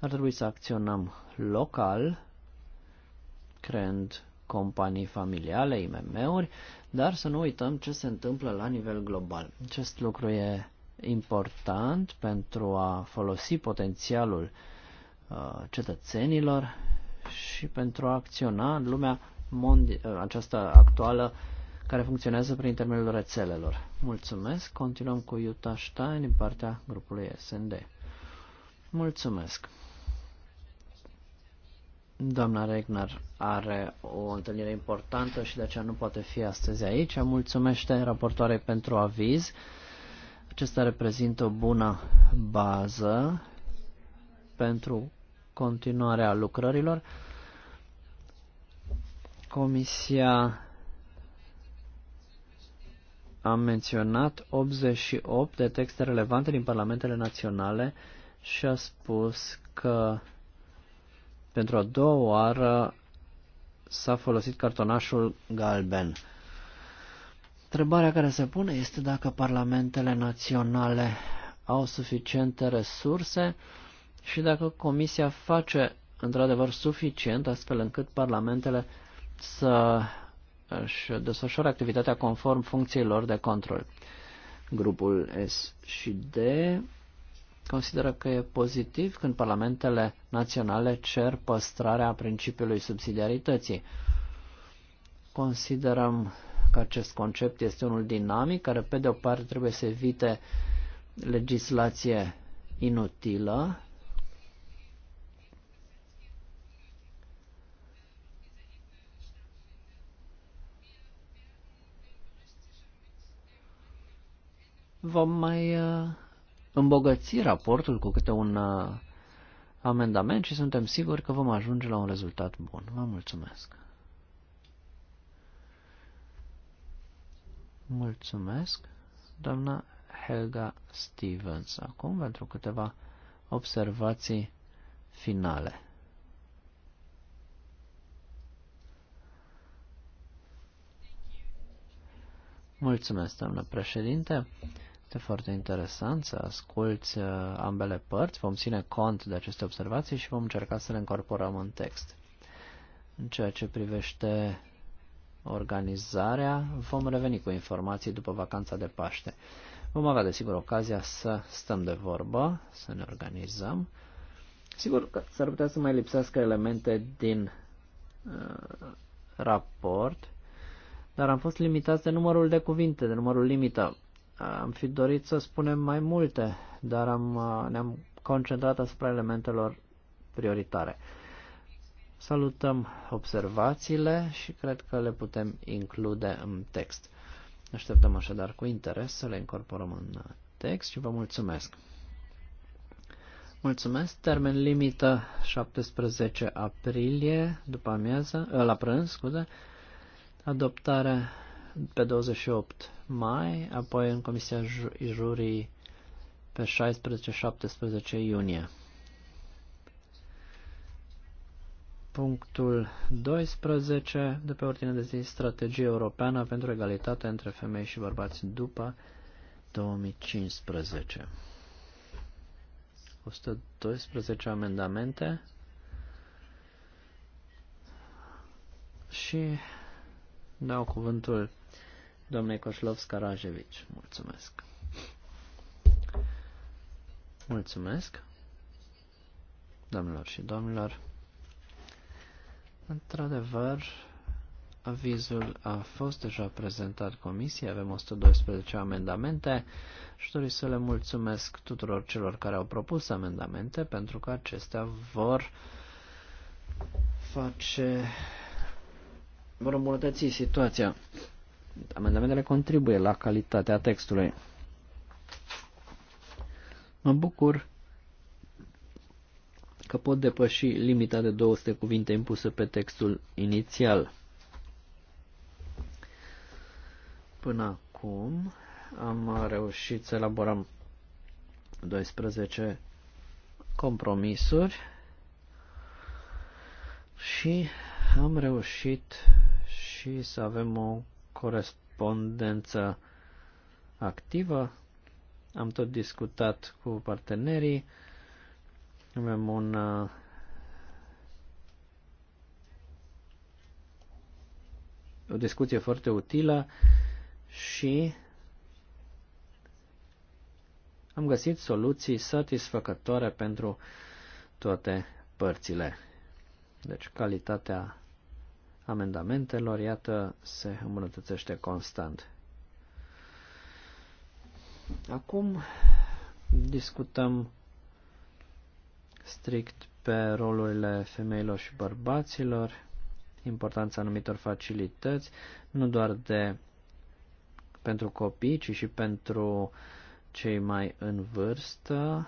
Ar trebui să acționăm local, creând companii familiale, IMM-uri, dar să nu uităm ce se întâmplă la nivel global. Acest lucru e important pentru a folosi potențialul uh, cetățenilor și pentru a acționa în lumea mondi- ă, aceasta actuală care funcționează prin intermediul rețelelor. Mulțumesc. Continuăm cu Jutta Stein din partea grupului SND. Mulțumesc. Doamna Regnar are o întâlnire importantă și de aceea nu poate fi astăzi aici. Mulțumește raportoarei pentru aviz. Acesta reprezintă o bună bază pentru continuarea lucrărilor. Comisia a menționat 88 de texte relevante din parlamentele naționale și a spus că pentru a doua oară s-a folosit cartonașul galben. Întrebarea care se pune este dacă parlamentele naționale au suficiente resurse și dacă Comisia face într-adevăr suficient astfel încât parlamentele să își desfășoare activitatea conform funcțiilor de control. Grupul S și D consideră că e pozitiv când parlamentele naționale cer păstrarea principiului subsidiarității. Considerăm că acest concept este unul dinamic, care pe de o parte trebuie să evite legislație inutilă vom mai uh, îmbogăți raportul cu câte un uh, amendament și suntem siguri că vom ajunge la un rezultat bun. Vă mulțumesc! Mulțumesc, doamna Helga Stevens, acum pentru câteva observații finale. Mulțumesc, doamnă președinte. Este foarte interesant să asculți uh, ambele părți. Vom ține cont de aceste observații și vom încerca să le incorporăm în text. În ceea ce privește organizarea, vom reveni cu informații după vacanța de Paște. Vom avea, desigur, ocazia să stăm de vorbă, să ne organizăm. Sigur că s-ar putea să mai lipsească elemente din uh, raport, dar am fost limitați de numărul de cuvinte, de numărul limită am fi dorit să spunem mai multe, dar am, uh, ne-am concentrat asupra elementelor prioritare. Salutăm observațiile și cred că le putem include în text. Așteptăm așadar cu interes să le incorporăm în text și vă mulțumesc. Mulțumesc. Termen limită 17 aprilie, după amiază, la prânz, scuze. Adoptarea pe 28 mai, apoi în Comisia Jurii pe 16-17 iunie. Punctul 12 de pe ordine de zi, strategie europeană pentru egalitatea între femei și bărbați după 2015. 112 amendamente și dau cuvântul domnei Coșlov-Scarajevici. Mulțumesc. Mulțumesc, domnilor și domnilor. Într-adevăr, avizul a fost deja prezentat comisiei, avem 112 amendamente și doresc să le mulțumesc tuturor celor care au propus amendamente pentru că acestea vor face vor îmbunătăți situația amendamentele contribuie la calitatea textului. Mă bucur că pot depăși limita de 200 cuvinte impusă pe textul inițial. Până acum am reușit să elaborăm 12 compromisuri și am reușit și să avem o corespondență activă. Am tot discutat cu partenerii. Avem un uh, o discuție foarte utilă și am găsit soluții satisfăcătoare pentru toate părțile. Deci calitatea amendamentelor, iată, se îmbunătățește constant. Acum discutăm strict pe rolurile femeilor și bărbaților, importanța anumitor facilități, nu doar de pentru copii, ci și pentru cei mai în vârstă,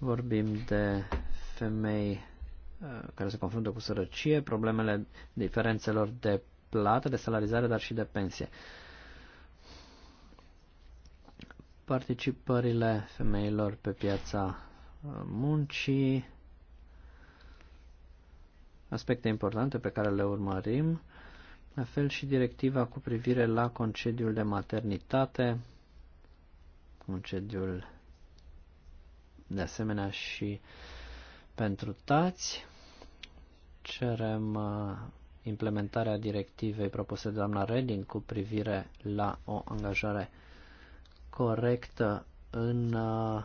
Vorbim de femei uh, care se confruntă cu sărăcie, problemele diferențelor de plată, de salarizare, dar și de pensie. Participările femeilor pe piața uh, muncii, aspecte importante pe care le urmărim, la fel și directiva cu privire la concediul de maternitate, concediul de asemenea și pentru tați. Cerem uh, implementarea directivei propuse de doamna Reding cu privire la o angajare corectă în uh,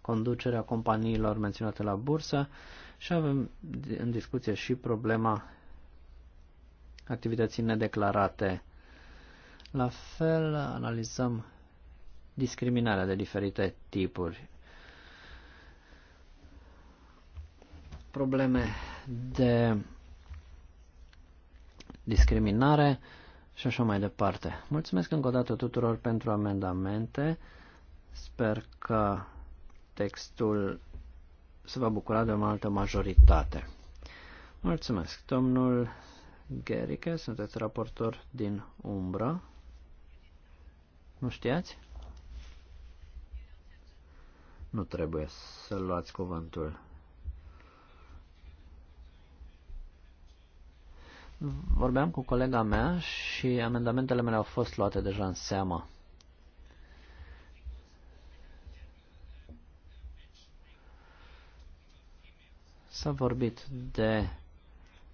conducerea companiilor menționate la bursă și avem în discuție și problema activității nedeclarate. La fel analizăm discriminarea de diferite tipuri. probleme de discriminare și așa mai departe. Mulțumesc încă o dată tuturor pentru amendamente. Sper că textul se va bucura de o altă majoritate. Mulțumesc. Domnul Gerike, sunteți raportor din umbră. Nu știați? Nu trebuie să luați cuvântul. Vorbeam cu colega mea și amendamentele mele au fost luate deja în seamă. S-a vorbit de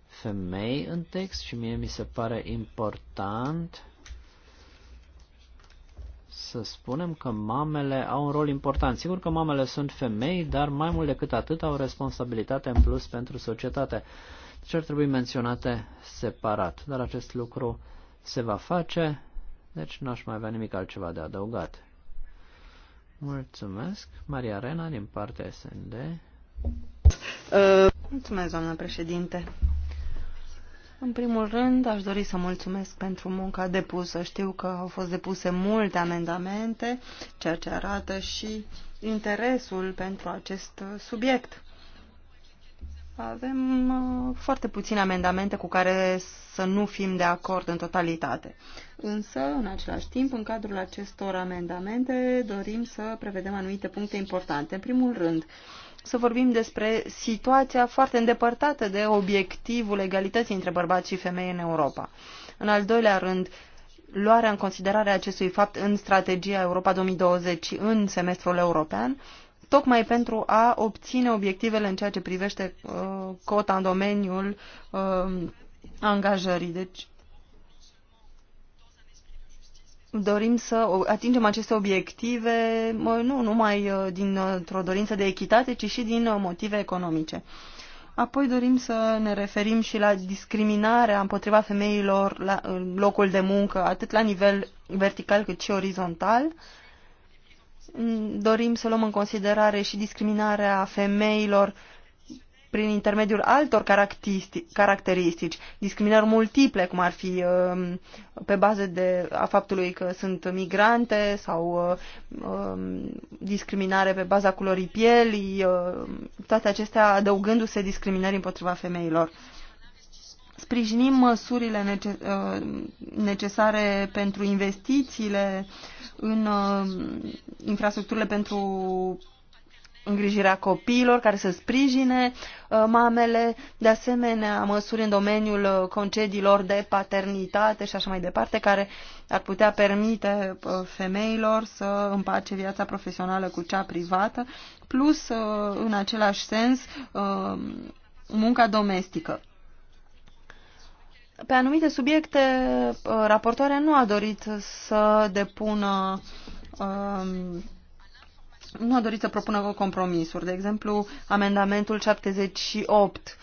femei în text și mie mi se pare important să spunem că mamele au un rol important. Sigur că mamele sunt femei, dar mai mult decât atât au responsabilitate în plus pentru societate. Deci ar trebui menționate separat, dar acest lucru se va face, deci n-aș mai avea nimic altceva de adăugat. Mulțumesc. Maria Rena din partea SND. Mulțumesc, doamnă președinte. În primul rând, aș dori să mulțumesc pentru munca depusă. Știu că au fost depuse multe amendamente, ceea ce arată și interesul pentru acest subiect. Avem uh, foarte puține amendamente cu care să nu fim de acord în totalitate. Însă, în același timp, în cadrul acestor amendamente, dorim să prevedem anumite puncte importante. În primul rând, să vorbim despre situația foarte îndepărtată de obiectivul egalității între bărbați și femei în Europa. În al doilea rând, luarea în considerare acestui fapt în strategia Europa 2020 și în semestrul european tocmai pentru a obține obiectivele în ceea ce privește uh, cota în domeniul uh, angajării. Deci dorim să atingem aceste obiective nu numai uh, dintr-o dorință de echitate, ci și din uh, motive economice. Apoi dorim să ne referim și la discriminarea împotriva femeilor la locul de muncă, atât la nivel vertical cât și orizontal. Uh, dorim să luăm în considerare și discriminarea femeilor prin intermediul altor caracteristici, discriminări multiple, cum ar fi um, pe bază de a faptului că sunt migrante sau um, discriminare pe baza culorii pielii, um, toate acestea adăugându-se discriminări împotriva femeilor sprijinim măsurile uh, necesare pentru investițiile în uh, infrastructurile pentru îngrijirea copiilor, care să sprijine uh, mamele, de asemenea măsuri în domeniul concediilor de paternitate și așa mai departe, care ar putea permite femeilor să împace viața profesională cu cea privată, plus, în același sens, munca domestică. Pe anumite subiecte, uh, raportoarea nu a dorit să depună um, nu a dorit să propună compromisuri. De exemplu, amendamentul 78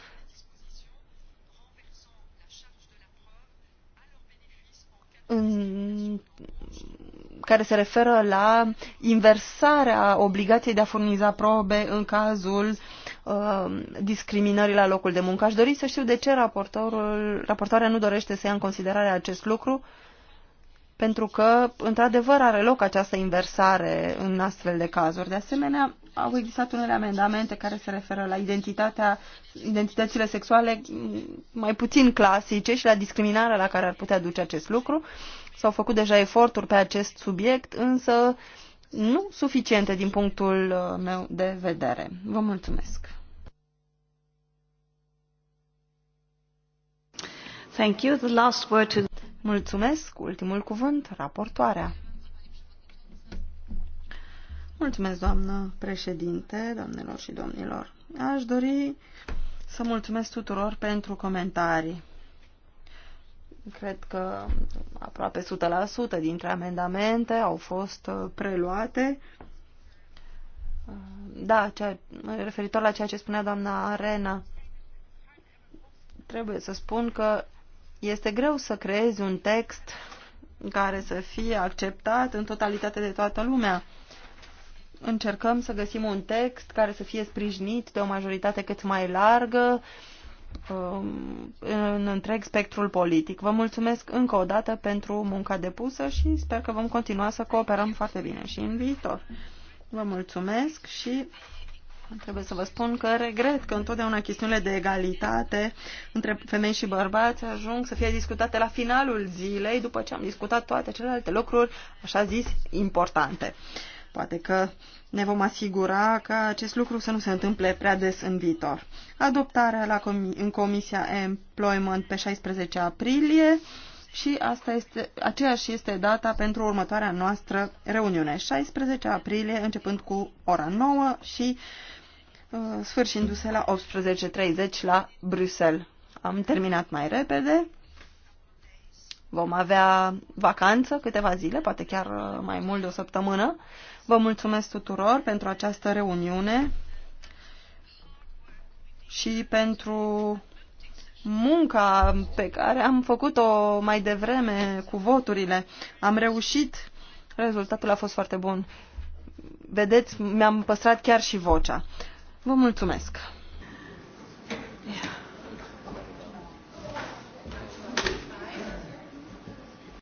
în, care se referă la inversarea obligației de a furniza probe în cazul Um, discriminării la locul de muncă. Aș dori să știu de ce raportorul, raportoarea nu dorește să ia în considerare acest lucru, pentru că, într-adevăr, are loc această inversare în astfel de cazuri. De asemenea, au existat unele amendamente care se referă la identitatea, identitățile sexuale mai puțin clasice și la discriminarea la care ar putea duce acest lucru. S-au făcut deja eforturi pe acest subiect, însă nu suficiente din punctul uh, meu de vedere. Vă mulțumesc. Thank you. The last word to... Mulțumesc. Ultimul cuvânt, raportoarea. Mulțumesc, doamnă președinte, doamnelor și domnilor. Aș dori să mulțumesc tuturor pentru comentarii. Cred că aproape 100% dintre amendamente au fost uh, preluate. Da, cea, referitor la ceea ce spunea doamna Arena, trebuie să spun că este greu să creezi un text care să fie acceptat în totalitate de toată lumea. Încercăm să găsim un text care să fie sprijinit de o majoritate cât mai largă um, în întreg spectrul politic. Vă mulțumesc încă o dată pentru munca depusă și sper că vom continua să cooperăm foarte bine și în viitor. Vă mulțumesc și Trebuie să vă spun că regret că întotdeauna chestiunile de egalitate între femei și bărbați ajung să fie discutate la finalul zilei, după ce am discutat toate celelalte lucruri, așa zis, importante. Poate că ne vom asigura că acest lucru să nu se întâmple prea des în viitor. Adoptarea la com- în Comisia Employment pe 16 aprilie și asta este, aceeași este data pentru următoarea noastră reuniune, 16 aprilie, începând cu ora 9 și Uh, sfârșindu-se la 18.30 la Bruxelles. Am terminat mai repede. Vom avea vacanță câteva zile, poate chiar uh, mai mult de o săptămână. Vă mulțumesc tuturor pentru această reuniune și pentru munca pe care am făcut-o mai devreme cu voturile. Am reușit, rezultatul a fost foarte bun. Vedeți, mi-am păstrat chiar și vocea. Vă mulțumesc!